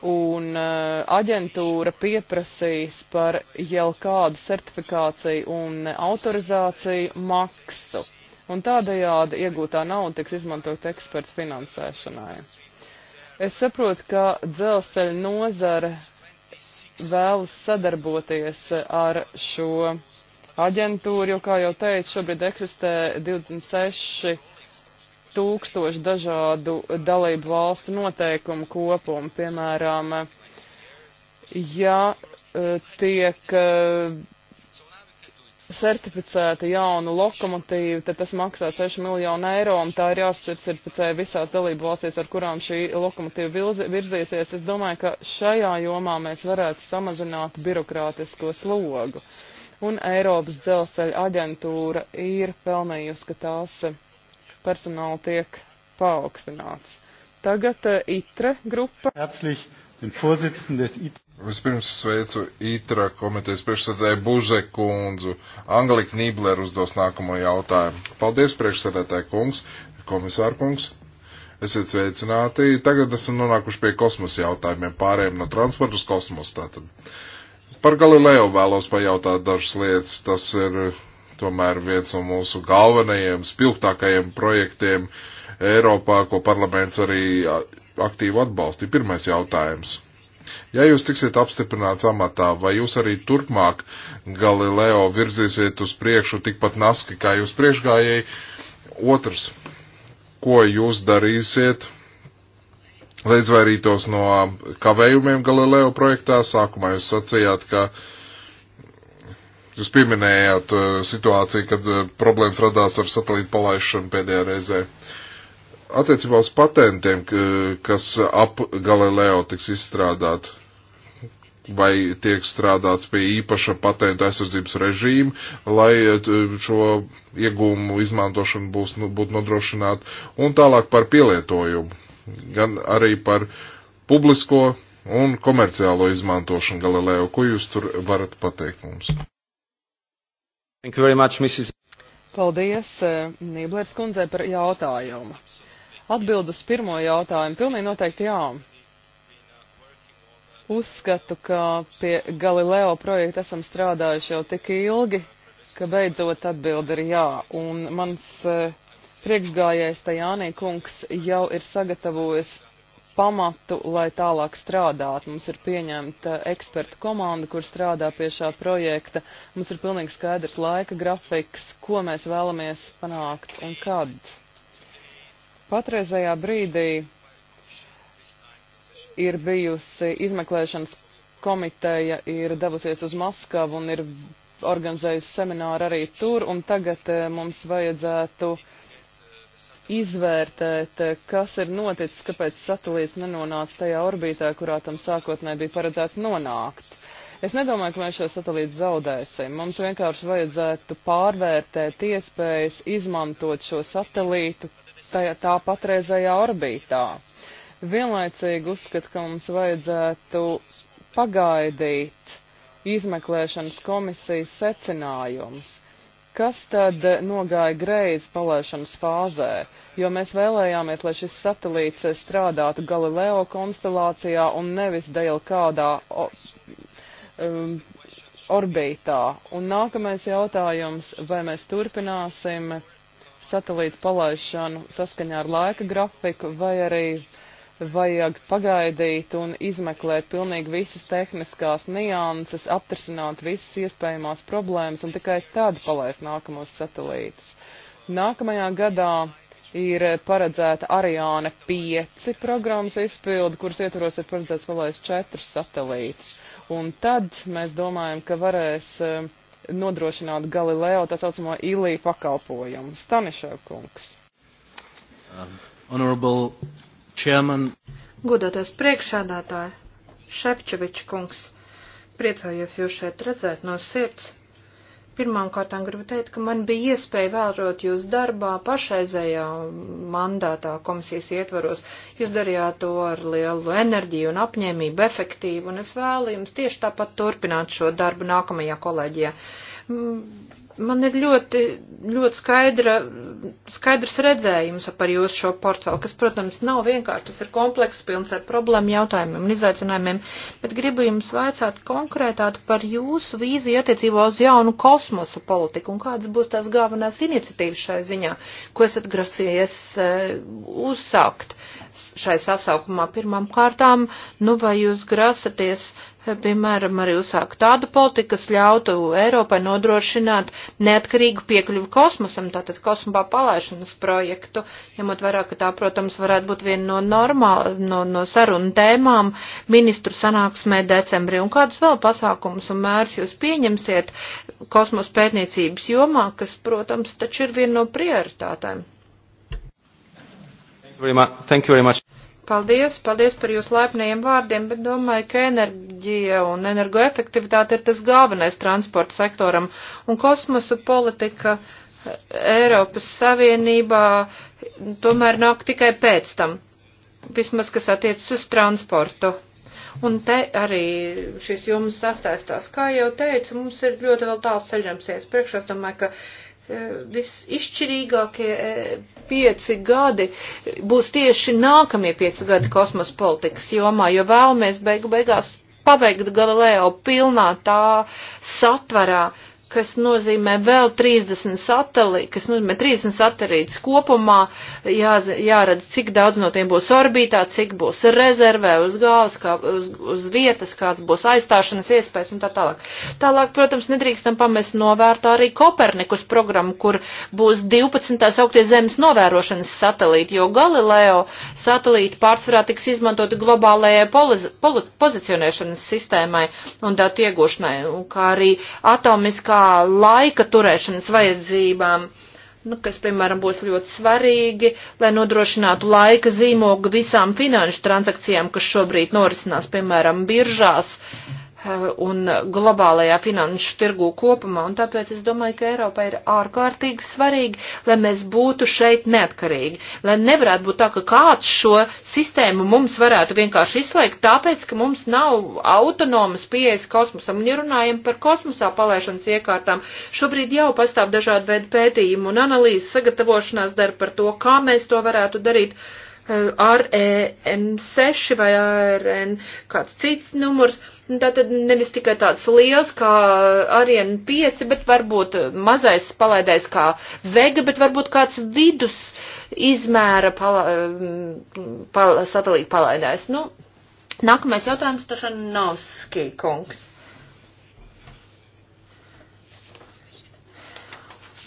un eh, aģentūra pieprasīs par jau kādu certifikāciju un autorizāciju maksu. Un tādējādi iegūtā nauda tiks izmantot ekspertu finansēšanai. Es saprotu, ka dzelzceļa nozare vēlas sadarboties ar šo aģentūru, jo, kā jau teicu, šobrīd eksistē 26 tūkstoši dažādu dalību valstu noteikumu kopumu. Piemēram, ja e, tiek e, certificēta jauna lokomotīva, tad tas maksā 6 miljonu eiro, un tā ir jācertificē visās dalību valstīs, ar kurām šī lokomotīva virzīsies. Es domāju, ka šajā jomā mēs varētu samazināt birokrātisko slogu. Un Eiropas dzelzceļa aģentūra ir pelnījusi, ka tās personāla tiek paaugstināts. Tagad eh, ITRE grupa. Herzlich, den Vorsitzenden des ITRE. Vispirms sveicu ITRA e komitejas priekšsēdētāju Bužeku kundzu. Angelika Nībler uzdos nākamo jautājumu. Paldies, priekšsēdētāji kungs, komisāra kungs. Esiet sveicināti. Tagad esam nonākuši pie kosmosa jautājumiem, pārējiem no transporta uz kosmosu. Tātad. Par Galileo vēlos pajautāt dažas lietas. Tas ir tomēr viens no mūsu galvenajiem, spilgtākajiem projektiem Eiropā, ko parlaments arī aktīvi atbalstīja. Pirmais jautājums. Ja jūs tiksiet apstiprināts amatā, vai jūs arī turpmāk Galileo virzīsiet uz priekšu tikpat naski, kā jūs priekšgājēji? Otrs, ko jūs darīsiet, lai izvairītos no kavējumiem Galileo projektā? Sākumā jūs sacījāt, ka uh, Jūs pieminējāt uh, situāciju, kad uh, problēmas radās ar satelītu palaišanu pēdējā reizē. Attiecībā uz patentiem, kas ap Galileo tiks izstrādāt, vai tiek strādāts pie īpaša patenta aizsardzības režīma, lai uh, šo iegūmu izmantošanu būs, nu, būtu nodrošināta, un tālāk par pielietojumu, gan arī par publisko un komerciālo izmantošanu Galileo. Ko jūs tur varat pateikt mums? Thank you very much, Mrs. Paldies eh, Nīblers kundzei par jautājumu. Atbild uz pirmo jautājumu. Pilnīgi noteikti jā. Uzskatu, ka pie Galileo projekta esam strādājuši jau tik ilgi, ka beidzot atbild ir jā. Un mans eh, priekšgājējs Tajānī kungs jau ir sagatavojis pamatu, lai tālāk strādātu. Mums ir pieņemta uh, eksperta komanda, kur strādā pie šā projekta. Mums ir pilnīgi skaidrs laika grafiks, ko mēs vēlamies panākt un kad. Patreizajā brīdī ir bijusi izmeklēšanas komiteja, ir devusies uz Maskavu un ir organizējusi semināru arī tur, un tagad uh, mums vajadzētu uh, izvērtēt, eh, kas ir noticis, kāpēc satelīts nenonāca tajā orbītā, kurā tam sākotnēji bija paredzēts nonākt. Es nedomāju, ka mēs šo satelītu zaudēsim. Mums vienkārši vajadzētu pārvērtēt iespējas izmantot šo satelītu tajā, tā patreizējā orbītā. Vienlaicīgi uzskat, ka mums vajadzētu pagaidīt izmeklēšanas komisijas secinājumus Kas tad eh, nogāja greizi palaišanas fāzē? Jo mēs vēlējāmies, lai šis satelīts eh, strādātu Galileo konstelācijā un nevis dēļ kādā o, um, orbītā. Un nākamais jautājums, vai mēs turpināsim satelītu palaišanu saskaņā ar laika grafiku vai arī uh, vajag pagaidīt un izmeklēt pilnīgi visas tehniskās nianses, aptrasināt visas iespējamās problēmas un tikai tad palaist nākamos satelītus. Nākamajā gadā ir paredzēta Ariāne 5 programmas izpildu, kuras ietvaros ir paredzēts palaist 4 satelītus. Un tad mēs domājam, ka varēs eh, nodrošināt Galileo tā saucamo īlī pakalpojumu. Stanišev kungs. Um, honorable Čēman. Godoties priekšādātāji, Šepčeviča kungs, priecājos jūs šeit redzēt no sirds. Pirmām kārtām gribu teikt, ka man bija iespēja vērot jūs darbā pašreizējā mandātā komisijas ietvaros. Jūs darījāt to ar lielu enerģiju un apņēmību efektīvu, un es vēlu jums tieši tāpat turpināt šo darbu nākamajā kolēģijā. Mm, Man ir ļoti, ļoti skaidra, skaidrs redzējums par jūsu šo portfeli, kas, protams, nav vienkārši, tas ir komplekss pilns ar problēmu jautājumiem un izaicinājumiem, bet gribu jums vaicāt konkrētāt par jūsu vīziju attiecībā uz jaunu kosmosa politiku un kādas būs tās galvenās iniciatīvas šai ziņā, ko esat grasījies uh, uzsākt. Uh, šai sasaukumā pirmām kārtām, nu vai jūs grasaties, piemēram, arī uzsākt tādu politiku, kas ļautu Eiropai nodrošināt neatkarīgu piekļuvu kosmosam, tātad kosmopā palaišanas projektu, ņemot vairāk, ka tā, protams, varētu būt viena no normāla, no, no sarunu tēmām ministru sanāksmē decembrī. Un kādus vēl pasākumus un mērs jūs pieņemsiet kosmos pētniecības jomā, kas, protams, taču ir viena no prioritātēm? Thank you very much. Paldies, paldies par jūsu laipniem vārdiem, bet domāju, ka enerģija un energoefektivitāte ir tas galvenais transporta sektoram. Un kosmosu politika Eiropas Savienībā tomēr nāk tikai pēc tam, vismaz kas attiecas uz transportu. Un te arī šis jums sastaistās. Kā jau teicu, mums ir ļoti vēl tāls ceļams ies priekšā. Es domāju, ka visizšķirīgākie e, pieci gadi būs tieši nākamie pieci gadi kosmosa politikas jomā, jo vēlamies beigu beigās pabeigt Galileo pilnā tā satvarā, kas nozīmē vēl 30 satelītus, kas nozīmē 30 satelītus kopumā, jā, jāredz, cik daudz no tiem būs orbītā, cik būs rezervē uz gāles, kā, uz, uz vietas, kāds būs aizstāšanas iespējas un tā tālāk. Tālāk, protams, nedrīkstam pamest novērtā arī Kopernikus programmu, kur būs 12 tā sauktie zemes novērošanas satelīti, jo Galileo satelīti pārsvarā tiks izmantoti globālajai poliz, poli, pozicionēšanas sistēmai un datu iegūšanai, un kā arī atomiskā kā laika turēšanas vajadzībām, nu, kas, piemēram, būs ļoti svarīgi, lai nodrošinātu laika zīmogu visām finanšu transakcijām, kas šobrīd norisinās, piemēram, biržās. Uh, Eh, un globālajā finanšu tirgū kopumā, un tāpēc es domāju, ka Eiropa ir ārkārtīgi svarīga, lai mēs būtu šeit neatkarīgi, lai nevarētu būt tā, ka kāds šo sistēmu mums varētu vienkārši izslēgt, tāpēc, ka mums nav autonomas pieejas kosmosam, un ja runājam par kosmosā palaišanas iekārtām, šobrīd jau pastāv dažādi veidi pētījumu un analīzes sagatavošanās darba par to, kā mēs to varētu darīt. Uh, ar EN6 vai ar EN kāds cits numurs. Nu, Tātad nevis tikai tāds liels kā ar EN5, bet varbūt mazais palaidais kā Vega, bet varbūt kāds vidus izmēra pala, pala, satelīta palaidais. Nu, nākamais jautājums, Tošanovski kungs.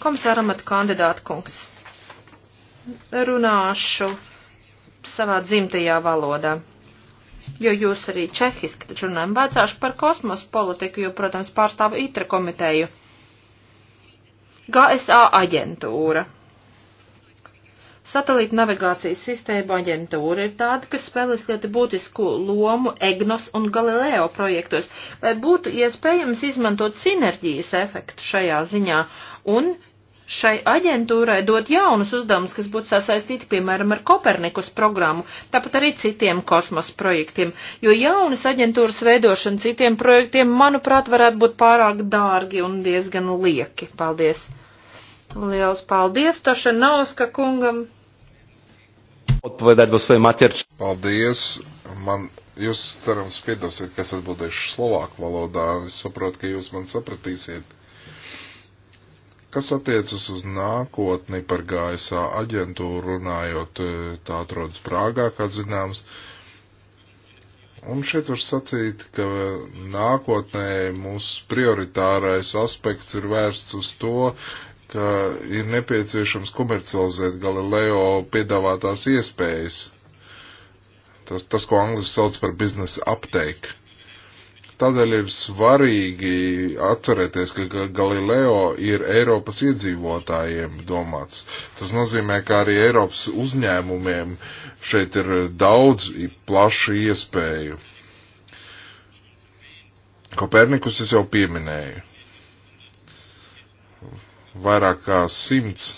Komisāram at kandidātu kungs. Runāšu savā dzimtajā valodā. Jo jūs arī čehiski taču runājam vecāšu par kosmosu politiku, jo, protams, pārstāvu ITRA komiteju. GSA aģentūra. Satelīta navigācijas sistēma aģentūra ir tāda, kas spēlēs ļoti būtisku lomu EGNOS un Galileo projektos, vai būtu iespējams izmantot sinerģijas efektu šajā ziņā un šai aģentūrai dot jaunus uzdevumus, kas būtu sasaistīti, piemēram, ar Kopernikus programmu, tāpat arī citiem kosmos projektiem, jo jaunas aģentūras veidošana citiem projektiem, manuprāt, varētu būt pārāk dārgi un diezgan lieki. Paldies! Liels paldies Tošanauska kungam! Atpavēdēt vēl svojai materči. Paldies! Man, jūs cerams piedosiet, ka es atbildēšu slovāku valodā. Es saprotu, ka jūs man sapratīsiet Kas attiecas uz nākotni par GSA aģentūru runājot, e, tā atrodas Prāgā, kā zināms. Un šeit var sacīt, ka nākotnē mūsu prioritārais aspekts ir vērsts uz to, ka ir nepieciešams komercializēt Galileo piedāvātās iespējas. Tas, tas ko angļuiski sauc par biznesa uptake. Tādēļ ir svarīgi atcerēties, ka Galileo ir Eiropas iedzīvotājiem domāts. Tas nozīmē, ka arī Eiropas uzņēmumiem šeit ir daudz plašu iespēju. Kopernikus es jau pieminēju. Vairāk kā simts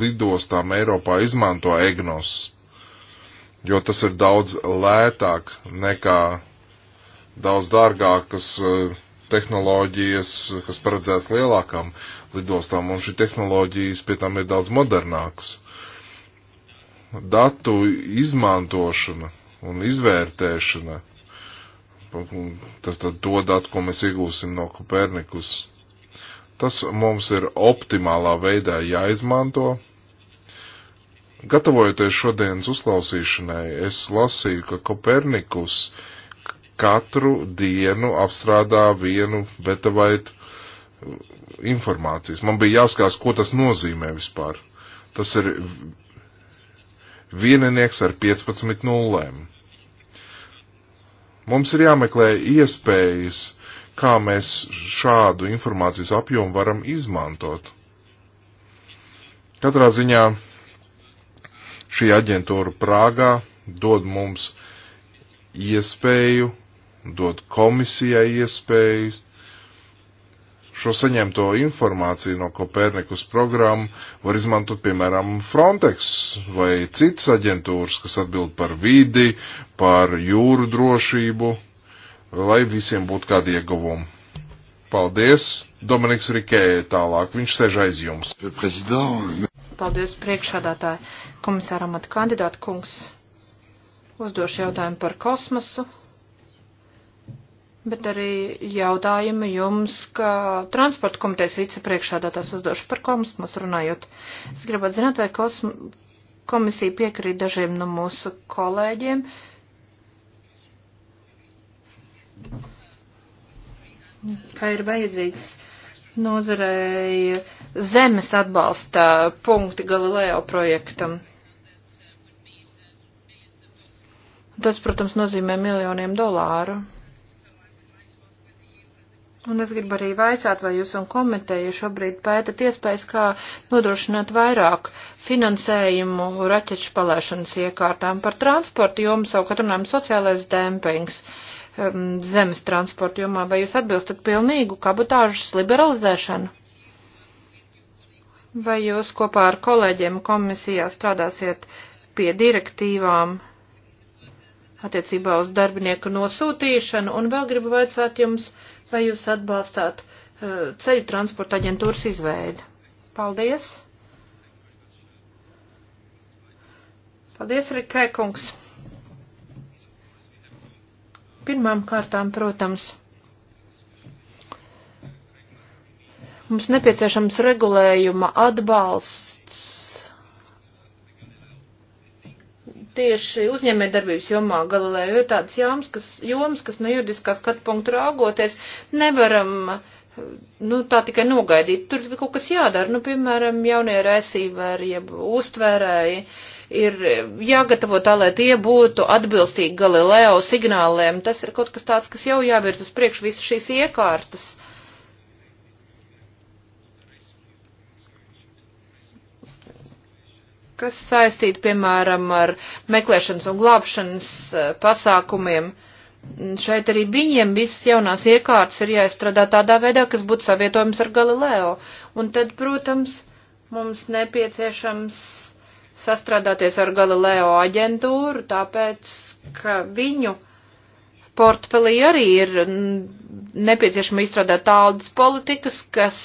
lidostām Eiropā izmanto EGNOS, jo tas ir daudz lētāk nekā daudz dārgākas eh, tehnoloģijas, kas paredzēts lielākām lidostām, un šī tehnoloģijas pie tām ir daudz modernākas. Datu izmantošana un izvērtēšana, tas tad to datu, ko mēs iegūsim no Kopernikus, tas mums ir optimālā veidā jāizmanto. Gatavojoties šodienas uzklausīšanai, es lasīju, ka Kopernikus uh, katru dienu apstrādā vienu betavaitu uh, informācijas. Man bija jāskās, ko tas nozīmē vispār. Tas ir vieninieks ar 15 nullēm. Mums ir jāmeklē iespējas, kā mēs šādu informācijas apjomu varam izmantot. Katrā ziņā šī aģentūra Prāgā dod mums iespēju dod komisijai iespēju šo saņemto informāciju no Kopernikus programmu var izmantot, piemēram, Frontex vai citas aģentūras, kas atbild par vidi, par jūru drošību, lai visiem būtu kādi ieguvumi. Paldies! Dominiks Rikēja tālāk, viņš sēž aiz jums. Paldies priekšādātāji komisāram at kandidātu kungs. Uzdošu jautājumu par kosmosu bet arī jautājumu jums, kā transporta komitejas vicepriekšādātās uzdošu par kosmos runājot. Es gribētu zināt, vai kosm komisija piekrīt dažiem no mūsu kolēģiem. Kā ir vajadzīgs nozarei zemes atbalsta punkti Galileo projektam? Tas, protams, nozīmē miljoniem dolāru. Un es gribu arī vaicāt, vai jūs un komiteja šobrīd pētat iespējas, kā nodrošināt vairāk finansējumu raķeču palaišanas iekārtām par transportu jomu, savukārt runājam sociālais dempings um, zemes transportu jomā, vai jūs atbilstat pilnīgu kabotāžas liberalizēšanu? Vai jūs kopā ar kolēģiem komisijā strādāsiet pie direktīvām attiecībā uz darbinieku nosūtīšanu? Un vēl gribu vaicāt jums vai jūs atbalstāt uh, ceļu transporta aģentūras izveidi? Paldies! Paldies, Rikē kungs! Pirmām kārtām, protams, mums nepieciešams regulējuma atbalsts tieši uzņēmē darbības jomā Galileo ir tādas jomas, kas, jomas, kas no juridiskā skatu punktu raugoties nevaram, nu, tā tikai nogaidīt. Tur kaut kas jādara, nu, piemēram, jaunie rēsīvēri, jeb uztvērēji ir jāgatavo tā, lai tie būtu atbilstīgi Galileo signāliem. Tas ir kaut kas tāds, kas jau jāvirz uz priekšu visas šīs iekārtas kas saistīti, piemēram, ar meklēšanas un glābšanas eh, pasākumiem. Šeit arī viņiem visas jaunās iekārtas ir jāizstrādā tādā veidā, kas būtu savietojums ar Galileo. Un tad, protams, mums nepieciešams sastrādāties ar Galileo aģentūru, tāpēc, ka viņu portfelī arī ir nepieciešama izstrādāt tādas politikas, kas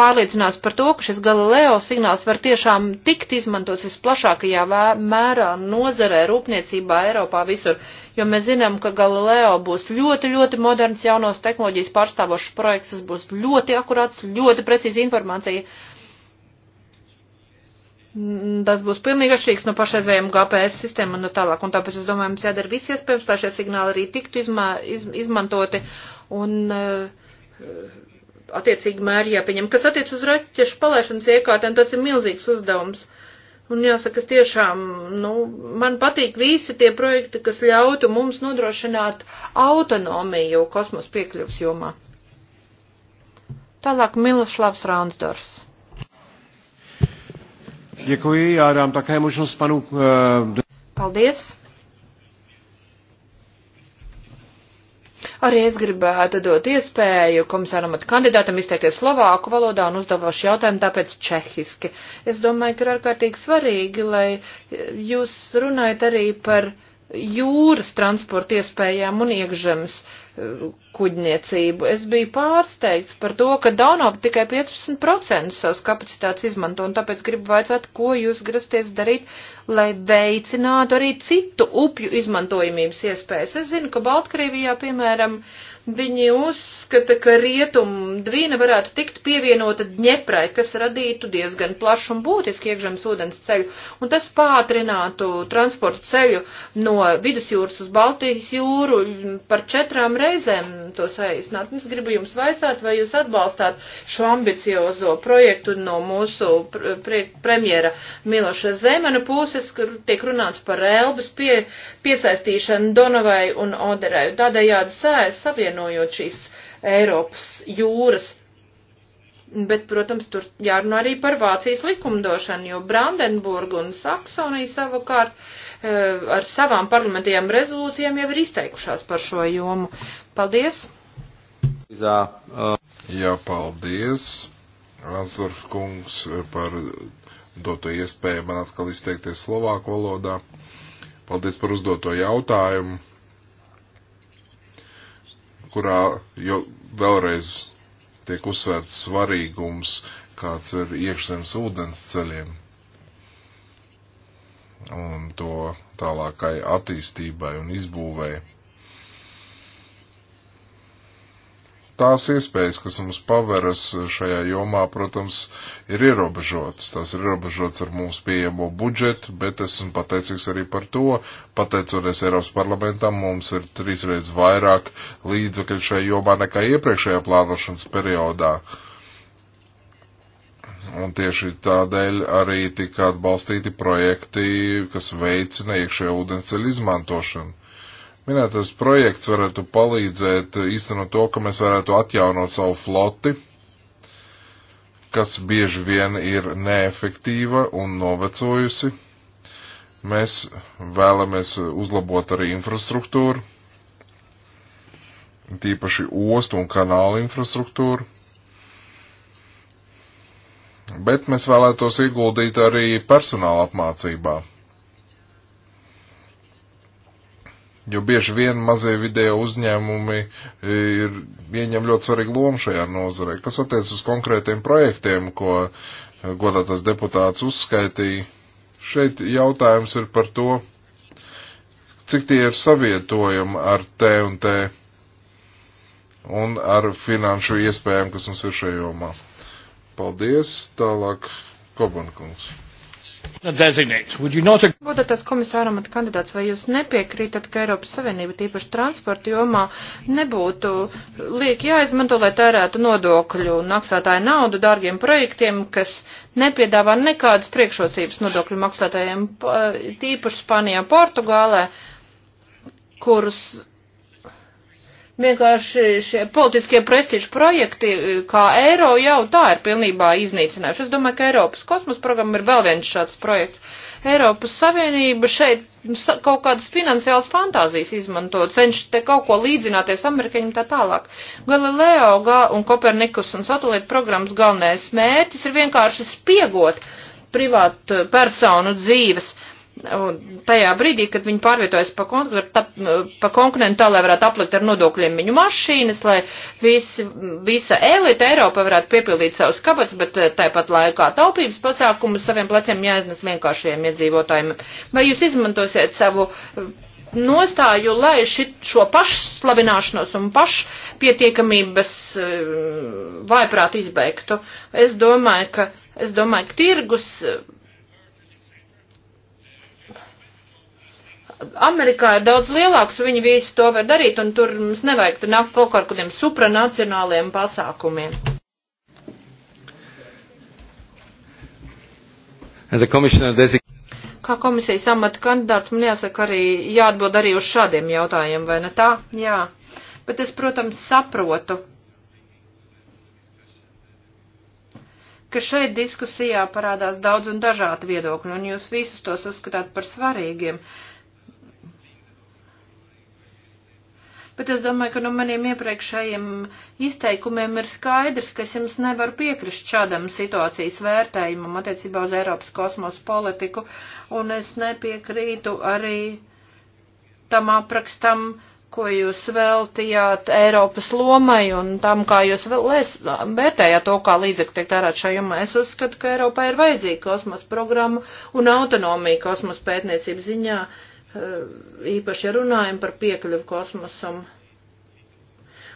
pārliecinās par to, ka šis Galileo signāls var tiešām tikt izmantots visplašākajā mērā nozarē, rūpniecībā, Eiropā, visur. Jo mēs zinām, ka Galileo būs ļoti, ļoti moderns jaunos tehnoloģijas pārstāvošs projekts, tas būs ļoti akurāts, ļoti precīzi informācija Mm, tas būs pilnīgi atšķirīgs no pašreizējiem GPS sistēmām un no tālāk. Un tāpēc es domāju, mums jādara viss iespējams, lai šie signāli arī tiktu izmā, iz, izmantoti un uh, attiecīgi mēri jāpieņem. Kas attiec uz raķešu palaišanas iekārtēm, tas ir milzīgs uzdevums. Un jāsaka, es tiešām, nu, man patīk visi tie projekti, kas ļautu mums nodrošināt autonomiju kosmos piekļuvs jomā. Tālāk Miloslavs Rānsdors. Děkuji, já dám také možnost panu... Eh, Paldies. Arī es gribētu dot iespēju komisāram at kandidātam izteikties slovāku valodā un uzdevošu jautājumu tāpēc čehiski. Es domāju, ka ir ārkārtīgi svarīgi, lai jūs runājat arī par uh, jūras transporta iespējām un iekšzemes e, kuģniecību. Es biju pārsteigts par to, ka Daunova tikai 15% savas kapacitātes izmanto, un tāpēc gribu vaicāt, ko jūs grasties darīt, lai veicinātu arī citu upju izmantojamības iespējas. Es zinu, ka Baltkrievijā, piemēram, uh, Viņi uzskata, ka rietumu dvīna varētu tikt pievienota ņeprai, kas radītu diezgan plašu un būtisku iekšzemes ūdens ceļu, un tas pātrinātu transportu ceļu no vidusjūras uz Baltijas jūru par četrām reizēm to saīsināt. Es gribu jums vaicāt, vai jūs atbalstāt šo ambiciozo projektu no mūsu pre pre premjera Miloša Zemena puses, kur tiek runāts par Elbas pie piesaistīšanu Donovai un Oderai. Tādējādi sēs savienot apvienojot šīs Eiropas jūras. Bet, protams, tur jārunā arī par Vācijas likumdošanu, jo Brandenburga un Saksonija savukārt eh, ar savām parlamentajām rezolūcijām jau ir izteikušās par šo jomu. Paldies! Eh, Jā, paldies! Azurf kungs par doto iespēju man atkal izteikties slovāku valodā. Paldies par uzdoto jautājumu kurā jau vēlreiz tiek uzsvērts svarīgums, kāds ir iekšzemes ūdens ceļiem un to tālākai attīstībai un izbūvēi. tās iespējas, kas mums paveras šajā jomā, protams, ir ierobežotas. Tās ir ierobežotas ar mūsu pieejamo budžetu, bet esmu pateicīgs arī par to. Pateicoties Eiropas parlamentam, mums ir trīsreiz vairāk līdzekļu šajā jomā nekā iepriekšējā plānošanas periodā. Un tieši tādēļ arī tika atbalstīti projekti, kas veicina iekšējo ūdensceļu izmantošanu Minētais projekts varētu palīdzēt eh, īstenot to, ka mēs varētu atjaunot savu floti, kas bieži vien ir neefektīva un novecojusi. Mēs vēlamies uzlabot arī infrastruktūru, tīpaši ostu un kanālu infrastruktūru. Bet mēs vēlētos ieguldīt arī personāla apmācībā jo bieži vien mazie vidējo uzņēmumi e, ir, ieņem ļoti svarīgu lomu šajā nozarē. Kas attiec uz konkrētiem projektiem, ko e, godātās deputāts uzskaitīja, šeit jautājums ir par to, cik tie ir savietojami ar T un T un ar finanšu iespējām, kas mums ir šajā jomā. Paldies, tālāk Kobankungs. Godātās komisāram at kandidāts, vai jūs nepiekrītat, ka Eiropas Savienība tīpaši transporta jomā nebūtu lieki jāizmanto, lai tērētu nodokļu maksātāju naudu dārgiem projektiem, kas nepiedāvā nekādas priekšrocības nodokļu maksātājiem, tīpaši Spānijā, Portugālē, kurus vienkārši šie politiskie prestižu projekti, e, kā eiro, jau tā ir pilnībā iznīcinājuši. Es domāju, ka Eiropas kosmos programma ir vēl viens šāds projekts. Eiropas Savienība šeit kaut kādas finansiālas fantāzijas izmanto, cenšas te kaut ko līdzināties amerikāņiem tā tālāk. Galileo un Kopernikus un satelīta programmas galvenais mērķis ir vienkārši spiegot privātu e, personu dzīves. Uh, Un tajā brīdī, kad viņi pārvietojas pa, kon pa kontinentu, tā lai varētu aplikt ar nodokļiem viņu mašīnas, lai visi, visa elita Eiropa varētu piepildīt savus kabats, bet eh, tāpat laikā taupības pasākumus saviem pleciem jāiznes vienkāršajiem iedzīvotājiem. Vai jūs izmantosiet savu eh, nostāju, lai šit, šo pašslavināšanos un pašpietiekamības eh, vaiprātu izbeigtu? Es domāju, ka, es domāju, ka tirgus Amerikā ir daudz lielāks, viņi visi to var darīt, un tur mums nevajag tur nākt kaut kādiem supranacionāliem pasākumiem. Kā komisijas amata kandidāts man jāsaka arī jāatbild arī uz šādiem jautājumiem, vai ne tā? Jā. Bet es, protams, saprotu, ka šeit diskusijā parādās daudz un dažādu viedokļu, un jūs visus tos uzskatāt par svarīgiem. Uh, bet es domāju, ka no maniem iepriekšējiem izteikumiem ir skaidrs, ka es jums nevaru piekrist šādam situācijas vērtējumam attiecībā uz Eiropas kosmosa politiku, un es nepiekrītu arī tam aprakstam, ko jūs veltījāt Eiropas lomai un tam, kā jūs vērtējāt to, kā līdzekļi tiek tērēt šajā jomā. Es uzskatu, ka Eiropā ir vajadzīga kosmosa programma un autonomija kosmosa pētniecības ziņā. Uh, īpaši runājam par piekļuvu kosmosam.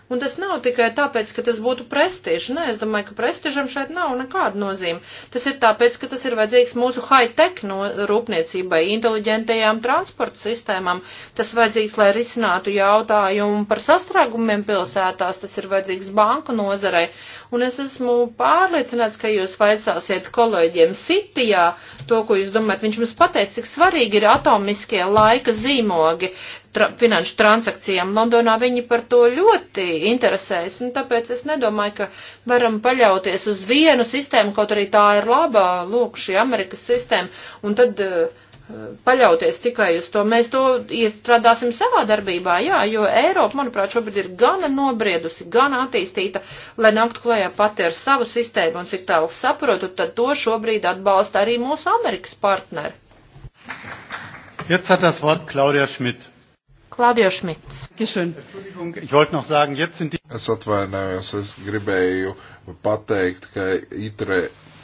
Un tas nav tikai tāpēc, ka tas būtu prestižs. Nē, es domāju, ka prestižam šeit nav nekāda nozīme. Tas ir tāpēc, ka tas ir vajadzīgs mūsu high-tech no rūpniecībai, inteliģentajām transporta sistēmām. Tas vajadzīgs, lai risinātu jautājumu par sastrēgumiem pilsētās. Tas ir vajadzīgs banku nozarei. Un es esmu pārliecināts, ka jūs vaicāsiet kolēģiem Sitijā to, ko jūs domājat. Viņš mums pateica, cik svarīgi ir atomiskie laika zīmogi tra finanšu transakcijām. Londonā viņi par to ļoti interesējas, un tāpēc es nedomāju, ka varam paļauties uz vienu sistēmu, kaut arī tā ir labā, lūk, šī Amerikas sistēma, un tad uh, paļauties tikai uz to. Mēs to iestrādāsim savā darbībā, jā, jo Eiropa, manuprāt, šobrīd ir gana nobriedusi, gana attīstīta, lai nāktu klajā pati ar savu sistēmu, un cik tālu saprotu, tad to šobrīd atbalsta arī mūsu Amerikas partneri. Jetzt hat das Wort Claudia Schmidt. Klaudio Šmits. Es atvainojos, es gribēju pateikt, ka ITRE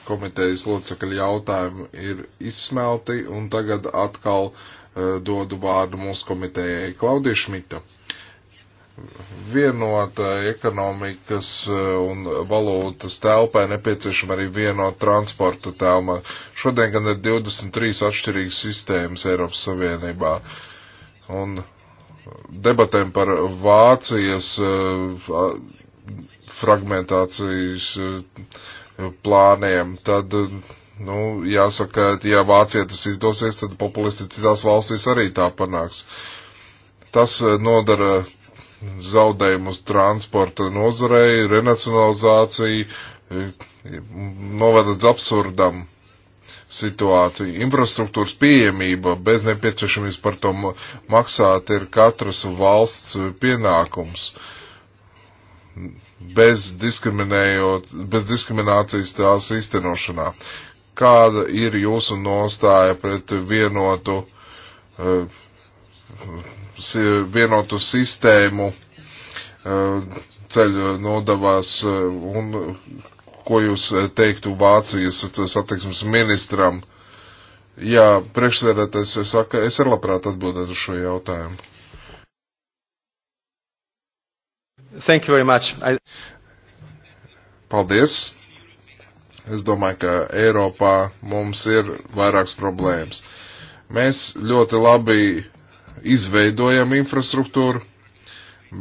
komitejas locekļu jautājumi ir izsmelti, un tagad atkal uh, dodu vārdu mūsu komitejai Klaudija Šmita. Vienota eh, ekonomikas eh, un valūtas telpā nepieciešama arī vienota transporta telma. Šodien gan ir 23 atšķirīgas sistēmas Eiropas Savienībā. Un debatēm par Vācijas eh, fragmentācijas eh, plāniem, tad, eh, nu, jāsaka, ja Vācija tas izdosies, tad populisti citās valstīs arī tā panāks. Tas nodara zaudējumus transporta nozarei, renacionalizāciju, noved līdz absurdam situāciju. Infrastruktūras pieejamība bez nepieciešamības par to maksāt ir katras valsts pienākums. Bez, bez diskriminācijas tās iztenošanā. Kāda ir jūsu nostāja pret vienotu, eh, vienotu sistēmu eh, ceļu nodavās eh, un ko jūs eh, teiktu Vācijas satiksmes ministram. Jā, priekšsēdētājs saka, es ar labprāt atbildētu uz šo jautājumu. Thank you very much. I... Paldies. Es domāju, ka Eiropā mums ir vairākas problēmas. Mēs ļoti labi izveidojam infrastruktūru,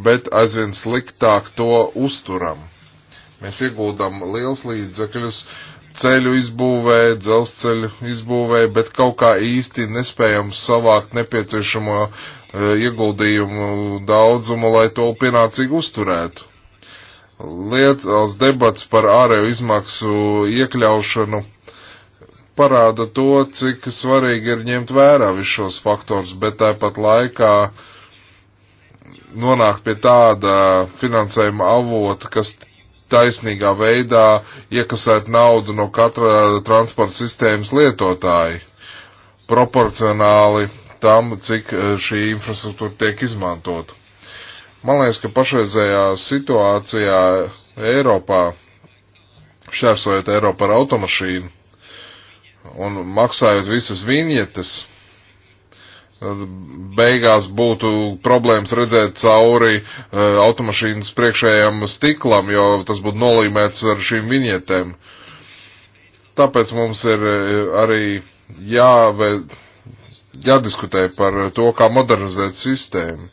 bet aizvien sliktāk to uzturam Mēs ieguldam liels līdzekļus ceļu izbūvē, dzelzceļu izbūvē, bet kaut kā īsti nespējam savākt nepieciešamo e, ieguldījumu daudzumu, lai to pienācīgi uzturētu. Lietās debats par ārēju izmaksu iekļaušanu parāda to, cik svarīgi ir ņemt vērā visus šos faktors, bet tāpat laikā nonākt pie tāda finansējuma avota, kas taisnīgā veidā iekasēt naudu no katra transporta sistēmas lietotāja proporcionāli tam, cik eh, šī infrastruktūra tiek izmantota. Man liekas, ka pašreizējā situācijā Eiropā, šķērsojot Eiropu ar automašīnu un maksājot visas viņetes, beigās būtu problēmas redzēt cauri eh, automašīnas priekšējām stiklam, jo tas būtu nolīmēts ar šīm viņetēm. Tāpēc mums ir eh, arī jāve, jādiskutē par to, kā modernizēt sistēmu.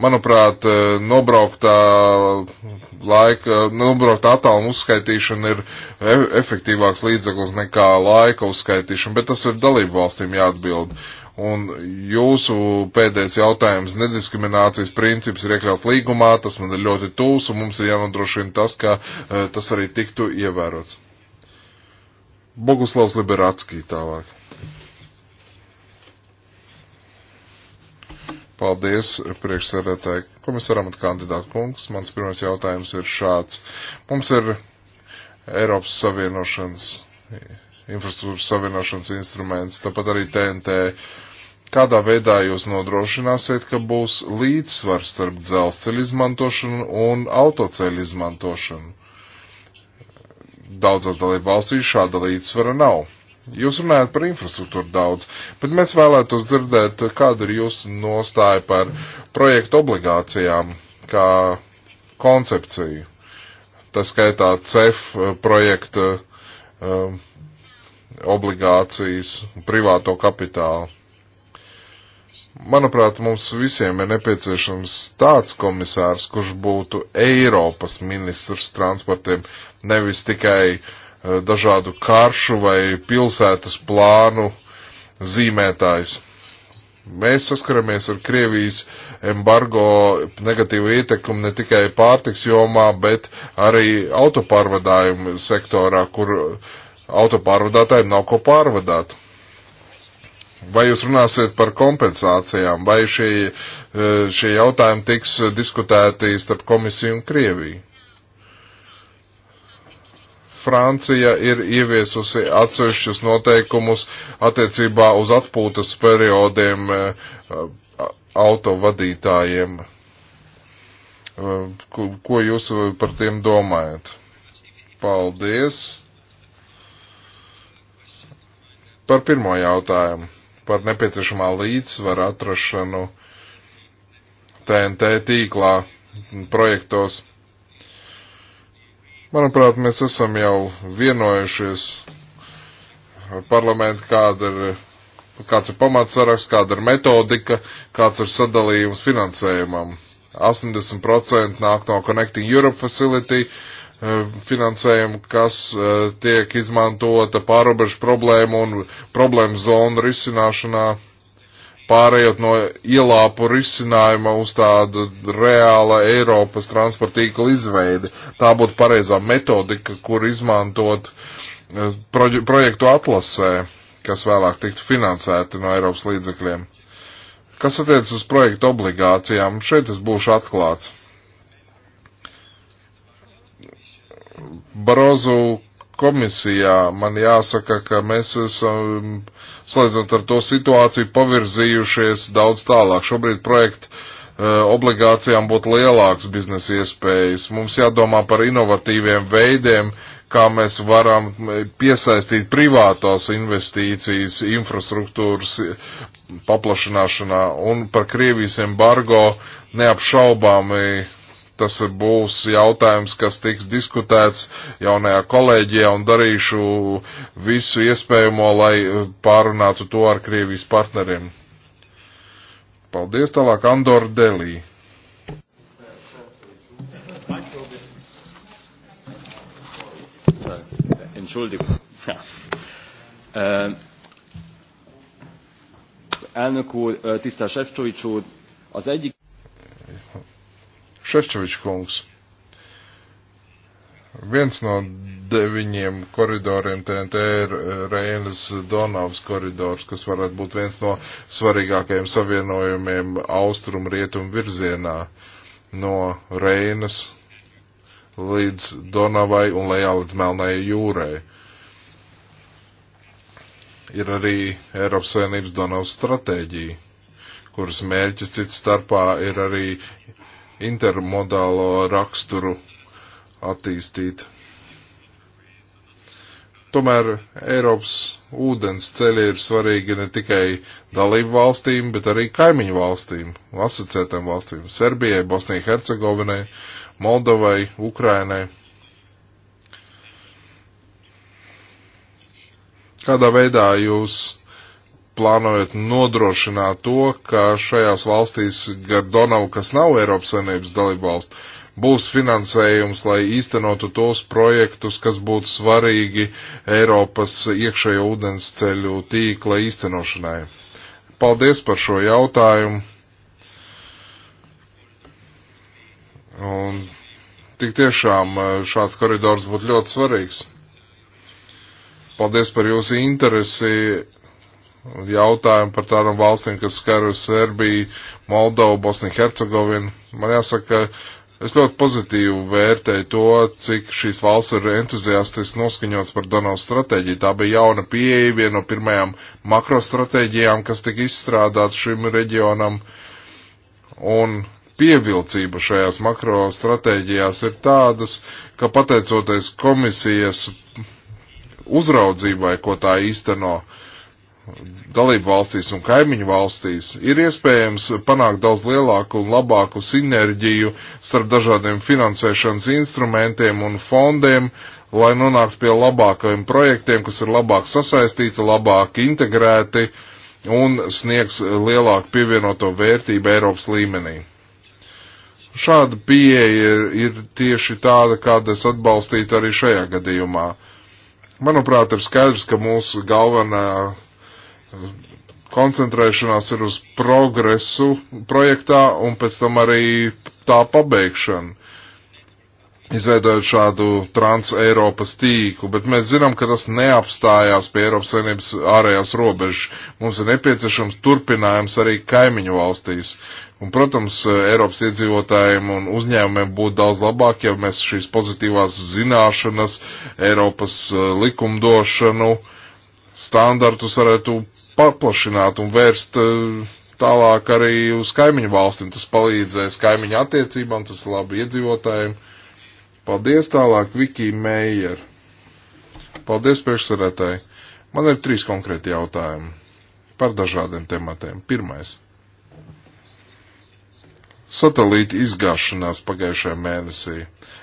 Manuprāt, eh, nobrauktā laika, nobrauktā attāluma uzskaitīšana ir e-, efektīvāks līdzeklis nekā laika uzskaitīšana, bet tas ir dalību valstīm jāatbild. Uh, Un jūsu pēdējais jautājums - nediskriminācijas princips ir iekļauts līgumā, tas man ir ļoti tūs, un mums ir jānodrošina tas, ka uh, tas arī tiktu ievērots. Boguslavs Liberatskī tālāk. Paldies, priekšsēdētāji. Komisaram un kandidātu kungs, mans pirmais jautājums ir šāds. Mums ir Eiropas Savienošanas infrastruktūras savienošanas instruments, tāpat arī TNT. Uh, Kādā veidā jūs nodrošināsiet, ka būs līdzsvars starp dzelzceļa izmantošanu un autoceļa izmantošanu? Daudzās dalību valstīs šāda līdzsvara nav. Jūs runājat par infrastruktūru daudz, bet mēs vēlētos dzirdēt, kāda ir jūsu nostāja par projektu obligācijām kā koncepciju. Tas skaitā CEF projekta um, obligācijas, privāto kapitālu. Manuprāt, mums visiem ir nepieciešams tāds komisārs, kurš būtu Eiropas ministrs transportiem, nevis tikai uh, dažādu karšu vai pilsētas plānu zīmētājs. Mēs saskaramies ar Krievijas embargo negatīvu ietekmi ne tikai pārtiks jomā, bet arī autopārvadājumu sektorā, kur autopārvadātājiem nav ko pārvadāt. Vai jūs runāsiet par kompensācijām, vai šie, šie jautājumi tiks diskutēti starp komisiju un Krieviju? Francija ir ieviesusi atsevišķus noteikumus attiecībā uz atpūtas periodiem e, autovadītājiem. E, ko, ko jūs par tiem domājat? Paldies! Par pirmo jautājumu par nepieciešamā līdzsvara atrašanu TNT tīklā projektos. Manuprāt, mēs esam jau vienojušies ar parlamentu, kāda ir, kāds ir pamatsaraks, kāda ir metodika, kāds ir sadalījums finansējumam. 80% nāk no Connecting Europe Facility, uh, Eh, finansējumu, kas eh, tiek izmantota pārobežu problēmu un problēmu zonu risināšanā, pārējot no ielāpu risinājuma uz tādu reāla Eiropas transporta tīkla izveidi. Tā būtu pareizā metodika, kur izmantot eh, projektu atlasē, kas vēlāk tiktu finansēti no Eiropas līdzekļiem. Kas attiec uz projektu obligācijām, šeit es būšu atklāts Barozu komisijā man jāsaka, ka mēs esam, slēdzot ar to situāciju, pavirzījušies daudz tālāk. Šobrīd projekta eh, obligācijām būtu lielāks biznesa iespējas. Mums jādomā par inovatīviem veidiem, kā mēs varam piesaistīt privātās investīcijas infrastruktūras eh, paplašanāšanā un par Krievijas embargo neapšaubāmi tas būs jautājums, kas tiks diskutēts jaunajā kolēģijā un darīšu visu iespējamo, lai pārunātu to ar Krievijas partneriem. Paldies tālāk, Andor Delī. Entschuldigung. Ja. Äh, elnök úr, äh, tisztelt Sefcsovics úr, az egyik... Šefčovičs kungs. Viens no deviņiem koridoriem TNT ir eh, Reinas Donavas koridors, kas varētu būt viens no svarīgākajiem savienojumiem austrum rietum virzienā no Reinas līdz Donavai un lejā līdz Melnējai jūrai. Ir arī Eiropas Savienības Donavas stratēģija, kuras mērķis cits starpā ir arī intermodālo raksturu attīstīt. Tomēr Eiropas ūdens ceļi ir svarīgi ne tikai dalību valstīm, bet arī kaimiņu valstīm, asociētām valstīm - Serbijai, Bosnijai, Hercegovinai, Moldovai, Ukrainai. Kādā veidā jūs plānojat nodrošināt to, ka šajās valstīs, gan Donavu, kas nav Eiropas Savienības dalība valsts, būs finansējums, lai īstenotu tos projektus, kas būtu svarīgi Eiropas iekšējo ūdensceļu tīkla īstenošanai? Paldies par šo jautājumu. Un tik tiešām eh, šāds koridors būtu ļoti svarīgs. Paldies par jūsu interesi jautājumu par tādām valstīm, kas skar Serbiju, Moldovu, Bosniju, Hercegovinu. Man jāsaka, es ļoti pozitīvi vērtēju to, cik šīs valsts ir entuziastiski noskaņots par Donavu stratēģiju. Tā bija jauna pieeja, viena no pirmajām makrostratēģijām, kas tika izstrādāta šim reģionam. Un pievilcība šajās makrostratēģijās ir tādas, ka pateicoties komisijas uzraudzībai, ko tā īsteno, uh, dalību valstīs un kaimiņu valstīs, ir iespējams panākt daudz lielāku un labāku sinerģiju starp dažādiem finansēšanas instrumentiem un fondiem, lai nonāktu pie labākajiem projektiem, kas ir labāk sasaistīti, labāk integrēti un sniegs lielāku pievienoto vērtību Eiropas līmenī. Šāda pieeja ir tieši tāda, kāda es atbalstītu arī šajā gadījumā. Manuprāt, ir skaidrs, ka mūsu galvenā koncentrēšanās ir uz progresu projektā un pēc tam arī tā pabeigšanu, izveidojot šādu trans-Eiropas tīku, bet mēs zinām, ka tas neapstājās pie Eiropas saimnības ārējās robežas. Mums ir nepieciešams turpinājums arī kaimiņu valstīs. Un, protams, Eiropas iedzīvotājiem un uzņēmumiem būtu daudz labāk, ja mēs šīs pozitīvās zināšanas, Eiropas eh, likumdošanu, standartus varētu paplašināt un vērst eh, tālāk arī uz kaimiņu valstīm. Tas palīdzēs kaimiņu attiecībām, tas ir labi iedzīvotājiem. Paldies tālāk, Viki Meijer. Paldies priekšsarētāji. Man ir trīs konkrēti jautājumi par dažādiem tematiem. Pirmais. Satelīta izgāšanās pagājušajā mēnesī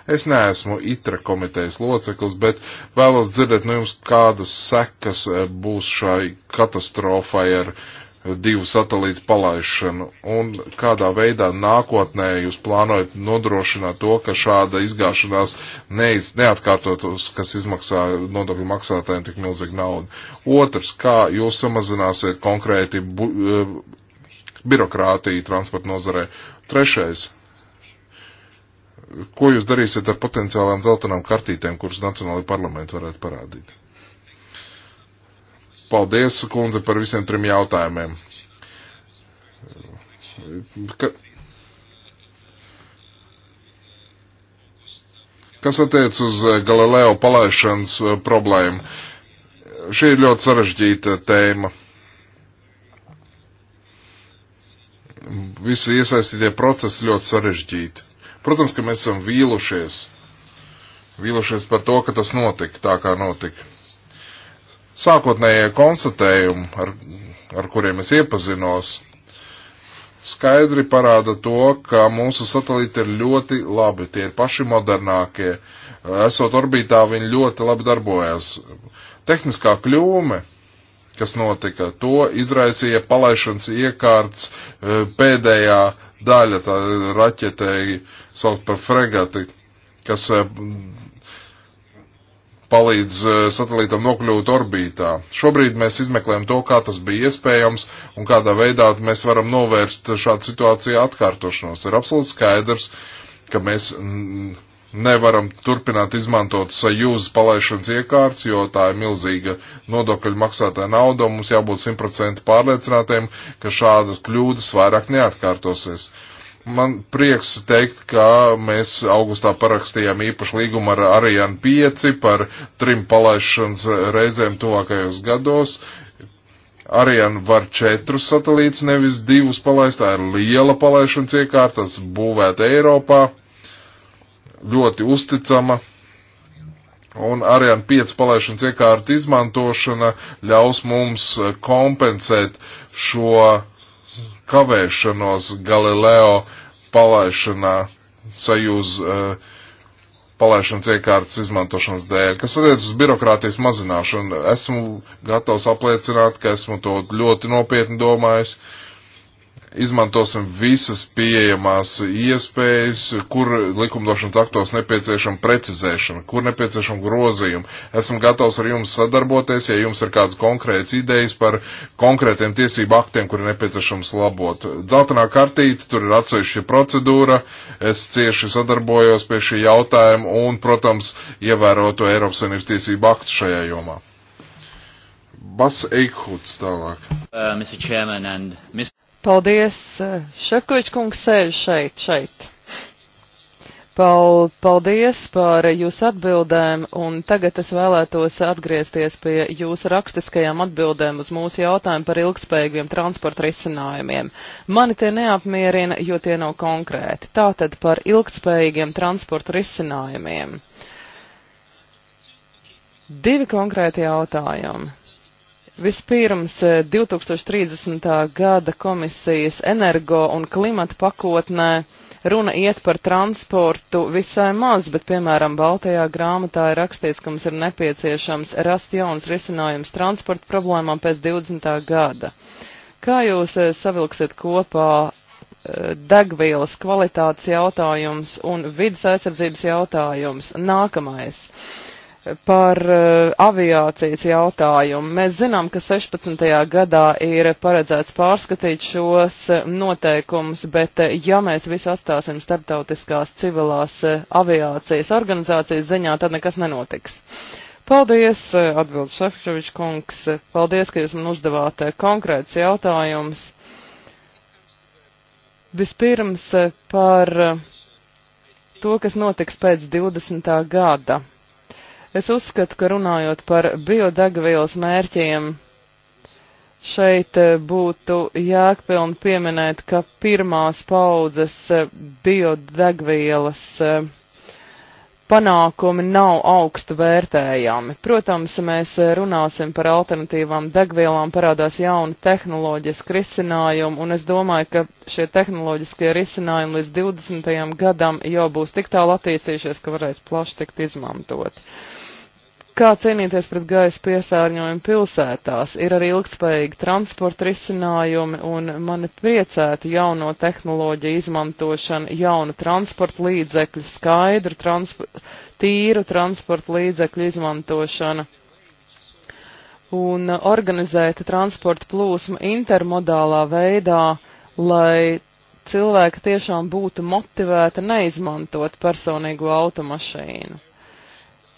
Es neesmu itra komitejas loceklis, bet vēlos dzirdēt no jums, kādas sekas eh, būs šai katastrofai ar eh, divu satelītu palaišanu un kādā veidā nākotnē jūs plānojat nodrošināt to, ka šāda izgāšanās neiz, neatkārtotos, kas izmaksā nodokļu maksātājiem tik milzīgi naudu. Otrs, kā jūs samazināsiet konkrēti bu, eh, birokrātiju transporta nozarē. Trešais, ko jūs darīsiet ar potenciālām zeltainām kartītēm, kuras Nacionālajā parlamentā varētu parādīt? Paldies, kundze, par visiem trim jautājumiem. Ka... Kas attiec uz eh, Galileo palaišanas eh, problēmu? Šī ir ļoti sarežģīta tēma. Visi iesaistītie procesi ļoti sarežģīti. Protams, ka mēs esam vīlušies. Vīlušies par to, ka tas notika tā, kā notika. Sākotnējie konstatējumi, ar, ar kuriem es iepazinos, skaidri parāda to, ka mūsu satelīti ir ļoti labi, tie ir paši modernākie. Esot orbītā, viņi ļoti labi darbojas. Tehniskā kļūme, kas notika, to izraisīja palaišanas iekārts eh, pēdējā daļa tā raķetei saukt par fregati, kas eh, palīdz eh, satelītam nokļūt orbītā. Šobrīd mēs izmeklējam to, kā tas bija iespējams un kādā veidā mēs varam novērst šādu situāciju atkārtošanos. Ir absolūti skaidrs, ka mēs nevaram turpināt izmantot sajūzas palaišanas iekārts, jo tā ir milzīga nodokļu maksātāja nauda, un mums jābūt simtprocentīgi pārliecinātiem, ka šādas kļūdas vairāk neatkārtosies. Man prieks teikt, ka mēs augustā parakstījām īpašu līgumu ar Arianu 5 par trim palaišanas reizēm tuvākajos gados. Ariana var četrus satelītus, nevis divus palaist, tā ir liela palaišanas iekārta, tas būvēta Eiropā ļoti uzticama. Un Ariane 5 palaišanas iekārta izmantošana ļaus mums eh, kompensēt šo kavēšanos Galileo palaišanā sajūz uh, palaišanas iekārtas izmantošanas dēļ. Kas attiec uz birokrātijas mazināšanu, esmu gatavs apliecināt, ka esmu to ļoti nopietni domājis. Uh, Izmantosim visas pieejamās iespējas, kur likumdošanas aktos nepieciešama precizēšana, kur nepieciešama grozījuma. Esmu gatavs ar jums sadarboties, ja jums ir kādas konkrētas idejas par konkrētiem tiesību aktiem, kuri nepieciešams labot. Dzeltenā kartīte, tur ir atsevišķa procedūra, es cieši sadarbojos pie šī jautājuma un, protams, ievēroto Eiropas Savienības tiesību aktu šajā jomā. Bas Eikhuts tālāk. Uh, Mr. Chairman and Mr. Paldies, eh, Šefkovičs kungs sēž šeit, šeit. Paldies par jūsu atbildēm, un tagad es vēlētos atgriezties pie jūsu rakstiskajām atbildēm uz mūsu jautājumu par ilgspējīgiem transporta risinājumiem. Mani tie neapmierina, jo tie nav konkrēti. Tātad par ilgspējīgiem transporta risinājumiem. Divi konkrēti jautājumi. Vispirms 2030. Eh, gada komisijas energo un klimata pakotnē runa iet par transportu visai maz, bet, piemēram, Baltajā grāmatā ir rakstīts, ka mums ir nepieciešams rast jauns risinājums transporta problēmām pēc 20. gada. Kā jūs eh, savilksiet kopā eh, degvielas kvalitātes jautājums un vidas aizsardzības jautājums? Nākamais. Uh, par eh, aviācijas jautājumu. Mēs zinām, ka 16. gadā ir paredzēts pārskatīt šos eh, noteikumus, bet eh, ja mēs visu atstāsim starptautiskās civilās aviācijas organizācijas ziņā, tad nekas nenotiks. Paldies, atbild Šefčovičs kungs. Paldies, ka jūs man uzdevāt konkrēts jautājums. Vispirms par to, kas notiks pēc 20. gada. Es uzskatu, ka runājot par biodegvielas mērķiem, šeit eh, būtu jēgpilni pieminēt, ka pirmās paudzes eh, biodegvielas eh, panākumi nav augstu vērtējami. Protams, mēs runāsim par alternatīvām degvielām, parādās jauni tehnoloģiski risinājumi, un es domāju, ka šie tehnoloģiskie risinājumi līdz 20. gadam jau būs tik tālu attīstījušies, ka varēs plaši tikt izmantot. Uh, Kā cīnīties pret gaisa piesārņojumu pilsētās? Ir arī ilgspējīgi transporta risinājumi, un mani priecētu jauno tehnoloģiju izmantošana, jaunu transporta līdzekļu, skaidru transpo tīru transporta līdzekļu izmantošana un organizēta transporta plūsma intermodālā veidā, lai cilvēki tiešām būtu motivēti neizmantot personīgo automašīnu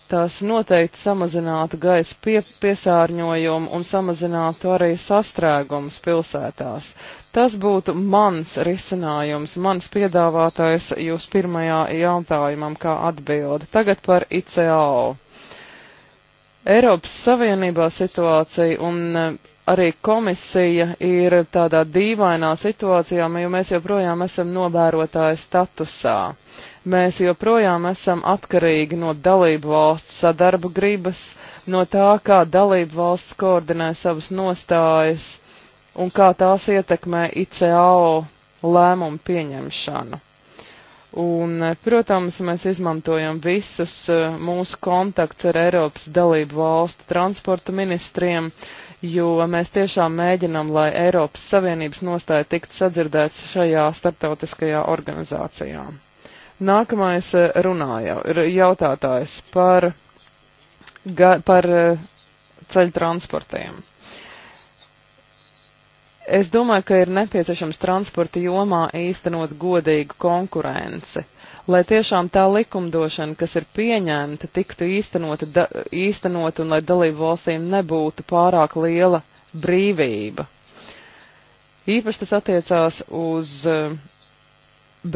tās noteikti samazinātu gaisa pie, piesārņojumu un samazinātu arī sastrēgumus pilsētās. Tas būtu mans risinājums, mans piedāvātais jūs pirmajā jautājumam kā atbildi. Tagad par ICAO. Eiropas Savienībā situācija un arī komisija ir tādā dīvainā situācijā, jo mēs joprojām esam novērotāju statusā. Mēs joprojām esam atkarīgi no dalību valsts sadarba gribas, no tā, kā dalību valsts koordinē savas nostājas un kā tās ietekmē ICAO lēmumu pieņemšanu. Un, protams, mēs izmantojam visus eh, mūsu kontakts ar Eiropas dalību valstu transporta ministriem, uh, jo mēs tiešām mēģinam, lai Eiropas Savienības nostāja tiktu sadzirdēts šajā starptautiskajā organizācijā. Nākamais eh, runāja, ir jautātājs par, ga, par eh, ceļu transportiem. Es domāju, ka ir nepieciešams transporta jomā īstenot godīgu konkurenci, lai tiešām tā likumdošana, kas ir pieņemta, tiktu īstenota, da, īstenot un lai dalību valstīm nebūtu pārāk liela brīvība. Īpaši tas attiecās uz eh,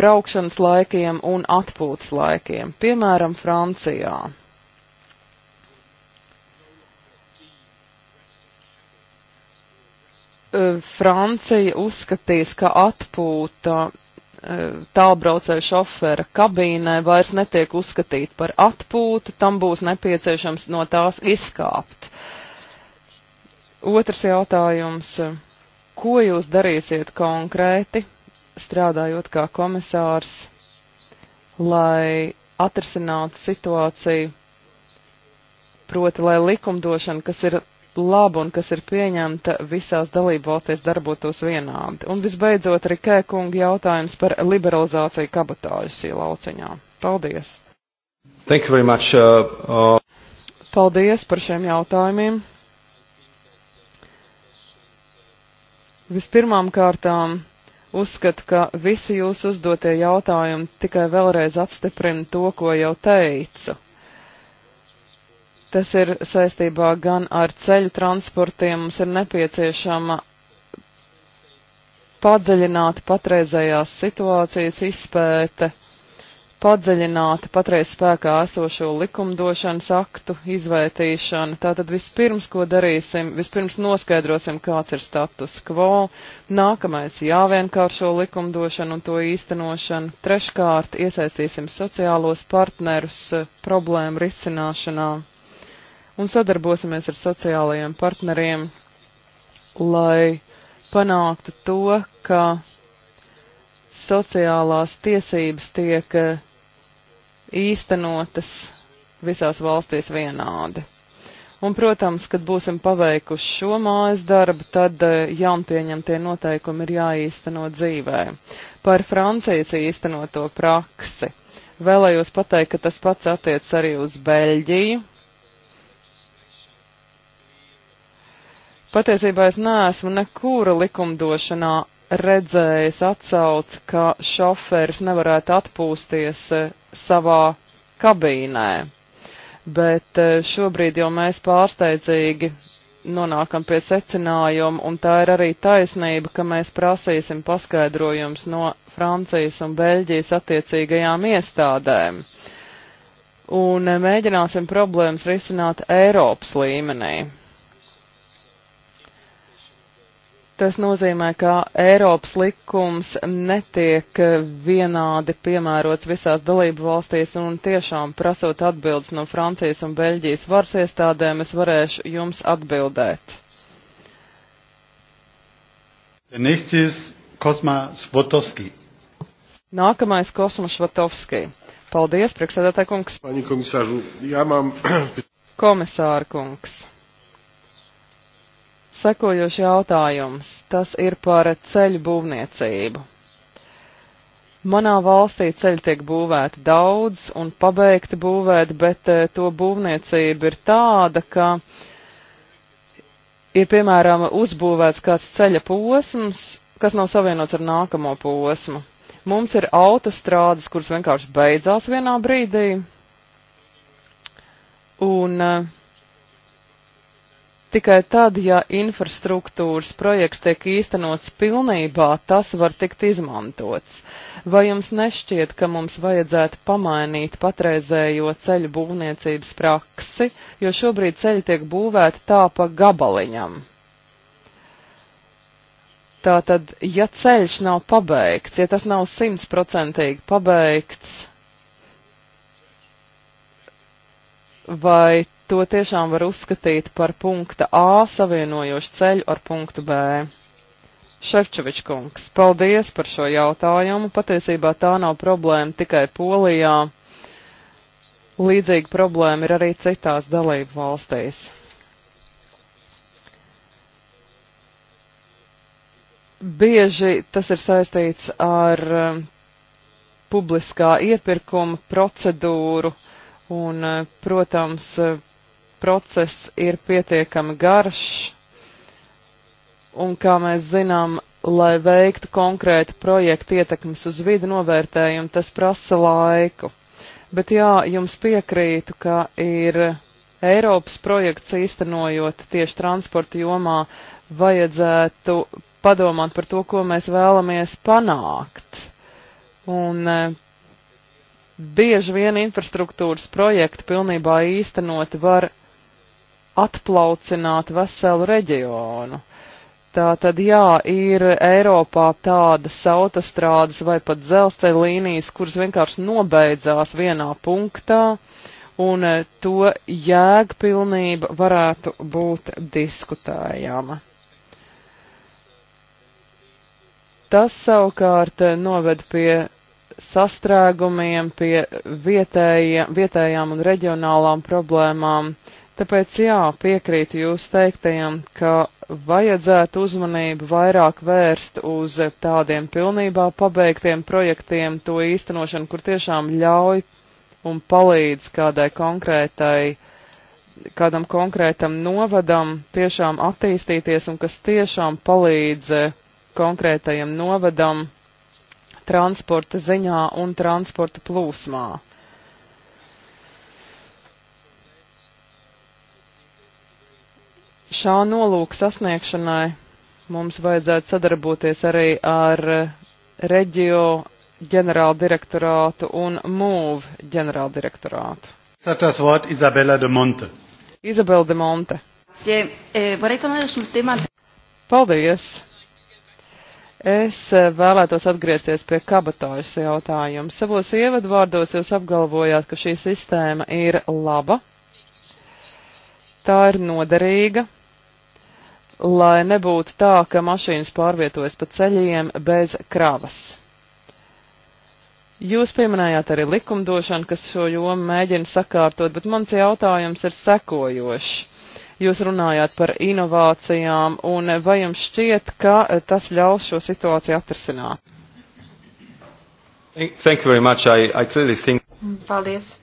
braukšanas laikiem un atpūtas laikiem, piemēram, Francijā E, Francija uzskatīs, ka atpūta e, tālbraucēju šofera kabīnē vairs netiek uzskatīta par atpūtu, tam būs nepieciešams no tās izkāpt. Otrs jautājums. Ko jūs darīsiet konkrēti, strādājot kā komisārs, lai atrisinātu situāciju, proti, lai likumdošana, kas ir laba un kas ir pieņemta visās dalību valstīs darbotos vienādi. Un visbeidzot, Rikē kunga jautājums par liberalizāciju kabatāžas ielauciņā. Paldies! Thank you very much. Uh, uh... Paldies par šiem jautājumiem. Vispirmām kārtām uzskatu, ka visi jūs uzdotie jautājumi tikai vēlreiz apstiprina to, ko jau teicu Tas ir saistībā gan ar ceļu transportiem, mums ir nepieciešama padziļināta patreizējās situācijas izpēte, padziļināta patreiz spēkā esošo likumdošanas aktu izvērtīšana. Tātad vispirms, ko darīsim, vispirms noskaidrosim, kāds ir status quo, nākamais jāvienkāršo likumdošanu un to īstenošanu, treškārt iesaistīsim sociālos partnerus problēmu risināšanā un sadarbosimies ar sociālajiem partneriem, lai panāktu to, ka sociālās tiesības tiek eh, īstenotas visās valstīs vienādi. Un, protams, kad būsim paveikuši šo mājas darbu, tad eh, jaunpieņemtie noteikumi ir jāīsteno dzīvē. Par Francijas īstenoto praksi. Vēlējos pateikt, ka tas pats attiec arī uz Beļģiju, Patiesībā es neesmu nekura likumdošanā redzējis atsauc, ka šoferis nevarētu atpūsties e, savā kabīnē. Bet e, šobrīd jau mēs pārsteidzīgi nonākam pie secinājuma, un tā ir arī taisnība, ka mēs prasīsim paskaidrojums no Francijas un Beļģijas attiecīgajām iestādēm. Un e, mēģināsim problēmas risināt Eiropas līmenī. Tas nozīmē, ka Eiropas likums netiek eh, vienādi piemērots visās dalību valstīs, un tiešām prasot atbildes no Francijas un Beļģijas varas iestādēm, es varēšu jums atbildēt. Nākamais Kosma Švatovski. Paldies, priekšsēdētāj kungs. Komisāra kungs. Sekojoši jautājums. Tas ir par ceļu būvniecību. Manā valstī ceļi tiek būvēti daudz un pabeigti būvēt, bet eh, to būvniecība ir tāda, ka ir piemēram uzbūvēts kāds ceļa posms, kas nav savienots ar nākamo posmu. Mums ir autostrādes, kuras vienkārši beidzās vienā brīdī. Un uh, Tikai tad, ja infrastruktūras projekts tiek īstenots pilnībā, tas var tikt izmantots. Vai jums nešķiet, ka mums vajadzētu pamainīt patreizējo ceļu būvniecības praksi, jo šobrīd ceļi tiek būvēti tā pa gabaliņam? Tātad, ja ceļš nav pabeigts, ja tas nav simtprocentīgi pabeigts, vai to tiešām var uzskatīt par punkta A savienojošu ceļu ar punktu B. Šefčovičs kungs, paldies par šo jautājumu. Patiesībā tā nav problēma tikai Polijā. Līdzīga problēma ir arī citās dalību valstīs. Bieži tas ir saistīts ar um, publiskā iepirkuma procedūru un, uh, protams, uh, process ir pietiekami garš, un kā mēs zinām, lai veiktu konkrētu projektu ietekmes uz vidu novērtējumu, tas prasa laiku. Bet jā, jums piekrītu, ka ir Eiropas projekts īstenojot tieši transporta jomā, vajadzētu padomāt par to, ko mēs vēlamies panākt. Un eh, bieži vien infrastruktūras projekti pilnībā īstenoti var atplaucināt veselu reģionu. Tā tad jā, ir Eiropā tādas autostrādes vai pat dzelzceļa līnijas, kuras vienkārši nobeidzās vienā punktā, un eh, to jēgpilnība varētu būt diskutējama. Tas savukārt eh, noved pie sastrēgumiem, pie vietējiem, vietējām un reģionālām problēmām Tāpēc jā, piekrītu jūs teiktajam, ka vajadzētu uzmanību vairāk vērst uz tādiem pilnībā pabeigtiem projektiem, to īstenošanu, kur tiešām ļauj un palīdz kādai konkrētai, kādam konkrētam novadam tiešām attīstīties un kas tiešām palīdz konkrētajam novadam transporta ziņā un transporta plūsmā. šā nolūka sasniegšanai mums vajadzētu sadarboties arī ar reģio ģenerāla direktorātu un MOV ģenerāla direktorātu. Tātad vārds Izabela de Monte. Izabela de Monte. Eh, Paldies! Es eh, vēlētos atgriezties pie kabatājas jautājuma. Savos ievadvārdos jūs apgalvojāt, ka šī sistēma ir laba, tā ir noderīga, lai nebūtu tā, ka mašīnas pārvietojas pa ceļiem bez kravas. Jūs pieminējāt arī likumdošanu, kas šo jomu mēģina sakārtot, bet mans jautājums ir sekojošs. Jūs runājāt par inovācijām, un vai jums šķiet, ka tas ļaus šo situāciju atrisināt? Thank you very much. I, I clearly think. Paldies.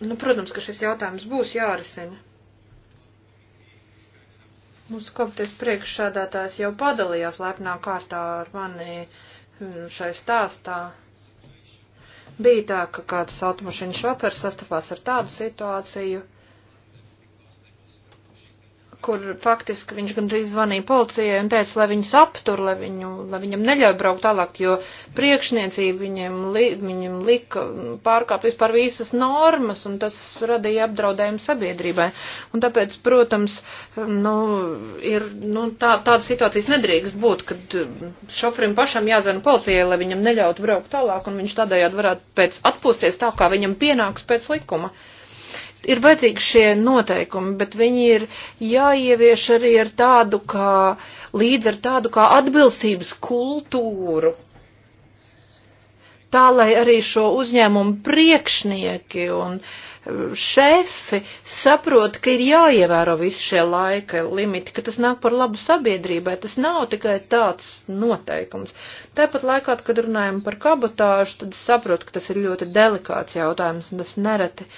Nu, protams, ka šis jautājums būs jārisina. Mūsu komitejas priekšsādātājs jau padalījās lepnā kārtā ar mani mm, šai stāstā. Bija tā, ka kāds automašīnu šofers sastapās ar tādu situāciju kur faktiski viņš gandrīz zvanīja policijai un teica, lai viņus aptur, lai, viņu, lai viņam neļauj braukt tālāk, jo priekšniecība viņam, li, viņam lika pārkāpt vispār visas normas un tas radīja apdraudējumu sabiedrībai. Un tāpēc, protams, nu, ir, nu, tā, tādas situācijas nedrīkst būt, kad um, šofrim pašam jāzana policijai, lai viņam neļautu braukt tālāk un viņš tādējādi varētu pēc atpūsties tā, kā viņam pienāks pēc likuma. Uh, ir vajadzīgi šie noteikumi, bet viņi ir jāievieš arī ar tādu kā, līdz ar tādu kā atbilstības kultūru. Tā, lai arī šo uzņēmumu priekšnieki un uh, šefi saprot, ka ir jāievēro visi šie laika limiti, ka tas nāk par labu sabiedrībai, tas nav tikai tāds noteikums. Tāpat laikā, kad runājam par kabotāžu, tad es saprotu, ka tas ir ļoti delikāts jautājums, un tas nereti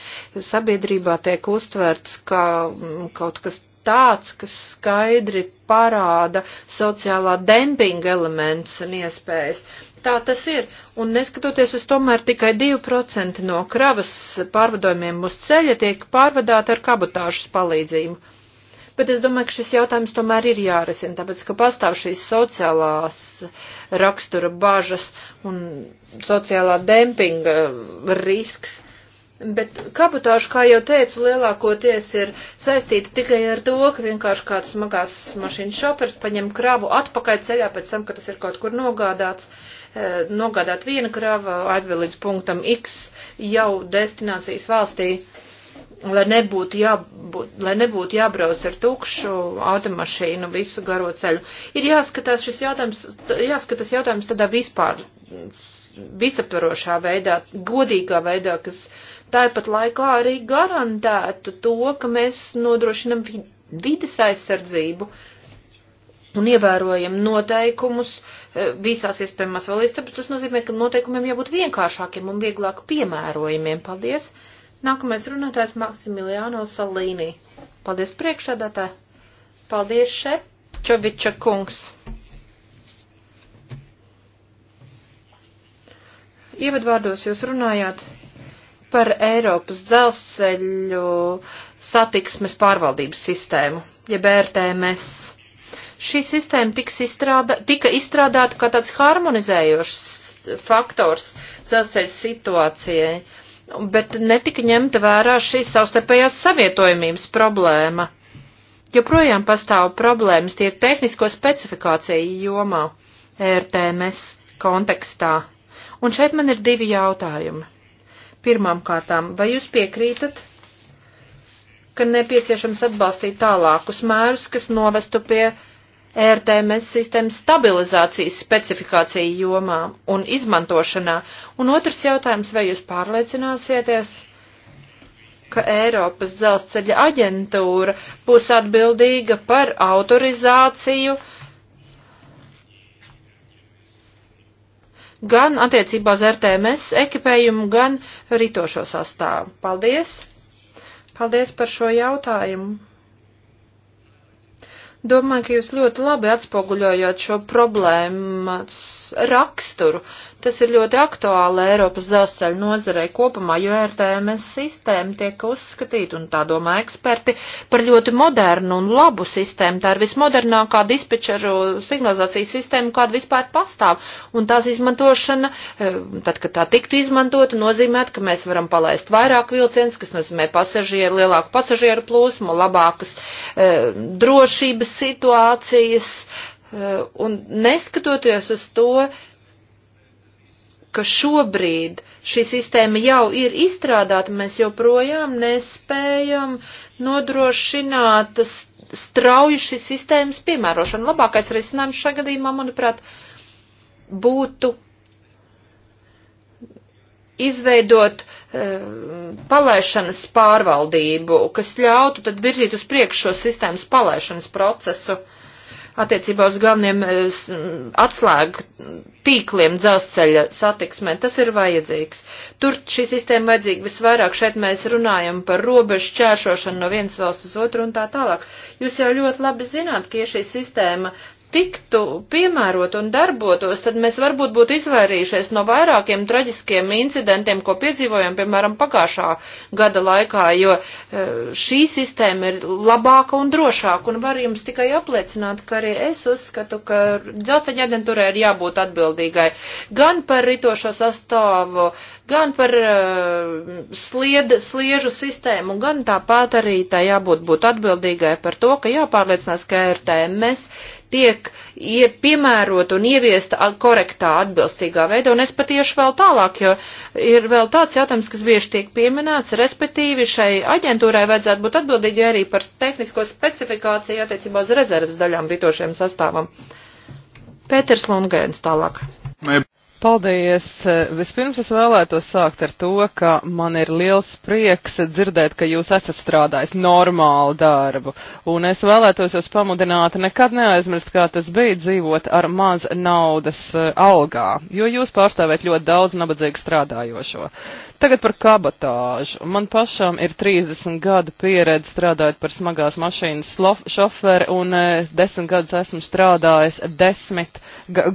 sabiedrībā tiek uztverts kā mm, kaut kas tāds, kas skaidri parāda sociālā dempinga elementus un iespējas. Tā tas ir, un neskatoties uz tomēr tikai 2% no kravas pārvadojumiem uz ceļa tiek pārvadāta ar kabotāžas palīdzību. Bet es domāju, ka šis jautājums tomēr ir jārisina, tāpēc, ka pastāv šīs sociālās rakstura bažas un sociālā dempinga risks Bet kabotāža, kā jau teicu, lielākoties ir saistīta tikai ar to, ka vienkārši kāds smagās mašīnas šofers paņem kravu atpakaļ ceļā pēc tam, kad tas ir kaut kur nogādāts. Eh, nogādāt viena krava atvēl līdz punktam X jau destinācijas valstī, lai nebūtu, jābūt, lai nebūtu jābrauc ar tukšu automašīnu visu garo ceļu. Ir jāskatās šis jautājums, jāskatās jautājums tādā vispār visaptvarošā veidā, godīgā veidā, kas tāpat laikā arī garantētu to, ka mēs nodrošinam vides aizsardzību un ievērojam noteikumus eh, visās iespējamās valstīs, tāpēc tas nozīmē, ka noteikumiem jābūt vienkāršākiem un vieglāk piemērojumiem. Paldies! Nākamais runātājs Maksimiliāno Salīnī. Paldies priekšādātāji! Paldies, Šepčoviča kungs! Ievadvārdos jūs runājāt par Eiropas dzelzceļu satiksmes pārvaldības sistēmu, jeb RTMS. Šī sistēma tiks izstrādā, tika izstrādāta kā tāds harmonizējošs faktors dzelzceļa situācijai, bet netika ņemta vērā šī savstarpējās savietojumības problēma. Joprojām pastāv problēmas tie tehnisko specifikāciju jomā, RTMS kontekstā. Un šeit man ir divi jautājumi. Pirmām kārtām, vai jūs piekrītat, ka nepieciešams atbalstīt tālākus mērus, kas novestu pie ERTMS sistēmas stabilizācijas specifikāciju jomā un izmantošanā? Un otrs jautājums, vai jūs pārliecināsieties, ka Eiropas dzelzceļa aģentūra būs atbildīga par autorizāciju, uh, gan attiecībā uz RTMS ekipējumu, gan rītošo sastāvu. Paldies! Paldies par šo jautājumu! Domāju, ka jūs ļoti labi atspoguļojot šo problēmas raksturu, Tas ir ļoti aktuāli Eiropas dzelzceļa nozarei kopumā, jo RTMS sistēma tiek uzskatīta, un tā domā eksperti, par ļoti modernu un labu sistēmu. Tā ir vismodernākā dispečeru signalizācijas sistēma, kāda vispār pastāv. Un tās izmantošana, eh, tad, kad tā tiktu izmantota, nozīmē, ka mēs varam palaist vairāk vilcienus, kas nozīmē pasažieru, lielāku pasažieru plūsmu, labākas eh, drošības situācijas. Eh, un neskatoties uz to, ka šobrīd šī sistēma jau ir izstrādāta, mēs joprojām nespējam nodrošināt strauju šīs sistēmas piemērošanu. Labākais risinājums šajā gadījumā, manuprāt, būtu izveidot e, palaišanas pārvaldību, kas ļautu tad virzīt uz priekšu šo sistēmas palaišanas procesu. Uh, attiecībā uz galveniem eh, atslēgu tīkliem dzelzceļa satiksmē. Tas ir vajadzīgs. Tur šī sistēma vajadzīga visvairāk. Šeit mēs runājam par robežu čēršošanu no vienas valsts uz otru un tā tālāk. Jūs jau ļoti labi zināt, ka ja šī sistēma tiktu piemērot un darbotos, tad mēs varbūt būtu izvairījušies no vairākiem traģiskiem incidentiem, ko piedzīvojam, piemēram, pagājušā gada laikā, jo e, šī sistēma ir labāka un drošāka, un var jums tikai apliecināt, ka arī es uzskatu, ka dzelzceļa aģentūrai ir jābūt atbildīgai gan par ritošo sastāvu, gan par uh, slied, sliežu sistēmu, gan tāpat arī tā jābūt būt atbildīgai par to, ka jāpārliecinās, ka RTMS tiek piemērota un ieviesta korektā, atbilstīgā veidā, un es patiešu vēl tālāk, jo ir vēl tāds jautājums, kas bieži tiek pieminēts, respektīvi šai aģentūrai vajadzētu būt atbildīgai arī par tehnisko specifikāciju attiecībā uz rezerves daļām bitošiem sastāvam. Pēters Lundgēns tālāk. Mēb. Paldies! Vispirms es vēlētos sākt ar to, ka man ir liels prieks dzirdēt, ka jūs esat strādājis normālu darbu. Un es vēlētos jūs pamudināt nekad neaizmirst, kā tas bija dzīvot ar maz naudas eh, algā, jo jūs pārstāvēt ļoti daudz nabadzīgu strādājošo. Tagad par kabatāžu. Man pašam ir 30 gadu pieredze strādājot par smagās mašīnas šoferi un 10 e, gadus esmu strādājis, 10,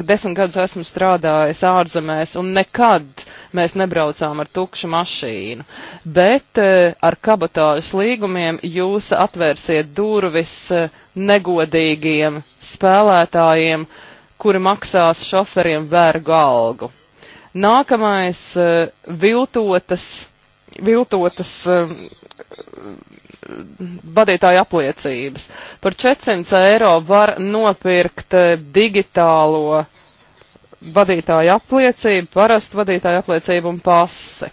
10 gadus esmu strādājis ārzemēs un nekad mēs nebraucām ar tukšu mašīnu. Bet e, ar kabatāžas līgumiem jūs atvērsiet durvis e, negodīgiem spēlētājiem, kuri maksās šoferiem vergu algu. Nākamais eh, viltotas, viltotas eh, vadītāja apliecības. Par 400 eiro var nopirkt eh, digitālo vadītāja apliecību, parastu vadītāja apliecību un pasi.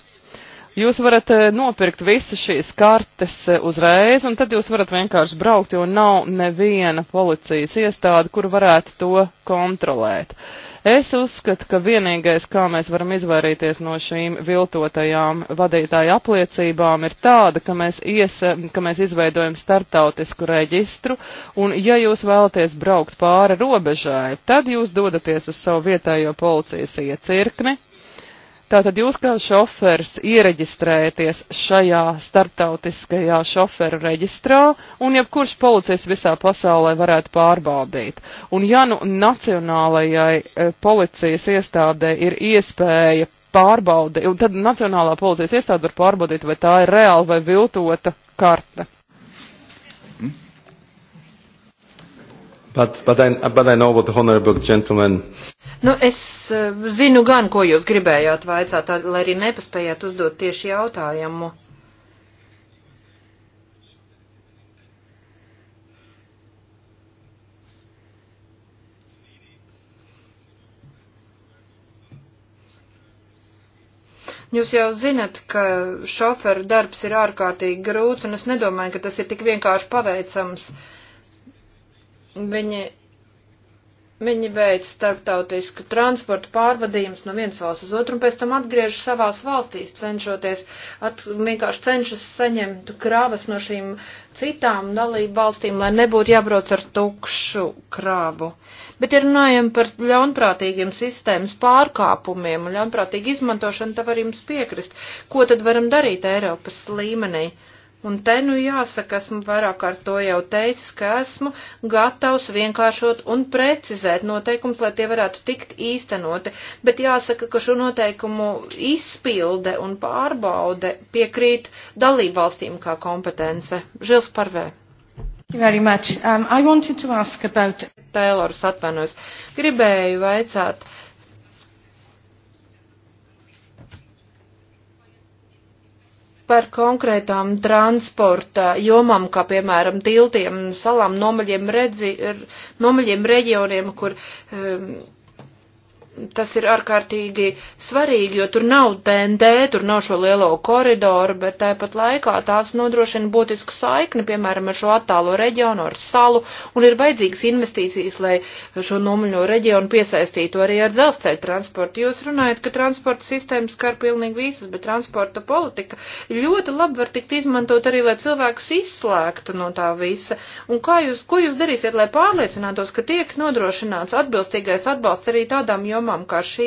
Jūs varat nopirkt visas šīs kartes uzreiz, un tad jūs varat vienkārši braukt, jo nav neviena policijas iestāde, kur varētu to kontrolēt. Uh, Es uzskatu, ka vienīgais, kā mēs varam izvairīties no šīm viltotajām vadītāju apliecībām, ir tāda, ka mēs, iesa, ka mēs izveidojam startautisku reģistru, un ja jūs vēlaties braukt pāri robežai, tad jūs dodaties uz savu vietējo policijas iecirkni Tātad jūs kā šofers iereģistrēties šajā starptautiskajā šoferu reģistrā un jebkurš policists visā pasaulē varētu pārbaudīt. Un ja nu nacionālajai eh, policijas iestādē ir iespēja pārbaudīt, un tad nacionālā policijas iestāde var pārbaudīt, vai tā ir reāla vai viltota karta. Hmm? But, but, I, but I know what the honorable gentleman Nu, es eh, zinu gan, ko jūs gribējāt vaicāt, lai arī nepaspējāt uzdot tieši jautājumu. Jūs jau zinat, ka šoferu darbs ir ārkārtīgi grūts, un es nedomāju, ka tas ir tik vienkārši paveicams. Viņi Viņi veic starptautisku transportu pārvadījumus no vienas valsts uz otru un pēc tam atgriežas savās valstīs, cenšoties, at, vienkārši cenšas saņemt krāvas no šīm citām dalību valstīm, lai nebūtu jābrauc ar tukšu krāvu. Bet ja runājam par ļaunprātīgiem sistēmas pārkāpumiem un ļaunprātīgu izmantošanu, tad var jums piekrist, ko tad varam darīt Eiropas līmenī. Uh, Un te nu jāsaka, esmu vairāk kārt to jau teicis, ka esmu gatavs vienkāršot un precizēt noteikumus, lai tie varētu tikt īstenoti. Bet jāsaka, ka šo noteikumu izpilde un pārbaude piekrīt dalībvalstīm kā kompetence. Žils Parvē. Um, about... Tēlors atvainojas. Gribēju vaicāt par konkrētām transporta jomām, kā piemēram tiltiem, salām, nomaļiem, redzi, nomaļiem reģioniem, kur um, tas ir ārkārtīgi svarīgi, jo tur nav TNT, tur nav šo lielo koridoru, bet tāpat laikā tās nodrošina būtisku saikni, piemēram, ar šo attālo reģionu, ar salu, un ir vajadzīgas investīcijas, lai šo nomaļo reģionu piesaistītu arī ar dzelzceļu transportu. Jūs runājat, ka transporta sistēmas skar pilnīgi visus, bet transporta politika ļoti labi var tikt izmantot arī, lai cilvēkus izslēgtu no tā visa. Un kā jūs, ko jūs darīsiet, lai pārliecinātos, ka tiek nodrošināts atbilstīgais atbalsts arī tādām jomām, jomām kā šī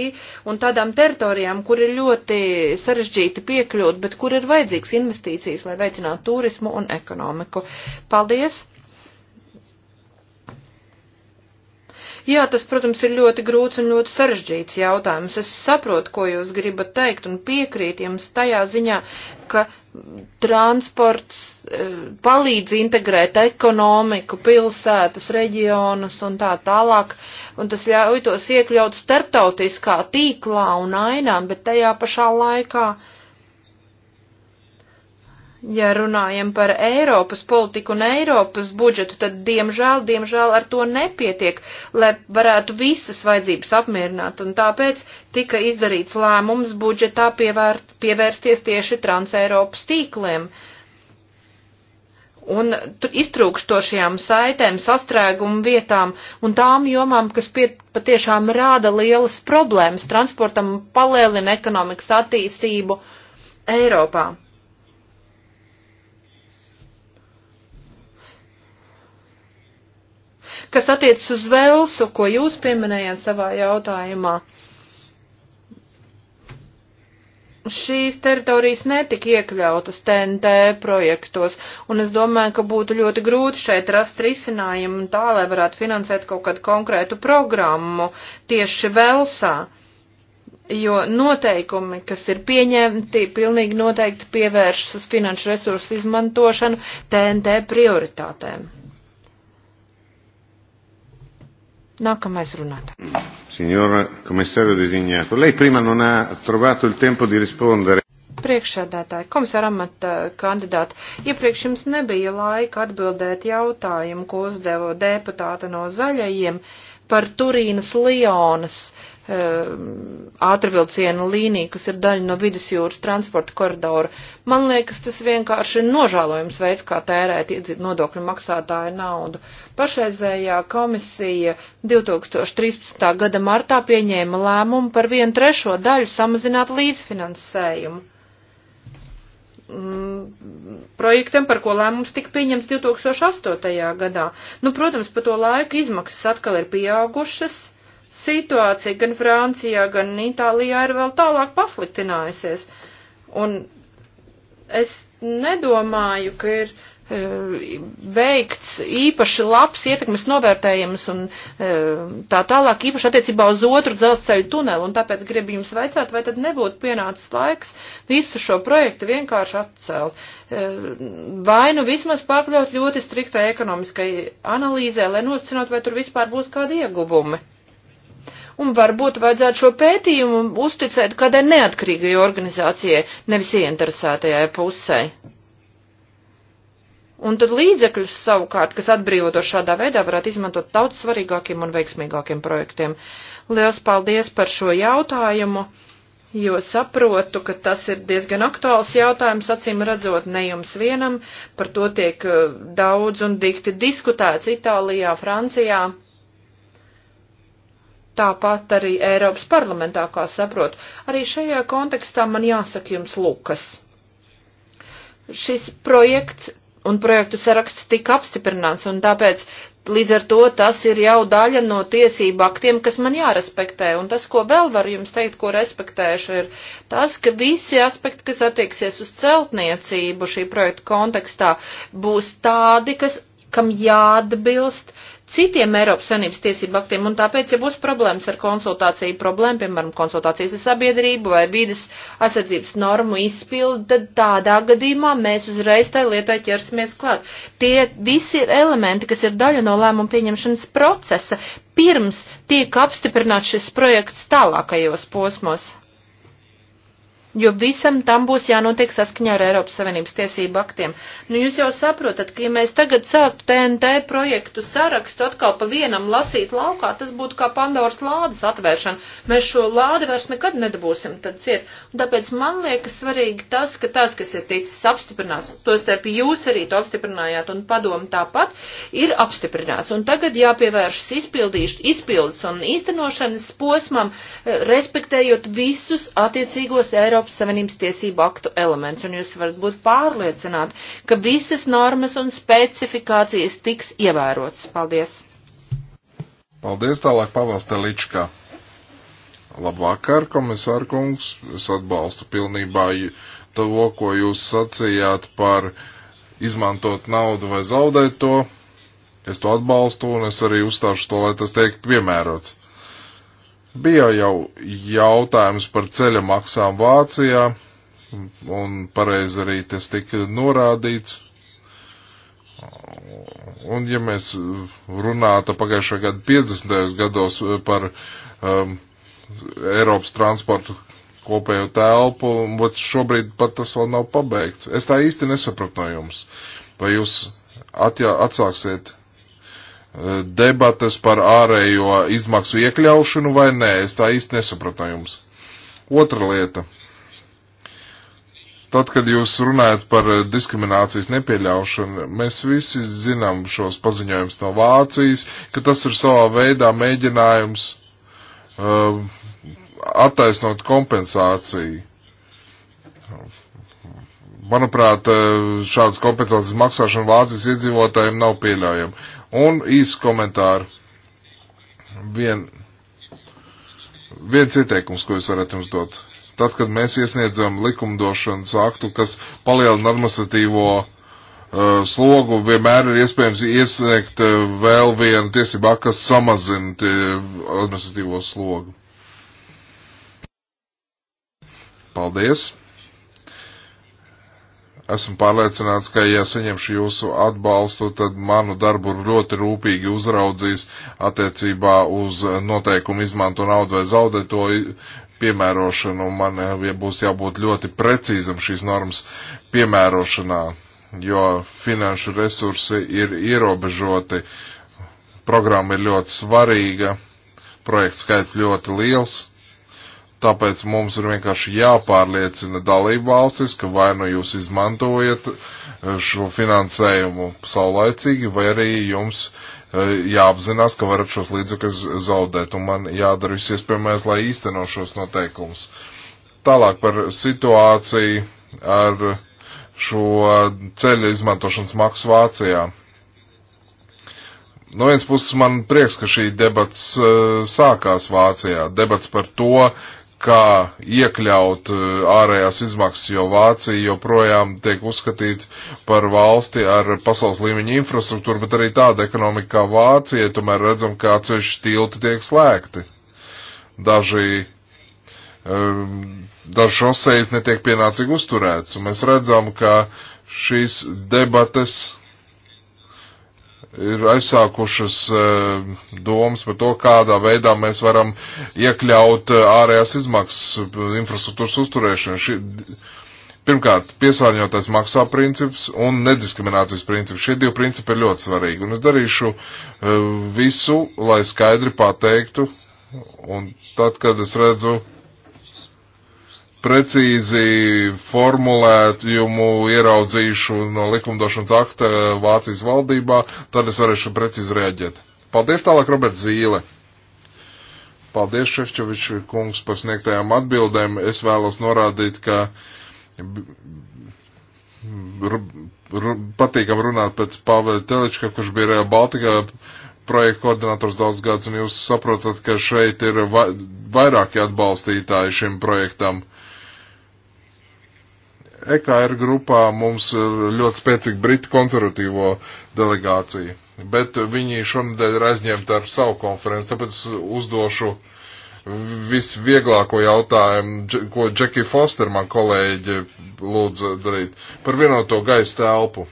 un tādām teritorijām, kur ir ļoti sarežģīti piekļūt, bet kur ir vajadzīgs investīcijas, lai veicinātu turismu un ekonomiku. Paldies! Jā, tas, protams, ir ļoti grūts un ļoti sarežģīts jautājums. Es saprotu, ko jūs gribat teikt un piekrīt jums tajā ziņā, ka transports eh, palīdz integrēt ekonomiku, pilsētas, reģionus un tā tālāk, un tas ļauj tos iekļaut starptautiskā tīklā un ainām, bet tajā pašā laikā. Uh, ja runājam par Eiropas politiku un Eiropas budžetu, tad diemžēl, diemžēl ar to nepietiek, lai varētu visas vajadzības apmierināt, un tāpēc tika izdarīts lēmums budžetā pievērt, pievērsties tieši transeiropas tīkliem. Un iztrūkstošajām saitēm, sastrēgumu vietām un tām jomām, kas pie, patiešām rāda lielas problēmas transportam, palielina ekonomikas attīstību Eiropā. Kas attiecas uz Velsu, ko jūs pieminējāt savā jautājumā, šīs teritorijas netika iekļautas TNT projektos, un es domāju, ka būtu ļoti grūti šeit rast risinājumu tā, lai varētu finansēt kaut kādu konkrētu programmu tieši Velsā, jo noteikumi, kas ir pieņemti, pilnīgi noteikti pievēršas uz finanšu resursu izmantošanu TNT prioritātēm. Nākamais runāt. Signora komisāra dezignēta, lei prima non ha trovato il tempo di rispondere. Priekšsēdētāji, komisāra amata kandidāti, iepriekš jums nebija laika atbildēt jautājumu, ko uzdeva deputāte no zaļajiem par Turīnas Lionas Um, ātrvilciena līnija, kas ir daļa no vidusjūras transporta koridora. Man liekas, tas vienkārši ir nožēlojums veids, kā tērēt iedzīt nodokļu maksātāju naudu. Pašreizējā komisija 2013. gada martā pieņēma lēmumu par vienu trešo daļu samazināt līdzfinansējumu. Mm, projektam, par ko lēmums tika pieņemts 2008. gadā. Nu, protams, pa to laiku izmaksas atkal ir pieaugušas situācija gan Francijā, gan Itālijā ir vēl tālāk pasliktinājusies. Un es nedomāju, ka ir e, veikts īpaši labs ietekmes novērtējums un e, tā tālāk īpaši attiecībā uz otru dzelzceļu tunelu, un tāpēc gribu jums vaicāt, vai tad nebūtu pienācis laiks visu šo projektu vienkārši atcelt, e, vai nu vismaz pārkļaut ļoti striktai ekonomiskai analīzē, lai nosacinātu, vai tur vispār būs kādi ieguvumi un varbūt vajadzētu šo pētījumu uzticēt kādai neatkarīgai organizācijai, nevis ieinteresētajai pusē. Un tad līdzekļus savukārt, kas atbrīvoto šādā veidā, varētu izmantot daudz svarīgākiem un veiksmīgākiem projektiem. Liels paldies par šo jautājumu, jo saprotu, ka tas ir diezgan aktuāls jautājums, acīm redzot, ne jums vienam, par to tiek eh, daudz un dikti diskutēts Itālijā, Francijā tāpat arī Eiropas parlamentā, kā saprot. Arī šajā kontekstā man jāsaka jums Lukas. Šis projekts un projektu saraksts tika apstiprināts, un tāpēc līdz ar to tas ir jau daļa no tiesību aktiem, kas man jārespektē. Un tas, ko vēl varu jums teikt, ko respektēšu, ir tas, ka visi aspekti, kas attieksies uz celtniecību šī projekta kontekstā, būs tādi, kas, kam jāatbilst uh, citiem Eiropas Savienības tiesību aktiem, un tāpēc, ja būs problēmas ar konsultāciju problēmu, piemēram, konsultācijas ar sabiedrību vai vīdes aizsardzības normu izpildu, tad tādā gadījumā mēs uzreiz tai lietai ķersimies klāt. Tie visi ir elementi, kas ir daļa no lēmumu pieņemšanas procesa, pirms tiek apstiprināts šis projekts tālākajos posmos jo visam tam būs jānotiek saskaņā ar Eiropas Savienības tiesību aktiem. Nu, jūs jau saprotat, ka ja mēs tagad sāktu TNT projektu sarakstu atkal pa vienam lasīt laukā, tas būtu kā Pandoras lādes atvēršana. Mēs šo lādi vairs nekad nedabūsim tad ciet. Un tāpēc man liekas svarīgi tas, ka tas, kas ir ticis apstiprināts, to starp jūs arī to apstiprinājāt un padomu tāpat, ir apstiprināts. Un tagad jāpievēršas izpildes un īstenošanas posmam, eh, respektējot visus attiecīgos Eiropas Eiropas Savienības tiesību aktu elements, un jūs varat būt pārliecināti, ka visas normas un specifikācijas tiks ievērotas. Paldies! Paldies tālāk pavalstē Ličkā. Labvakar, komisār kungs, es atbalstu pilnībā to, ko jūs sacījāt par izmantot naudu vai zaudēt to. Es to atbalstu un es arī uzstāšu to, lai tas tiek piemērots. Bija jau jautājums par ceļa maksām Vācijā, un pareizi arī tas tika norādīts. Un ja mēs runātu pagājušā gada 50. gados par um, Eiropas transportu kopējo telpu, bet šobrīd pat tas vēl nav pabeigts. Es tā īsti nesapratu no jums. Vai jūs atjā, atsāksiet debatas par ārējo izmaksu iekļaušanu vai nē. Es tā īsti nesapratu no jums. Otra lieta. Tad, kad jūs runājat par diskriminācijas nepieļaušanu, mēs visi zinām šos paziņojumus no Vācijas, ka tas ir savā veidā mēģinājums uh, attaisnot kompensāciju. Manuprāt, šādas kompensācijas maksāšana Vācijas iedzīvotājiem nav pieļaujama. Un īsts komentāri. Vien, viens ieteikums, ko es varētu jums dot. Tad, kad mēs iesniedzam likumdošanas aktu, kas palielina administratīvo uh, slogu, vienmēr ir iespējams iesniegt uh, vēl vienu tiesību aktu, kas samazina uh, administratīvo slogu. Paldies! Esmu pārliecināts, ka, ja saņemšu jūsu atbalstu, tad manu darbu ļoti rūpīgi uzraudzīs attiecībā uz noteikumu izmanto naudu vai zaudē to piemērošanu. Man ja būs jābūt ļoti precīzam šīs normas piemērošanā, jo finanšu resursi ir ierobežoti. Programma ir ļoti svarīga, projekts skaits ļoti liels Tāpēc mums ir vienkārši jāpārliecina dalību valstis, ka vai nu jūs izmantojat e, šo finansējumu saulaicīgi, vai arī jums e, jāapzinās, ka varat šos līdzekļus zaudēt, un man jādara viss iespējamais, lai īsteno šos noteikumus. Tālāk par situāciju ar šo ceļa izmantošanas maksu Vācijā. No vienas puses man prieks, ka šī debats uh, sākās Vācijā. Debats par to, uh, kā iekļaut eh, ārējās izmaksas, jo Vācija joprojām tiek uzskatīta par valsti ar pasaules līmeņa infrastruktūru, bet arī tāda ekonomika kā Vācija, tomēr redzam, kā ceši tilti tiek slēgti. Daži, um, daži šosejas netiek pienācīgi uzturēts, un mēs redzam, ka šīs debates ir aizsākušas e, domas par to, kādā veidā mēs varam iekļaut e, ārējās izmaksas e, infrastruktūras uzturēšanu. Pirmkārt, piesārņotais maksā princips un nediskriminācijas princips. Šie divi principi ir ļoti svarīgi. Un es darīšu visu, lai skaidri pateiktu. Un tad, kad es redzu precīzi formulējumu ieraudzīšu no likumdošanas akta Vācijas valdībā, tad es varēšu precīzi reaģēt. Paldies tālāk, Roberts Zīle. Paldies, Šefčovičs kungs, par sniegtajām atbildēm. Es vēlos norādīt, ka patīkam runāt pēc Pāvēļa Telečka, kurš bija Real Baltica projekta koordinators daudz gadus, un jūs saprotat, ka šeit ir va vairāki atbalstītāji šim projektam. EKR grupā mums ir ļoti spēcīga Britu konservatīvo delegācija, bet viņi šonadēļ ir aizņemti ar savu konferenci, tāpēc uzdošu visvieglāko jautājumu, ko Džeki Foster, man kolēģi, lūdza darīt par vienoto gaisa telpu.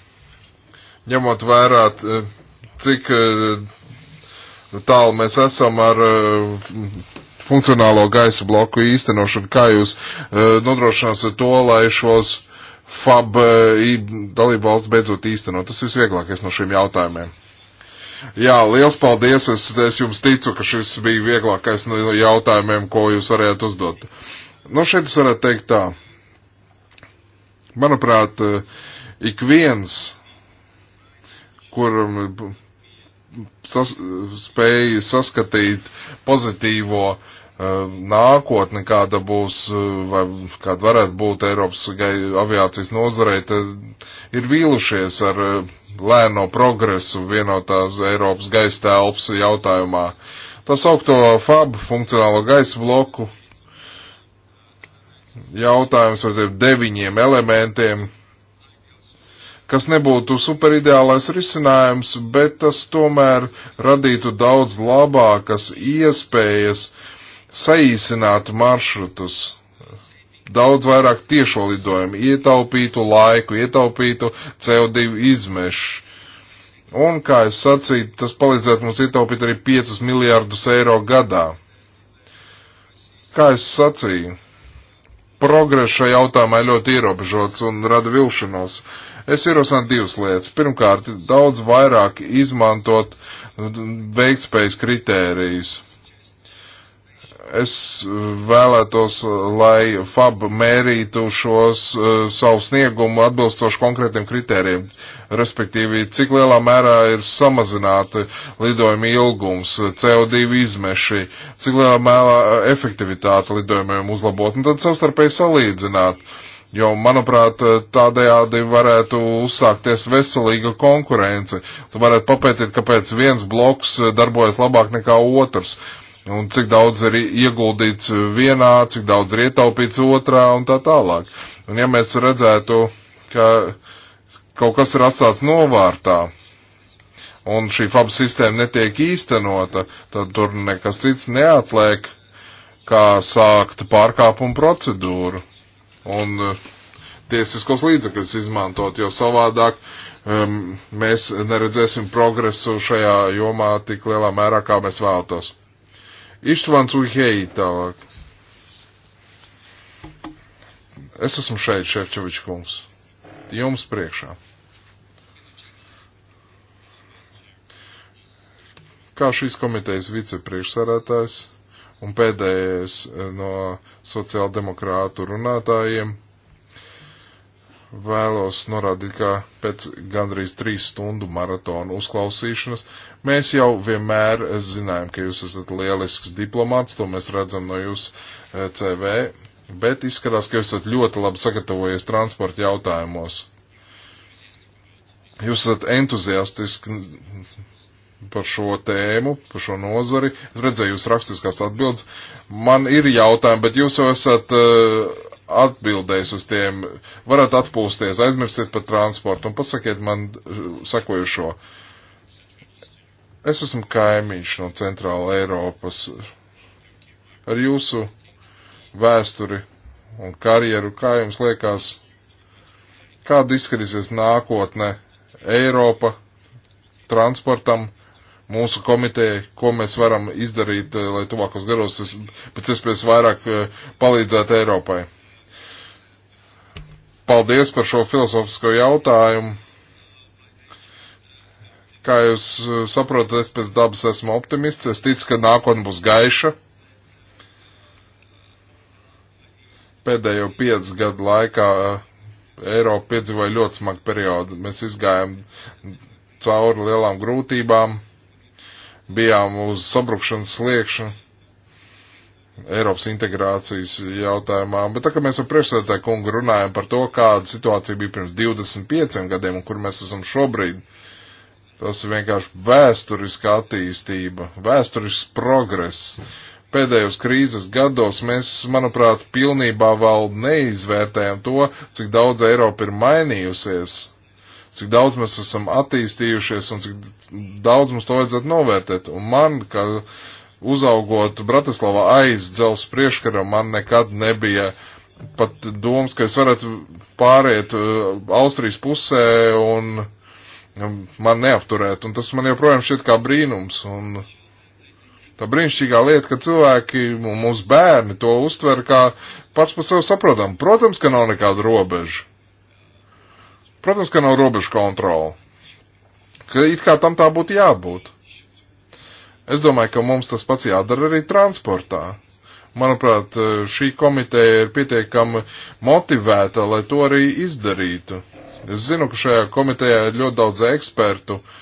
Ņemot vērā, cik e, tālu mēs esam ar e, funkcionālo gaisa bloku īstenošanu, kā jūs e, nodrošināsiet to, lai šos FAB eh, dalību valsts beidzot īstenot. Tas visvieglākais no šiem jautājumiem. Jā, liels paldies. Es, es jums ticu, ka šis bija vieglākais no jautājumiem, ko jūs varētu uzdot. Nu, šeit es varētu teikt tā. Manuprāt, eh, ik viens, kuram eh, sas, spēja saskatīt pozitīvo uh, Eh, nākotne, kāda būs, eh, vai kāda varētu būt Eiropas aviācijas nozarei, tad ir vīlušies ar eh, lēno progresu vienotās Eiropas gaisa telpas jautājumā. Tas augto FAB, funkcionālo gaisa bloku, jautājums ar deviņiem elementiem, kas nebūtu superideālais risinājums, bet tas tomēr radītu daudz labākas iespējas uh, saīsinātu maršrutus, daudz vairāk tiešo lidojumu, ietaupītu laiku, ietaupītu CO2 izmešu. Un, kā es sacīju, tas palīdzētu mums ietaupīt arī 5 miljārdus eiro gadā. Kā es sacīju, progress šajā jautājumā ļoti ierobežots un rada vilšanos. Es ierosinu divas lietas. Pirmkārt, daudz vairāk izmantot veiktspējas kritērijas es vēlētos, lai FAB mērītu šos uh, savu sniegumu atbilstoši konkrētiem kritērijiem, respektīvi, cik lielā mērā ir samazināti lidojuma ilgums, CO2 izmeši, cik lielā mērā eh, efektivitāte lidojumiem uzlabot, un tad savstarpēji salīdzināt. Jo, manuprāt, eh, tādējādi varētu uzsākties veselīga konkurence. Tu varētu papētīt, kāpēc viens bloks darbojas labāk nekā otrs. Uh, un cik daudz ir ieguldīts vienā, cik daudz ir ietaupīts otrā un tā tālāk. Un ja mēs redzētu, ka kaut kas ir atstāts novārtā un šī FAB sistēma netiek īstenota, tad tur nekas cits neatliek, kā sākt pārkāpumu procedūru un uh, tiesiskos līdzekļus izmantot, jo savādāk um, mēs neredzēsim progresu šajā jomā tik lielā mērā, kā mēs vēltos. Ištvans Uhei tālāk. Es esmu šeit, Šefčovičs kungs. Jums priekšā. Kā šīs komitejas vicepriekšsarētājs un pēdējais eh, no sociāldemokrātu runātājiem vēlos norādīt, ka pēc gandrīz trīs stundu maratonu uzklausīšanas mēs jau vienmēr zinājām, ka jūs esat lielisks diplomāts, to mēs redzam no jūsu eh, CV, bet izskatās, ka jūs esat ļoti labi sagatavojies transporta jautājumos. Jūs esat entuziastiski par šo tēmu, par šo nozari. Es redzēju jūs rakstiskās atbildes. Man ir jautājumi, bet jūs jau esat uh, atbildēs uz tiem, varat atpūsties, aizmirstiet par transportu un pasakiet man sakojušo. Es esmu kaimiņš no Centrāla Eiropas. Ar jūsu vēsturi un karjeru, kā jums liekas, kāda izskatīsies nākotne Eiropa transportam? mūsu komiteja, ko mēs varam izdarīt, eh, lai tuvākos gados pēc iespējas vairāk eh, palīdzētu Eiropai. Paldies par šo filozofisko jautājumu. Kā jūs uh, saprotat, es pēc dabas esmu optimists. Es ticu, ka nākotnē būs gaiša. Pēdējo piecu gadu laikā uh, Eiropa piedzīvoja ļoti smagu periodu. Mēs izgājām cauri lielām grūtībām, bijām uz sabrukšanas sliekšņa Eiropas integrācijas jautājumā, bet tā kā mēs ar priekšsēdētāju kungu runājam par to, kāda situācija bija pirms 25 gadiem un kur mēs esam šobrīd, tas ir vienkārši vēsturiska attīstība, vēsturisks progress. Pēdējos krīzes gados mēs, manuprāt, pilnībā vēl neizvērtējam to, cik daudz Eiropa ir mainījusies, cik daudz mēs esam attīstījušies un cik daudz mums to vajadzētu novērtēt. Un man, ka uh, uzaugot Bratislavā aiz dzels prieškara, man nekad nebija pat domas, ka es varētu pāriet uh, Austrijas pusē un um, man neapturēt. Un tas man joprojām šķiet kā brīnums. Un tā brīnišķīgā lieta, ka cilvēki un mūsu bērni to uztver kā pats par sevi saprotam. Protams, ka nav nekāda robeža. Protams, ka nav robežu kontrola. Ka it kā tam tā būtu jābūt. Es domāju, ka mums tas pats jādara arī transportā. Manuprāt, šī komiteja ir pietiekami motivēta, lai to arī izdarītu. Es zinu, ka šajā komitejā ir ļoti daudz ekspertu, uh,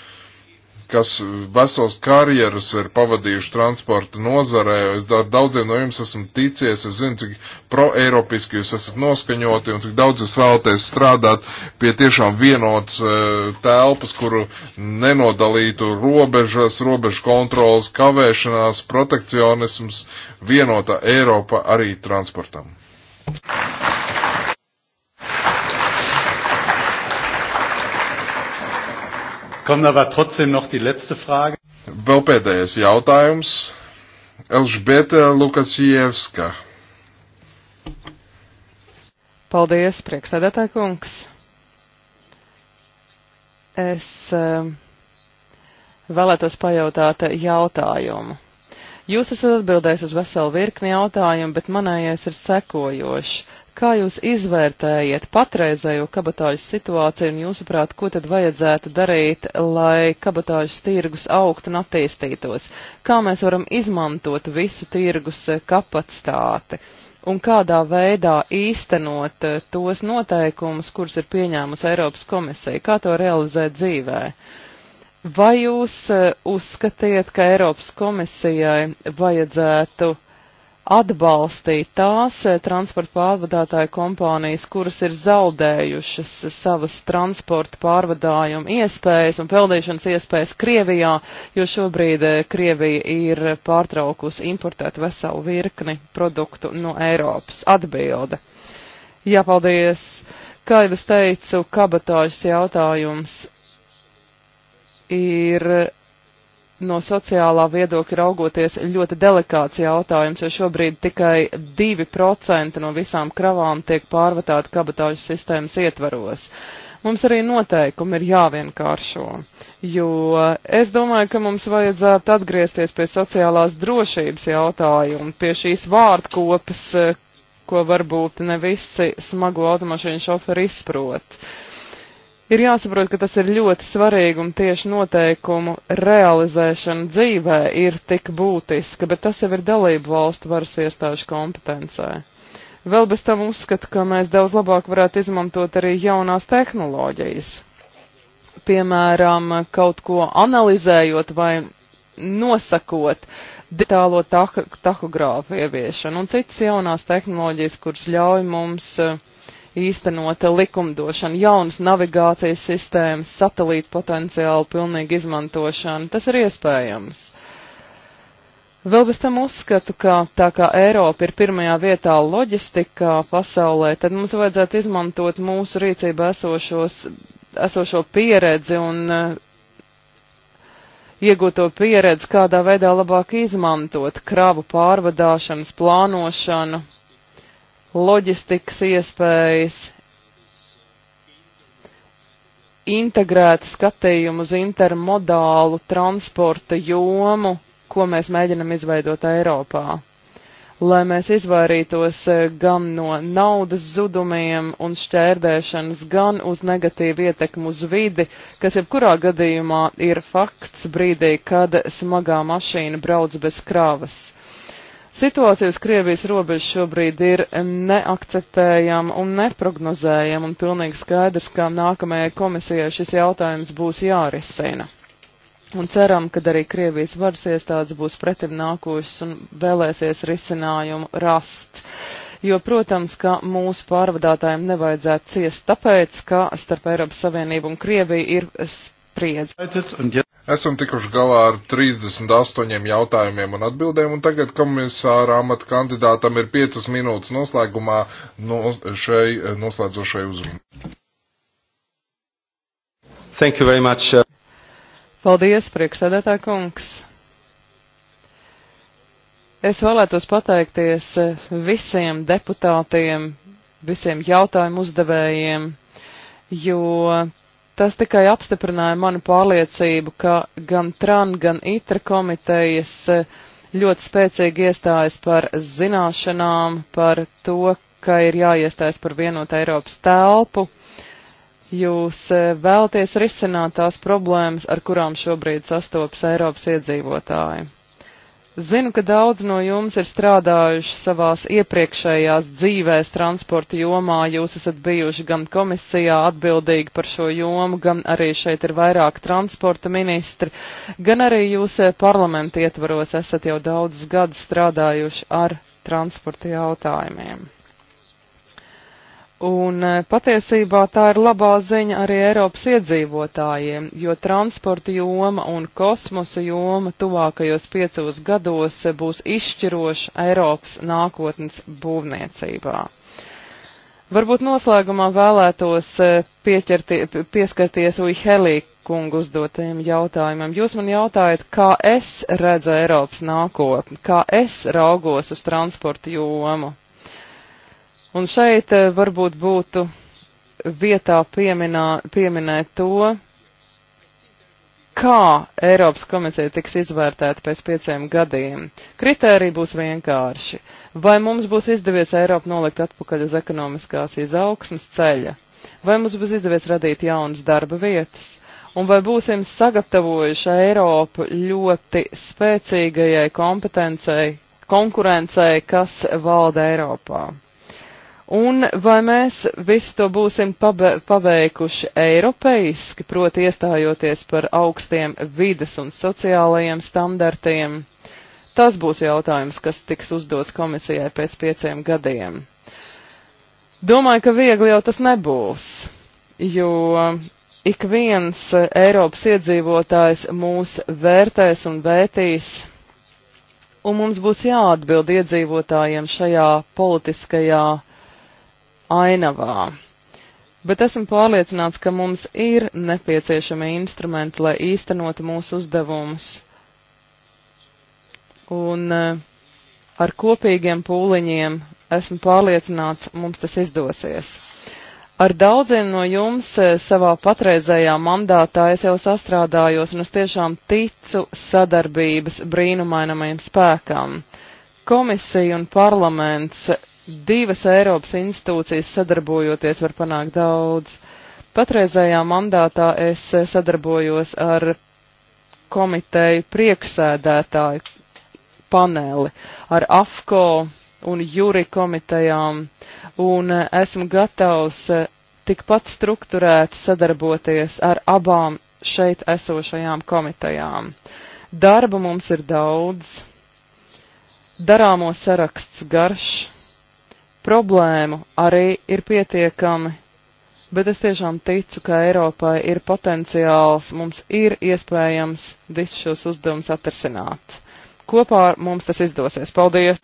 kas vesels karjeras ir pavadījuši transporta nozarē. Es ar daudziem no jums esmu ticies, es zinu, cik pro-eiropiski jūs esat noskaņoti un cik daudz jūs vēlaties strādāt pie tiešām vienotas e, telpas, kuru nenodalītu robežas, robežu kontrolas, kavēšanās, protekcionisms, vienota Eiropa arī transportam. Thank you. Kommt aber trotzdem noch die letzte Frage. Vēl pēdējais jautājums. Elžbieta Lukasievska. Paldies, prieksēdētāj kungs. Es eh, vēlētos pajautāt jautājumu. Jūs esat atbildējis uz veselu virkni jautājumu, bet manējais ir sekojošs. Kā jūs izvērtējat patreizējo kabatāžas situāciju un jūsuprāt, ko tad vajadzētu darīt, lai kabatāžas tirgus augt un attīstītos? Kā mēs varam izmantot visu tirgus eh, kapacitāti? Un kādā veidā īstenot eh, tos noteikumus, kurus ir pieņēmusi Eiropas komisija? Kā to realizēt dzīvē? Vai jūs eh, uzskatiet, ka Eiropas komisijai vajadzētu uh, atbalstīt tās eh, transporta pārvadātāju kompānijas, kuras ir zaudējušas eh, savas transporta pārvadājumu iespējas un peldīšanas iespējas Krievijā, jo šobrīd eh, Krievija ir pārtraukusi importēt veselu virkni produktu no Eiropas. Atbilde. Jā, paldies. Kā jau es teicu, kabatāžas jautājums ir no sociālā viedokļa raugoties ļoti delikāts jautājums, jo šobrīd tikai 2% no visām kravām tiek pārvatāti kabatāžas sistēmas ietvaros. Mums arī noteikumi ir jāvienkāršo, jo es domāju, ka mums vajadzētu atgriezties pie sociālās drošības jautājuma, pie šīs vārdkopas, ko varbūt ne visi smago automašīnu šoferi izprot. Uh, Ir jāsaprot, ka tas ir ļoti svarīgi un tieši noteikumu realizēšana dzīvē ir tik būtiska, bet tas jau ir dalību valstu varas iestāžu kompetencē. Vēl bez tam uzskatu, ka mēs daudz labāk varētu izmantot arī jaunās tehnoloģijas. Piemēram, kaut ko analizējot vai nosakot digitālo tah tahogrāfu ieviešanu un citas jaunās tehnoloģijas, kuras ļauj mums uh, īstenota likumdošana, jaunas navigācijas sistēmas, satelīta potenciāla pilnīga izmantošana. Tas ir iespējams. Vēl bez tam uzskatu, ka tā kā Eiropa ir pirmajā vietā loģistikā pasaulē, tad mums vajadzētu izmantot mūsu rīcībā esošos, esošo pieredzi un uh, iegūto pieredzi, kādā veidā labāk izmantot kravu pārvadāšanas plānošanu, loģistikas iespējas, integrētu skatījumu uz intermodālu transporta jomu, ko mēs mēģinam izveidot Eiropā. Lai mēs izvairītos e, gan no naudas zudumiem un šķērdēšanas, gan uz negatīvu ietekmu uz vidi, kas jebkurā gadījumā ir fakts brīdī, kad smagā mašīna brauc bez kravas. Situācija uz Krievijas robežas šobrīd ir neakceptējama un neprognozējama, un pilnīgi skaidrs, ka nākamajai komisijai šis jautājums būs jārisina. Un ceram, ka arī Krievijas varas iestādes būs pretim nākošas un vēlēsies risinājumu rast. Jo, protams, ka mūsu pārvadātājiem nevajadzētu ciest tāpēc, ka starp Eiropas Savienību un Krieviju ir spriedze. Esam tikuši galā ar 38 jautājumiem un atbildēm, un tagad komisāra amata kandidātam ir 5 minūtes noslēgumā no šai noslēdzošai uzrunai. Thank you very much. Uh, Paldies, prieksēdētā kungs. Es vēlētos pateikties uh, visiem deputātiem, visiem jautājumu uzdevējiem, jo Tas tikai apstiprināja manu pārliecību, ka gan TRAN, gan ITRA komitejas eh, ļoti spēcīgi iestājas par zināšanām, par to, ka ir jāiestājas par vienotu Eiropas telpu. Jūs eh, vēlaties risināt tās problēmas, ar kurām šobrīd sastopas Eiropas iedzīvotāji. Zinu, ka daudz no jums ir strādājuši savās iepriekšējās dzīvēs transporta jomā. Jūs esat bijuši gan komisijā atbildīgi par šo jomu, gan arī šeit ir vairāk transporta ministri, gan arī jūs eh, parlamentu ietvaros esat jau daudzus gadus strādājuši ar transporta jautājumiem. Un eh, patiesībā tā ir labā ziņa arī Eiropas iedzīvotājiem, jo transporta joma un kosmosa joma tuvākajos piecos gados būs izšķiroša Eiropas nākotnes būvniecībā. Varbūt noslēgumā vēlētos eh, pieķerti, pieskarties Uihelī kungu uzdotajiem jautājumam. Jūs man jautājat, kā es redzu Eiropas nākotni, kā es raugos uz transporta jomu. Un šeit eh, varbūt būtu vietā pieminā, pieminēt to, kā Eiropas komisija tiks izvērtēta pēc pieciem gadiem. Kritērija būs vienkārši. Vai mums būs izdevies Eiropu nolikt atpakaļ uz ekonomiskās izaugsmas ceļa? Vai mums būs izdevies radīt jaunas darba vietas? Un vai būsim sagatavojuši Eiropu ļoti spēcīgajai kompetencei, konkurencei, kas valda Eiropā? Un vai mēs visu to būsim paveikuši eiropeiski, proti iestājoties par augstiem vides un sociālajiem standartiem? Tas būs jautājums, kas tiks uzdots komisijai pēc pieciem gadiem. Domāju, ka viegli jau tas nebūs, jo ik viens Eiropas iedzīvotājs mūs vērtēs un vērtīs un mums būs jāatbild iedzīvotājiem šajā politiskajā ainavā. Bet esmu pārliecināts, ka mums ir nepieciešami instrumenti, lai īstenotu mūsu uzdevumus. Un eh, ar kopīgiem pūliņiem esmu pārliecināts, mums tas izdosies. Ar daudziem no jums eh, savā patreizējā mandātā es jau sastrādājos un es tiešām ticu sadarbības brīnumainamajam spēkam. Komisija un parlaments divas Eiropas institūcijas sadarbojoties var panākt daudz. Patreizējā mandātā es sadarbojos ar komiteju priekšsēdētāju paneli, ar AFCO un jūri komitejām, un esmu gatavs tikpat struktūrēti sadarboties ar abām šeit esošajām komitejām. Darba mums ir daudz, darāmo saraksts garš, problēmu arī ir pietiekami, bet es tiešām ticu, ka Eiropai ir potenciāls, mums ir iespējams visus šos uzdevumus atrasināt. Kopā ar mums tas izdosies. Paldies!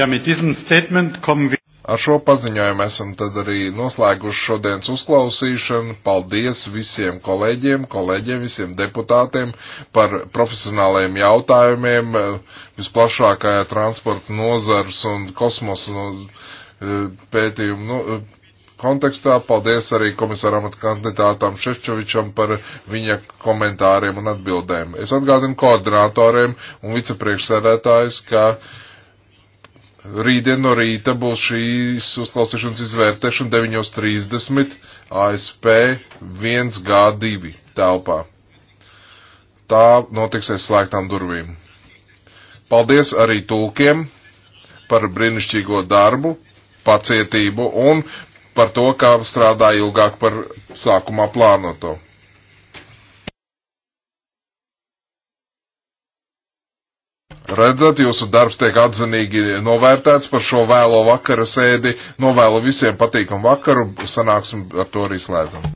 Ja, mit diesem Statement kommen wir. Ar šo paziņojumu esam tad arī noslēguši šodienas uzklausīšanu. Paldies visiem kolēģiem, kolēģiem, visiem deputātiem par profesionālajiem jautājumiem visplašākajā transporta nozars un kosmosa nu, e, pētījumu nu, e, kontekstā. Paldies arī komisāram kandidātam Šefčovičam par viņa komentāriem un atbildēm. Es atgādinu koordinatoriem un vicepriekšsēdētājus, ka Rītdien no rīta būs šīs uzklausīšanas izvērtēšana 9.30 ASP 1G2 telpā. Tā notiks aiz slēgtām durvīm. Paldies arī tulkiem par brīnišķīgo darbu, pacietību un par to, kā strādā ilgāk par sākumā plānoto. Redzat, jūsu darbs tiek atzinīgi novērtēts par šo vēlo vakara sēdi. Novēlu visiem patīkamu vakaru, sanāksim ar to arī slēdzam.